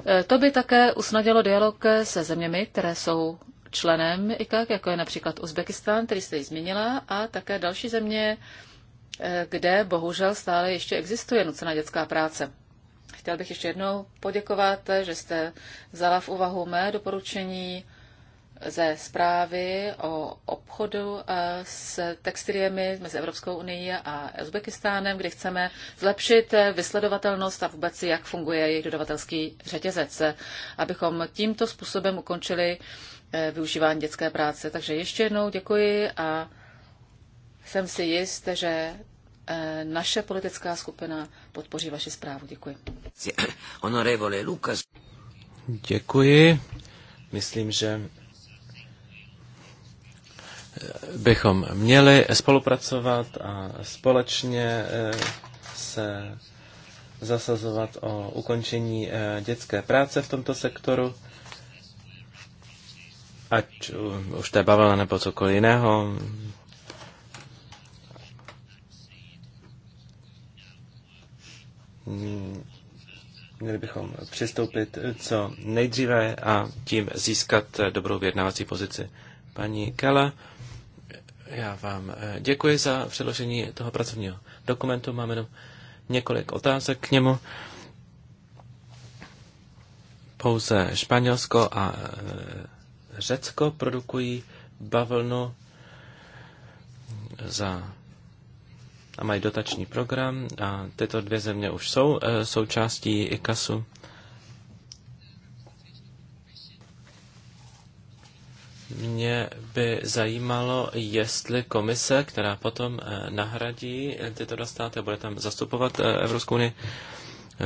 E, to by také usnadilo dialog e, se zeměmi, které jsou členem IKAK, jako je například Uzbekistán, který jste ji zmínila, a také další země, e, kde bohužel stále ještě existuje nucená dětská práce. Chtěl bych ještě jednou poděkovat, že jste vzala v úvahu mé doporučení ze zprávy o obchodu eh, s textiliemi mezi Evropskou unii a Uzbekistánem, kde chceme zlepšit eh, vysledovatelnost a vůbec jak funguje jejich dodavatelský řetězec, abychom tímto způsobem ukončili eh, využívání dětské práce. Takže ještě jednou děkuji a jsem si jist, že naše politická skupina podpoří vaši zprávu. Děkuji. Děkuji. Myslím, že bychom měli spolupracovat a společně eh, se zasazovat o ukončení eh, dětské práce v tomto sektoru, ať už to je bavila nebo cokoliv jiného. Měli bychom přistoupit co nejdříve a tím získat dobrou vyjednávací pozici. Paní Kela. Já vám eh, děkuji za předložení toho pracovního dokumentu. Máme jenom několik otázek k němu. Pouze Španělsko a eh, Řecko produkují bavlnu za a mají dotační program a tyto dvě země už jsou eh, součástí ICASu. Mě by zajímalo, jestli komise, která potom eh, nahradí eh, tyto dostáty a bude tam zastupovat eh, Evropskou unii,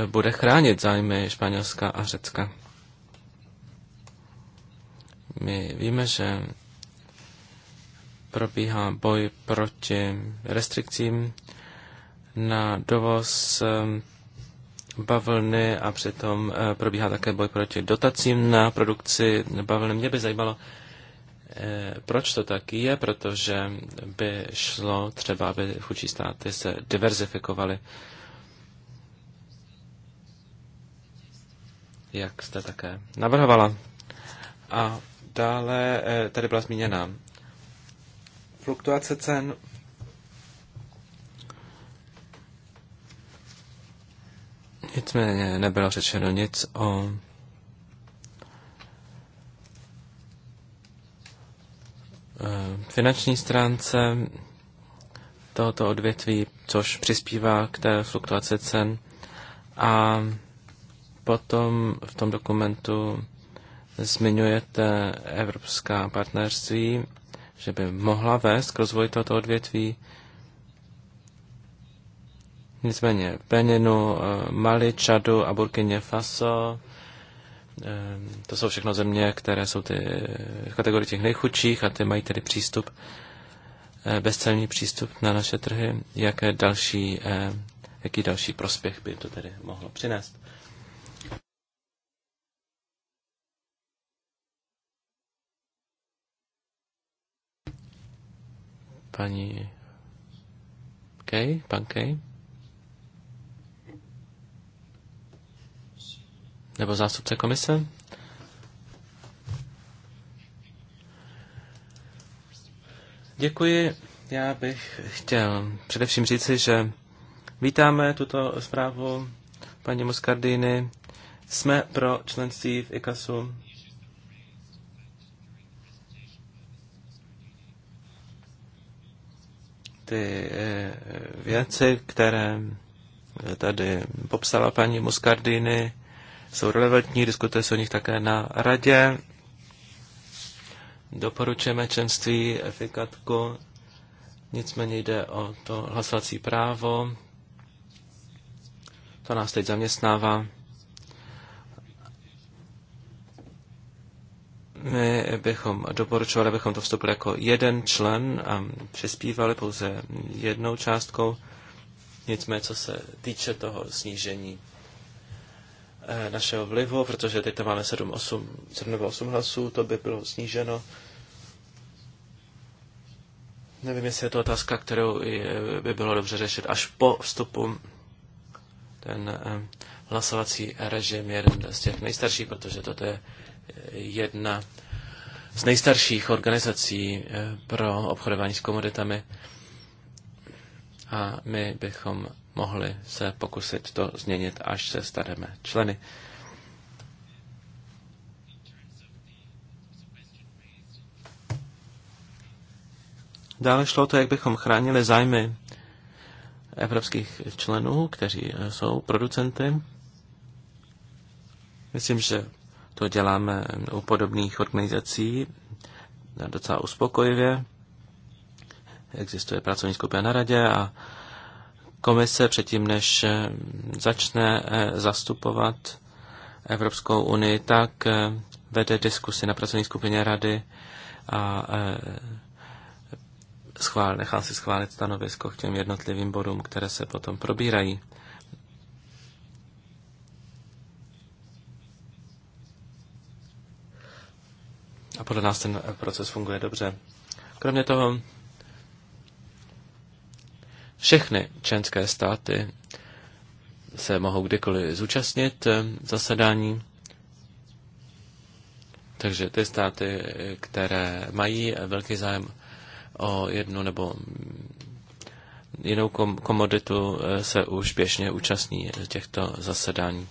bude chránit zájmy Španělska a Řecka. My víme, že probíhá boj proti restrikcím na dovoz bavlny a přitom probíhá také boj proti dotacím na produkci bavlny. Mě by zajímalo, Eh, proč to tak je? Protože by šlo třeba, aby chudší státy se diverzifikovaly. Jak jste také navrhovala. A dále eh, tady byla zmíněna fluktuace cen. Nicméně nebylo řečeno nic o Eh, finanční stránce tohoto odvětví, což přispívá k té fluktuaci cen. A potom v tom dokumentu zmiňujete evropská partnerství, že by mohla vést k rozvoji tohoto odvětví. Nicméně Beninu, eh, Mali, Čadu a Burkyně Faso Ehm, to jsou všechno země, které jsou ty v kategorii těch nejchudších a ty mají tedy přístup, eh, bezcelní přístup na naše trhy. Jaké další, eh, jaký další prospěch by to tedy mohlo přinést? Paní Kej, pan Kej. Nebo zástupce komise? Děkuji. Já bych chtěl především říci, že vítáme tuto zprávu paní Muscardini. Jsme pro členství v ICASu. Ty eh, věci, které tady popsala paní Muscardini, jsou relevantní, diskutuje se o nich také na radě. Doporučujeme členství efikatku, nicméně jde o to hlasovací právo. To nás teď zaměstnává. My bychom doporučovali, abychom to vstoupili jako jeden člen a přispívali pouze jednou částkou. Nicméně, co se týče toho snížení Eh, našeho vlivu, protože teď tam máme 7, 8, 7 nebo 8 hlasů, to by bylo sníženo. Nevím, jestli je to otázka, kterou by bylo dobře řešit až po vstupu. Ten eh, hlasovací režim je jeden z těch nejstarších, protože toto je eh, jedna z nejstarších organizací pro obchodování s komoditami a my bychom mohli se pokusit to změnit, až se staneme členy. Dále šlo to, jak bychom chránili zájmy evropských členů, kteří eh, jsou producenty. Myslím, že to děláme u podobných organizací docela uspokojivě. Existuje pracovní skupina na radě a komise předtím, než eh, začne eh, zastupovat Evropskou unii, tak eh, vede diskusy na pracovní skupině rady a schvál, nechá si schválit stanovisko k těm jednotlivým bodům, které se potom probírají. A podle nás ten proces funguje dobře. Kromě toho všechny členské státy se mohou kdykoliv zúčastnit eh, zasedání. Takže ty státy, které mají velký zájem o jednu nebo jinou komoditu, eh, se už běžně účastní těchto zasedání.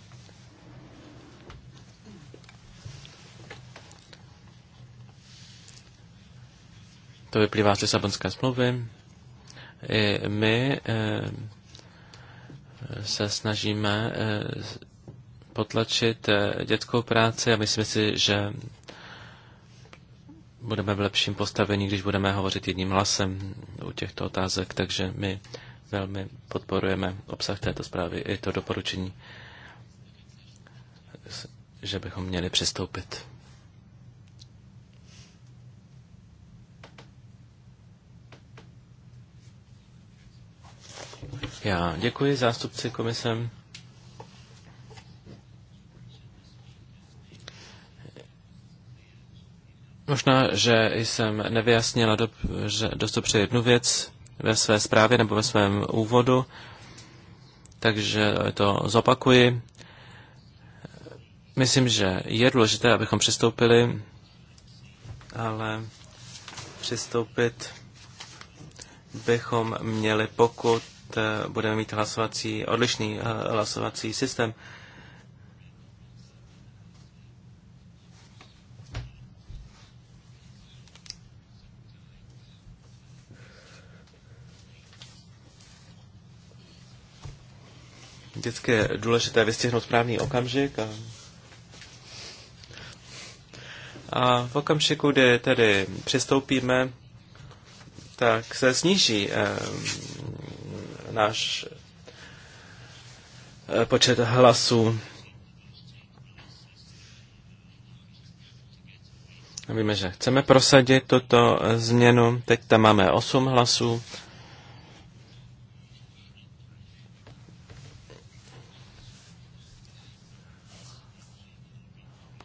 To vyplývá z Lisabonské smlouvy. I my eh, se snažíme eh, potlačit eh, dětskou práci a myslím si, že budeme v lepším postavení, když budeme hovořit jedním hlasem u těchto otázek, takže my velmi podporujeme obsah této zprávy i to doporučení, že bychom měli přistoupit Já děkuji zástupci komisem. Možná, že jsem nevyjasnila do, že dost dobře jednu věc ve své zprávě nebo ve svém úvodu, takže to zopakuji. Myslím, že je důležité, abychom přistoupili, ale přistoupit bychom měli, pokud Eh, budeme mít hlasovací, odlišný eh, hlasovací systém. Vždycky je důležité vystihnout správný okamžik a a v okamžiku, kdy tedy přistoupíme, tak se sníží eh, náš eh, počet hlasů. Víme, že chceme prosadit tuto eh, změnu. Teď tam máme 8 hlasů.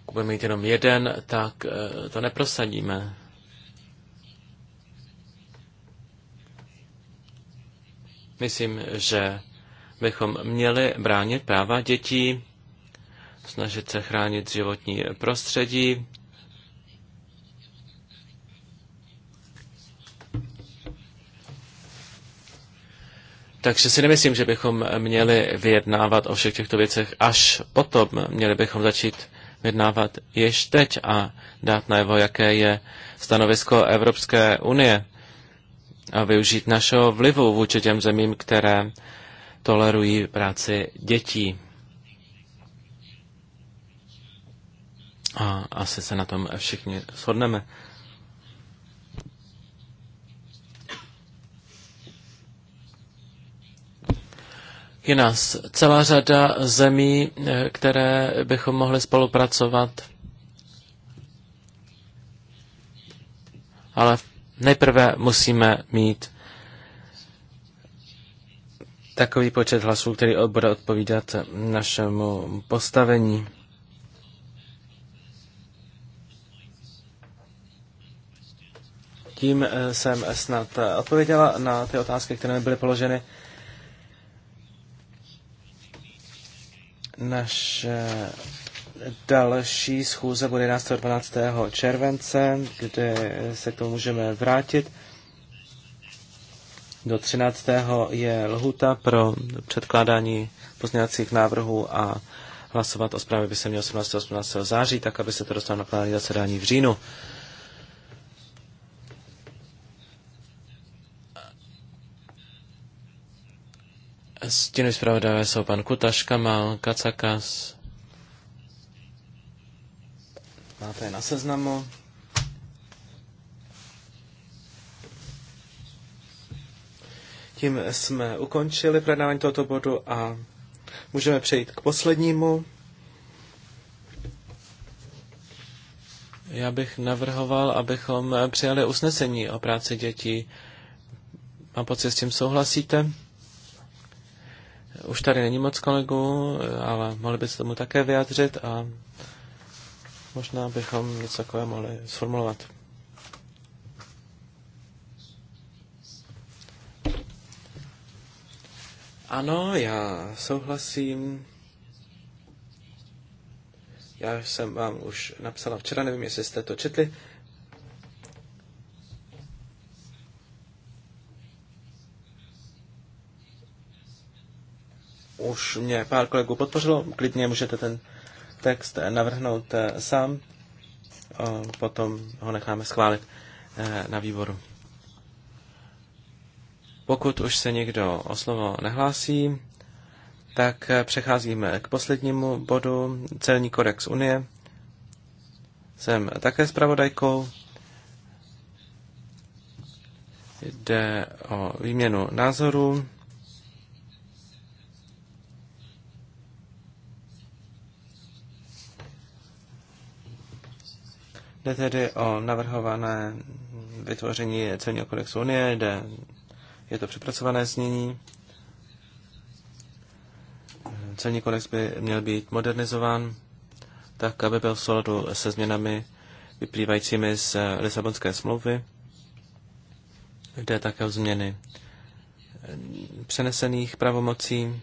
Pokud budeme mít jenom jeden, tak eh, to neprosadíme. Myslím, že bychom měli bránit práva dětí, snažit se chránit životní prostředí. Takže si nemyslím, že bychom měli vyjednávat o všech těchto věcech až potom. Měli bychom začít vyjednávat již teď a dát najevo, jaké je stanovisko Evropské unie a využít našeho vlivu vůči těm zemím, které tolerují práci dětí. A asi se na tom všichni shodneme. Je nás celá řada zemí, které bychom mohli spolupracovat, ale v Nejprve musíme mít takový počet hlasů, který bude odpovídat našemu postavení. Tím eh, jsem snad eh, odpověděla na ty otázky, které mi byly položeny. Naše Další schůze bude 11. 12. července, kde se k tomu můžeme vrátit. Do 13. je lhuta pro předkládání pozměňovacích návrhů a hlasovat o zprávě by se měl 18. 18. září, tak aby se to dostalo na plánování zasedání v říjnu. Stěny zpravodajové jsou pan Kutaška, Mal, Kacakas, Máte je na seznamu. Tím jsme ukončili projednávání tohoto bodu a můžeme přejít k poslednímu. Já bych navrhoval, abychom přijali usnesení o práci dětí. Mám pocit, s tím souhlasíte? Už tady není moc kolegů, ale mohli byste se tomu také vyjádřit a Možná bychom něco takového mohli sformulovat. Ano, já souhlasím. Já jsem vám už napsala včera, nevím, jestli jste to četli. Už mě pár kolegů podpořilo, klidně můžete ten text navrhnout eh, sám, potom ho necháme schválit eh, na výboru. Pokud už se někdo o slovo nehlásí, tak eh, přecházíme k poslednímu bodu, celní kodex Unie. Jsem také zpravodajkou. Jde o výměnu názorů Jde tedy o navrhované vytvoření celního kodexu Unie, jde, je to přepracované znění. Celní kodex by měl být modernizován tak, aby byl v souladu se změnami vyplývajícími z Lisabonské smlouvy. Jde také o změny přenesených pravomocí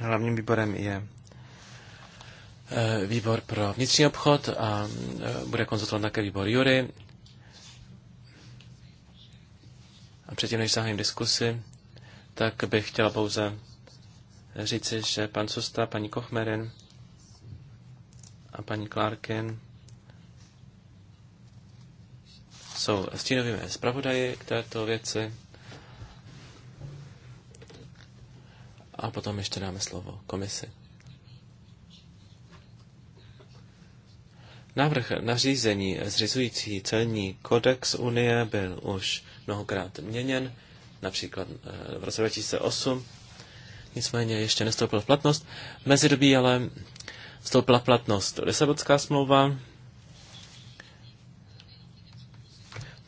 Hlavním výborem je e, výbor pro vnitřní obchod a e, bude konzultovat také výbor Jury. A předtím, než zahájím diskusi, tak bych chtěla pouze říci, že pan Susta, paní Kochmerin a paní Clarkin jsou stínovými zpravodaji k této věci. a potom ještě dáme slovo komisi. Návrh nařízení zřizující celní kodex Unie byl už mnohokrát měněn, například eh, v roce 2008, nicméně ještě nestoupil v platnost. V mezidobí ale vstoupila platnost Lisabonská smlouva,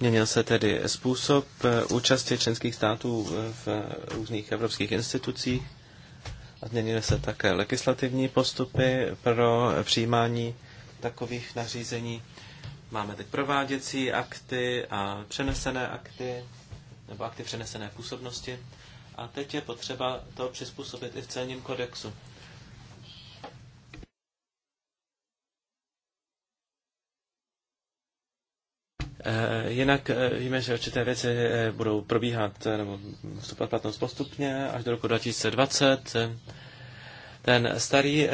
Měnil se tedy způsob eh, účasti členských států eh, v různých evropských institucích Změnily se také legislativní postupy pro přijímání takových nařízení. Máme teď prováděcí akty a přenesené akty, nebo akty přenesené působnosti. A teď je potřeba to přizpůsobit i v celním kodexu. Eh, jinak eh, víme, že určité věci eh, budou probíhat nebo vstupovat platnost postupně až do roku 2020. Ten starý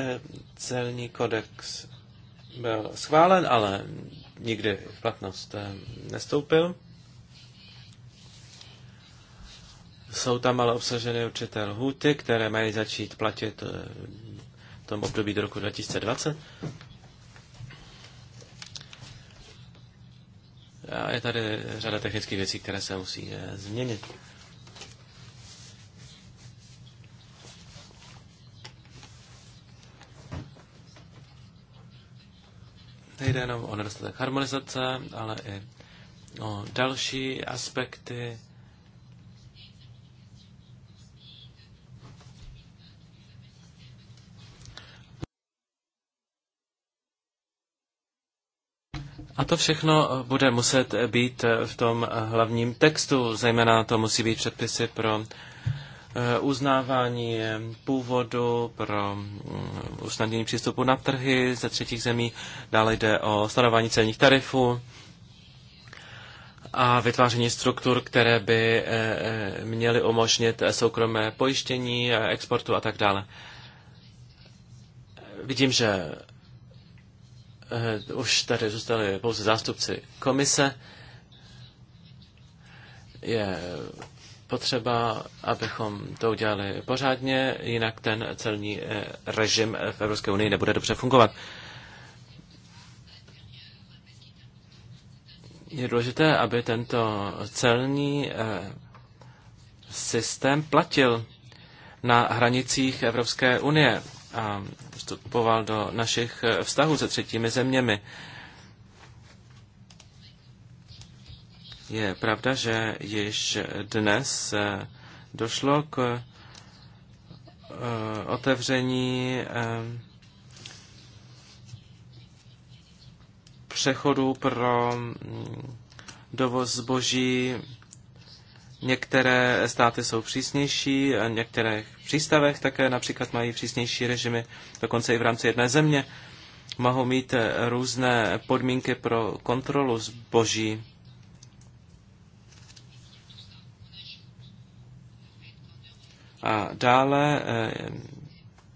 celní kodex byl schválen, ale nikdy v platnost nestoupil. Jsou tam ale obsaženy určité lhuty, které mají začít platit v tom období do roku 2020. A je tady řada technických věcí, které se musí eh, změnit. jde jenom o nedostatek harmonizace, ale i o další aspekty A to všechno eh, bude muset eh, být eh, v tom hlavním textu, zejména to musí být předpisy pro uznávání původu, pro mm, usnadnění přístupu na trhy ze třetích zemí, dále jde o stanování celních tarifů a vytváření struktur, které by měly umožnit soukromé pojištění, exportu a tak dále. Vidím, že Eh, už tady zůstali pouze zástupci komise. Je potřeba, abychom to udělali pořádně, jinak ten celní eh, režim v Evropské unii nebude dobře fungovat. Je důležité, aby tento celní eh, systém platil na hranicích Evropské unie a vstupoval do našich eh, vztahů se třetími zeměmi. Je pravda, že již dnes eh, došlo k eh, otevření přechodu pro mm, dovoz zboží. Některé státy jsou přísnější, některé přístavech také například mají přísnější režimy, dokonce i v rámci jedné země. Mohou mít eh, různé podmínky pro kontrolu zboží. A dále eh,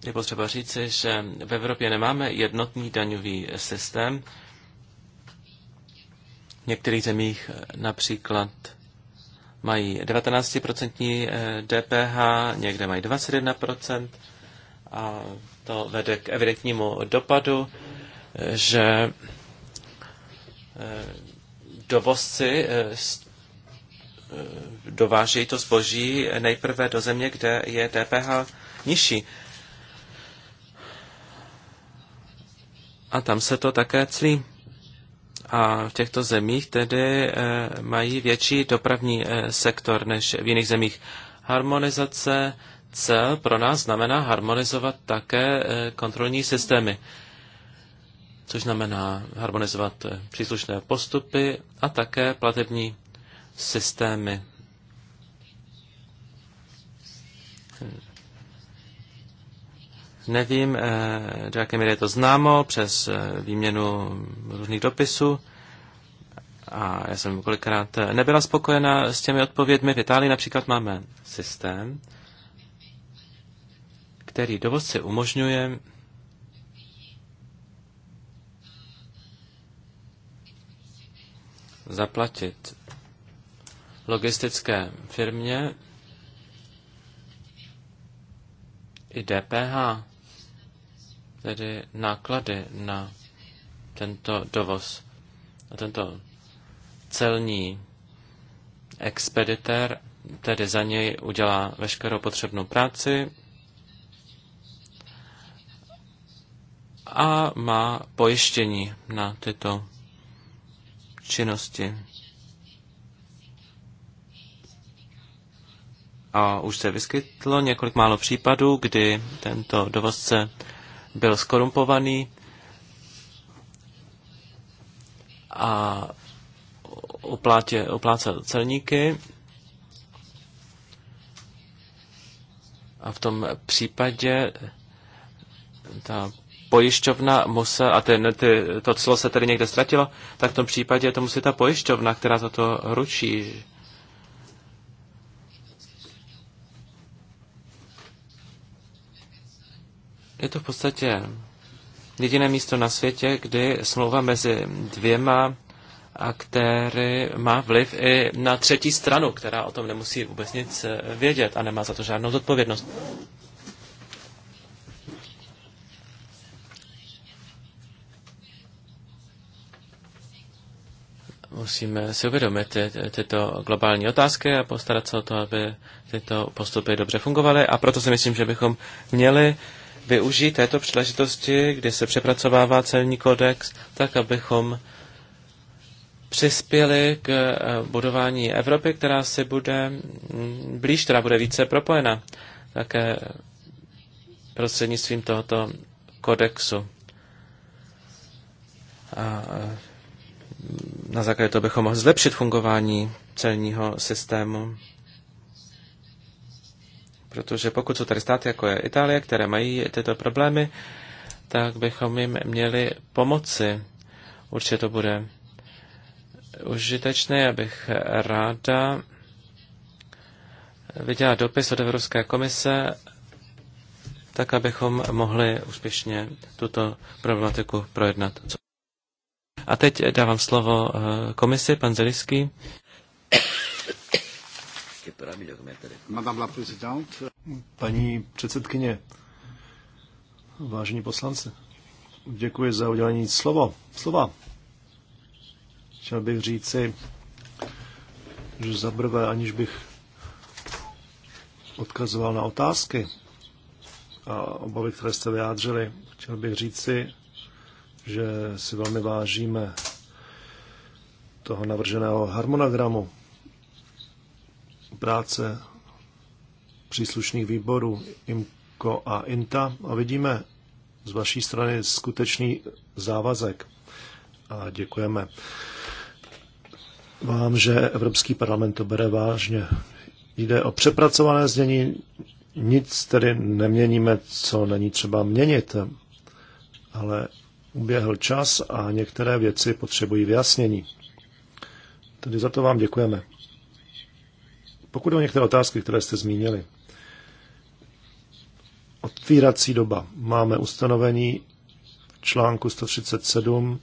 je potřeba říci, že v Evropě nemáme jednotný daňový systém. V některých zemích eh, například mají 19% eh, DPH, někde mají 21% a to vede k evidentnímu dopadu, eh, že eh, dovozci dovážejí to zboží nejprve do země, kde je DPH nižší. A tam se to také clí. A v těchto zemích tedy eh, mají větší dopravní eh, sektor než v jiných zemích. Harmonizace cel pro nás znamená harmonizovat také eh, kontrolní systémy, což znamená harmonizovat příslušné postupy a také platební systémy. Nevím, eh, do jaké míry je to známo přes eh, výměnu různých dopisů. A já jsem kolikrát eh, nebyla spokojena s těmi odpovědmi. V Itálii například máme systém, který dovozce umožňuje zaplatit logistické firmě i DPH tedy náklady na tento dovoz. A tento celní expeditér tedy za něj udělá veškerou potřebnou práci a má pojištění na tyto činnosti. A už se vyskytlo několik málo případů, kdy tento dovozce byl skorumpovaný a uplátě, uplácel celníky. A v tom případě ta pojišťovna musela, a ten, ty, to clo se tedy někde ztratilo, tak v tom případě to musí ta pojišťovna, která za to ručí, Je to v podstatě jediné místo na světě, kdy smlouva mezi dvěma aktéry má vliv i na třetí stranu, která o tom nemusí vůbec nic eh, vědět a nemá za to žádnou zodpovědnost. musíme si uvědomit ty, tyto globální otázky a postarat se o to, aby tyto postupy dobře fungovaly. A proto si myslím, že bychom měli využít této příležitosti, kdy se přepracovává celní kodex, tak abychom přispěli k eh, budování Evropy, která se bude mm, blíž, která bude více propojena také prostřednictvím tohoto kodexu. A eh, na základě toho bychom mohli zlepšit fungování celního systému. Protože pokud jsou tady státy, jako je Itálie, které mají tyto problémy, tak bychom jim měli pomoci. Určitě to bude užitečné. Já bych ráda viděla dopis od Evropské komise, tak abychom mohli úspěšně tuto problematiku projednat. A teď dávám slovo eh, komisi, pan Zelisky. Paní předsedkyně, vážení poslanci, děkuji za udělení slovo, slova. Chtěl bych říci, že za prvé, aniž bych odkazoval na otázky a obavy, které jste vyjádřili, chtěl bych říci, že si velmi vážíme toho navrženého harmonogramu práce příslušných výborů IMCO a INTA a vidíme z vaší strany skutečný závazek. A děkujeme vám, že Evropský parlament to bere vážně. Jde o přepracované znění, nic tedy neměníme, co není třeba měnit, ale uběhl čas a některé věci potřebují vyjasnění. Tedy za to vám děkujeme. Pokud o některé otázky, které jste zmínili, otvírací doba. Máme ustanovení článku 137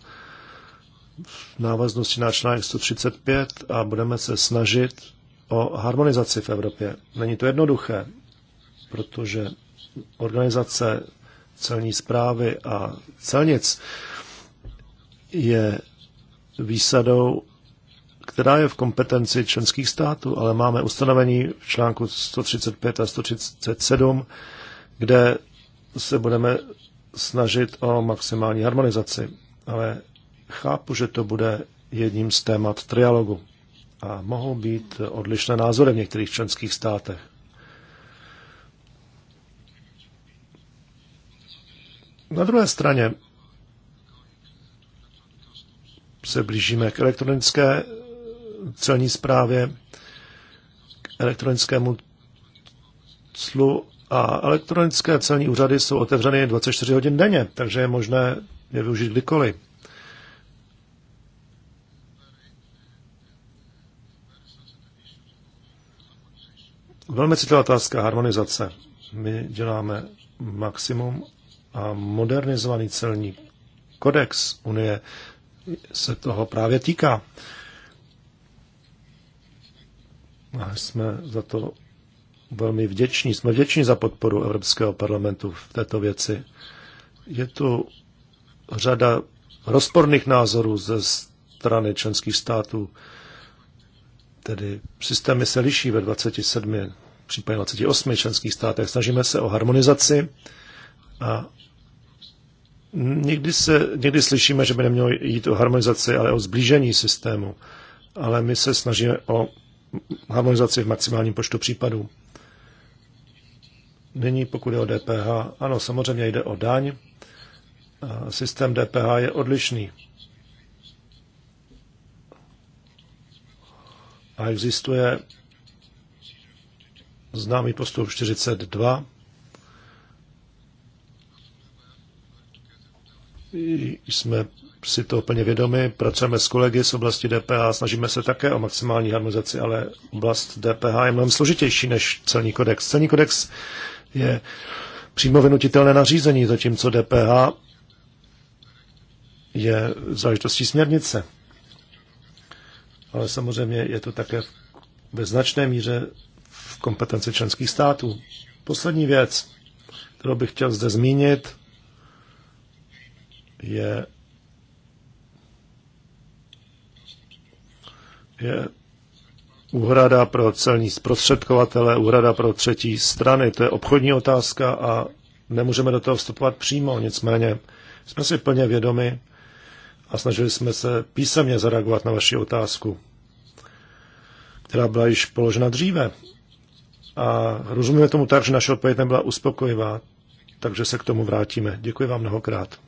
v návaznosti na článek 135 a budeme se snažit o harmonizaci v Evropě. Není to jednoduché, protože organizace celní zprávy a celnic je výsadou která je v kompetenci členských států, ale máme ustanovení v článku 135 a 137, kde se budeme snažit o maximální harmonizaci. Ale chápu, že to bude jedním z témat trialogu a mohou být odlišné názory v některých členských státech. Na druhé straně se blížíme k elektronické celní zprávě k elektronickému clu a elektronické celní úřady jsou otevřeny 24 hodin denně, takže je možné je využít kdykoliv. Velmi citlivá otázka harmonizace. My děláme maximum a modernizovaný celní kodex Unie se toho právě týká. A jsme za to velmi vděční. Jsme vděční za podporu Evropského parlamentu v této věci. Je tu řada rozporných názorů ze strany členských států. Tedy systémy se liší ve 27, případně 28 členských státech. Snažíme se o harmonizaci a někdy, se, někdy slyšíme, že by nemělo jít o harmonizaci, ale o zblížení systému. Ale my se snažíme o harmonizaci v maximálním počtu případů. Nyní pokud je o DPH, ano, samozřejmě jde o daň. Systém DPH je odlišný. A existuje známý postup 42. Jsme si to úplně vědomi. Pracujeme s kolegy z oblasti DPH, snažíme se také o maximální harmonizaci, ale oblast DPH je mnohem složitější než celní kodex. Celní kodex je přímo vynutitelné nařízení, zatímco DPH je záležitostí směrnice. Ale samozřejmě je to také ve značné míře v kompetenci členských států. Poslední věc, kterou bych chtěl zde zmínit, je je úhrada pro celní zprostředkovatele, úhrada pro třetí strany. To je obchodní otázka a nemůžeme do toho vstupovat přímo. Nicméně jsme si plně vědomi a snažili jsme se písemně zareagovat na vaši otázku, která byla již položena dříve. A rozumíme tomu tak, že naše odpověď nebyla uspokojivá, takže se k tomu vrátíme. Děkuji vám mnohokrát.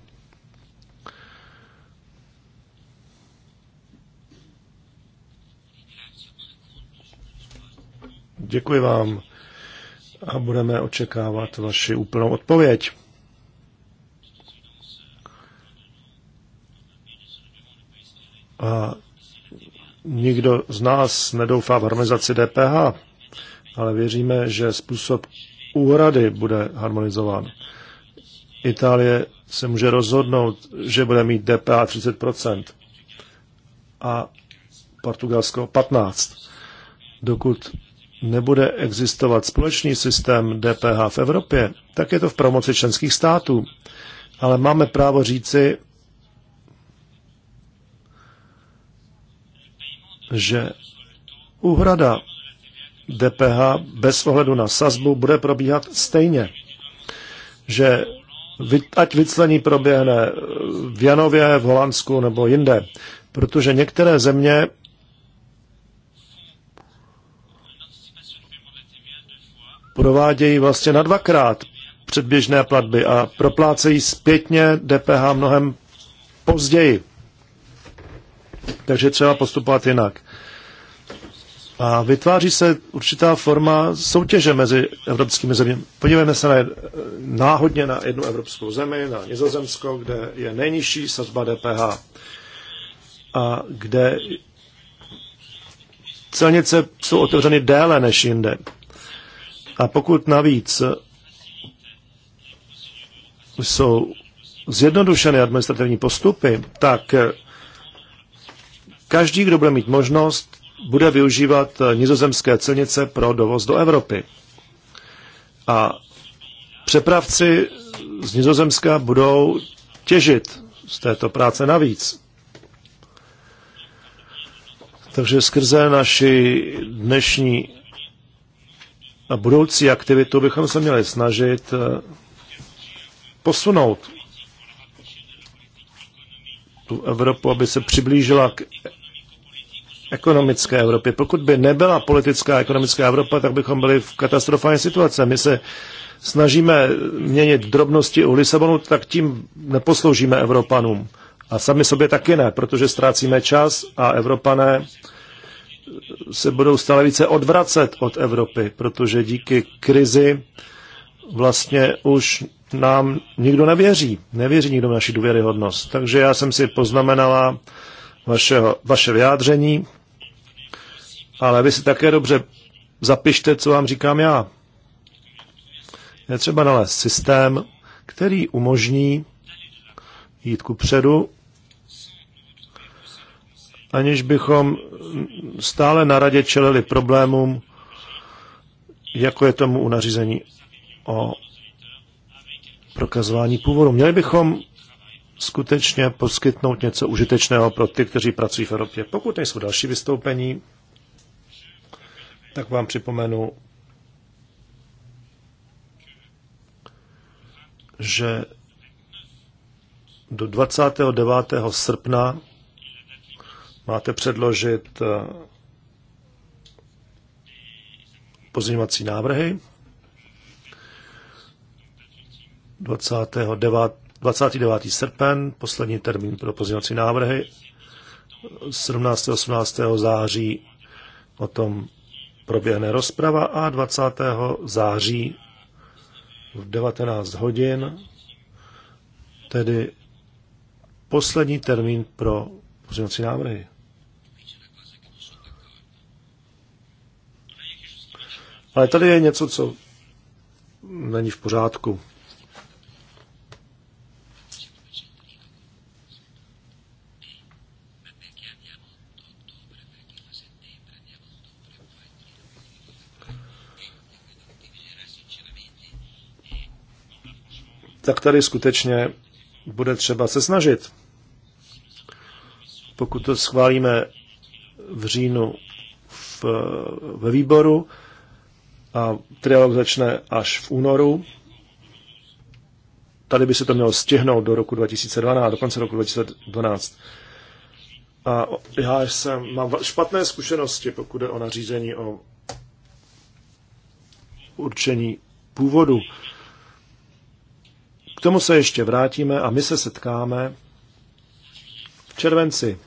Děkuji vám a budeme očekávat vaši úplnou odpověď. A nikdo z nás nedoufá v harmonizaci DPH, ale věříme, že způsob úhrady bude harmonizován. Itálie se může rozhodnout, že bude mít DPH 30% a Portugalsko 15%. Dokud nebude existovat společný systém DPH v Evropě, tak je to v promoci členských států. Ale máme právo říci, že úhrada DPH bez ohledu na sazbu bude probíhat stejně. Že ať vyclení proběhne v Janově, v Holandsku nebo jinde. Protože některé země provádějí vlastně na dvakrát předběžné platby a proplácejí zpětně DPH mnohem později. Takže třeba postupovat jinak. A vytváří se určitá forma soutěže mezi evropskými zeměmi. Podívejme se na, náhodně na jednu evropskou zemi, na Nizozemsko, kde je nejnižší sazba DPH a kde celnice jsou otevřeny déle než jinde. A pokud navíc jsou zjednodušeny administrativní postupy, tak každý, kdo bude mít možnost, bude využívat nizozemské silnice pro dovoz do Evropy. A přepravci z Nizozemska budou těžit z této práce navíc. Takže skrze naši dnešní a budoucí aktivitu bychom se měli snažit eh, posunout tu Evropu, aby se přiblížila k ekonomické Evropě. Pokud by nebyla politická a ekonomická Evropa, tak bychom byli v katastrofální situaci. My se snažíme měnit drobnosti u Lisabonu, tak tím neposloužíme Evropanům. A sami sobě taky ne, protože ztrácíme čas a Evropané se budou stále více odvracet od Evropy, protože díky krizi vlastně už nám nikdo nevěří. Nevěří nikdo v naši důvěryhodnost. Takže já jsem si poznamenala vašeho, vaše vyjádření, ale vy si také dobře zapište, co vám říkám já. Je třeba nalézt systém, který umožní jít ku předu aniž bychom stále na radě čelili problémům, jako je tomu u nařízení o prokazování původu. Měli bychom skutečně poskytnout něco užitečného pro ty, kteří pracují v Evropě. Pokud nejsou další vystoupení, tak vám připomenu, že do 29. srpna máte předložit eh, pozměňovací návrhy. 29. 29. srpen, poslední termín pro pozměňovací návrhy. 17. 18. září o tom proběhne rozprava a 20. září v 19 hodin, tedy poslední termín pro pozměňovací návrhy. Ale tady je něco, co není v pořádku. tak tady skutečně bude třeba se snažit. Pokud to schválíme v říjnu v, ve výboru, a trialog začne až v únoru. Tady by se to mělo stihnout do roku 2012, do konce roku 2012. A já jsem, mám špatné zkušenosti, pokud je o nařízení o určení původu. K tomu se ještě vrátíme a my se setkáme v červenci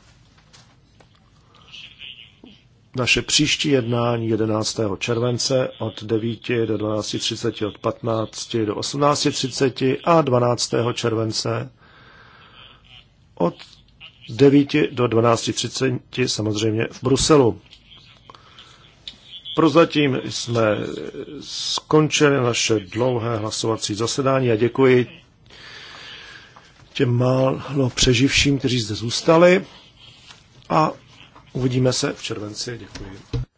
naše příští jednání 11. července od 9 do 12.30, od 15 do 18.30 a 12. července od 9 do 12.30 samozřejmě v Bruselu. Prozatím jsme skončili naše dlouhé hlasovací zasedání a děkuji těm málo přeživším, kteří zde zůstali a Uvidíme se v červenci. Děkuji.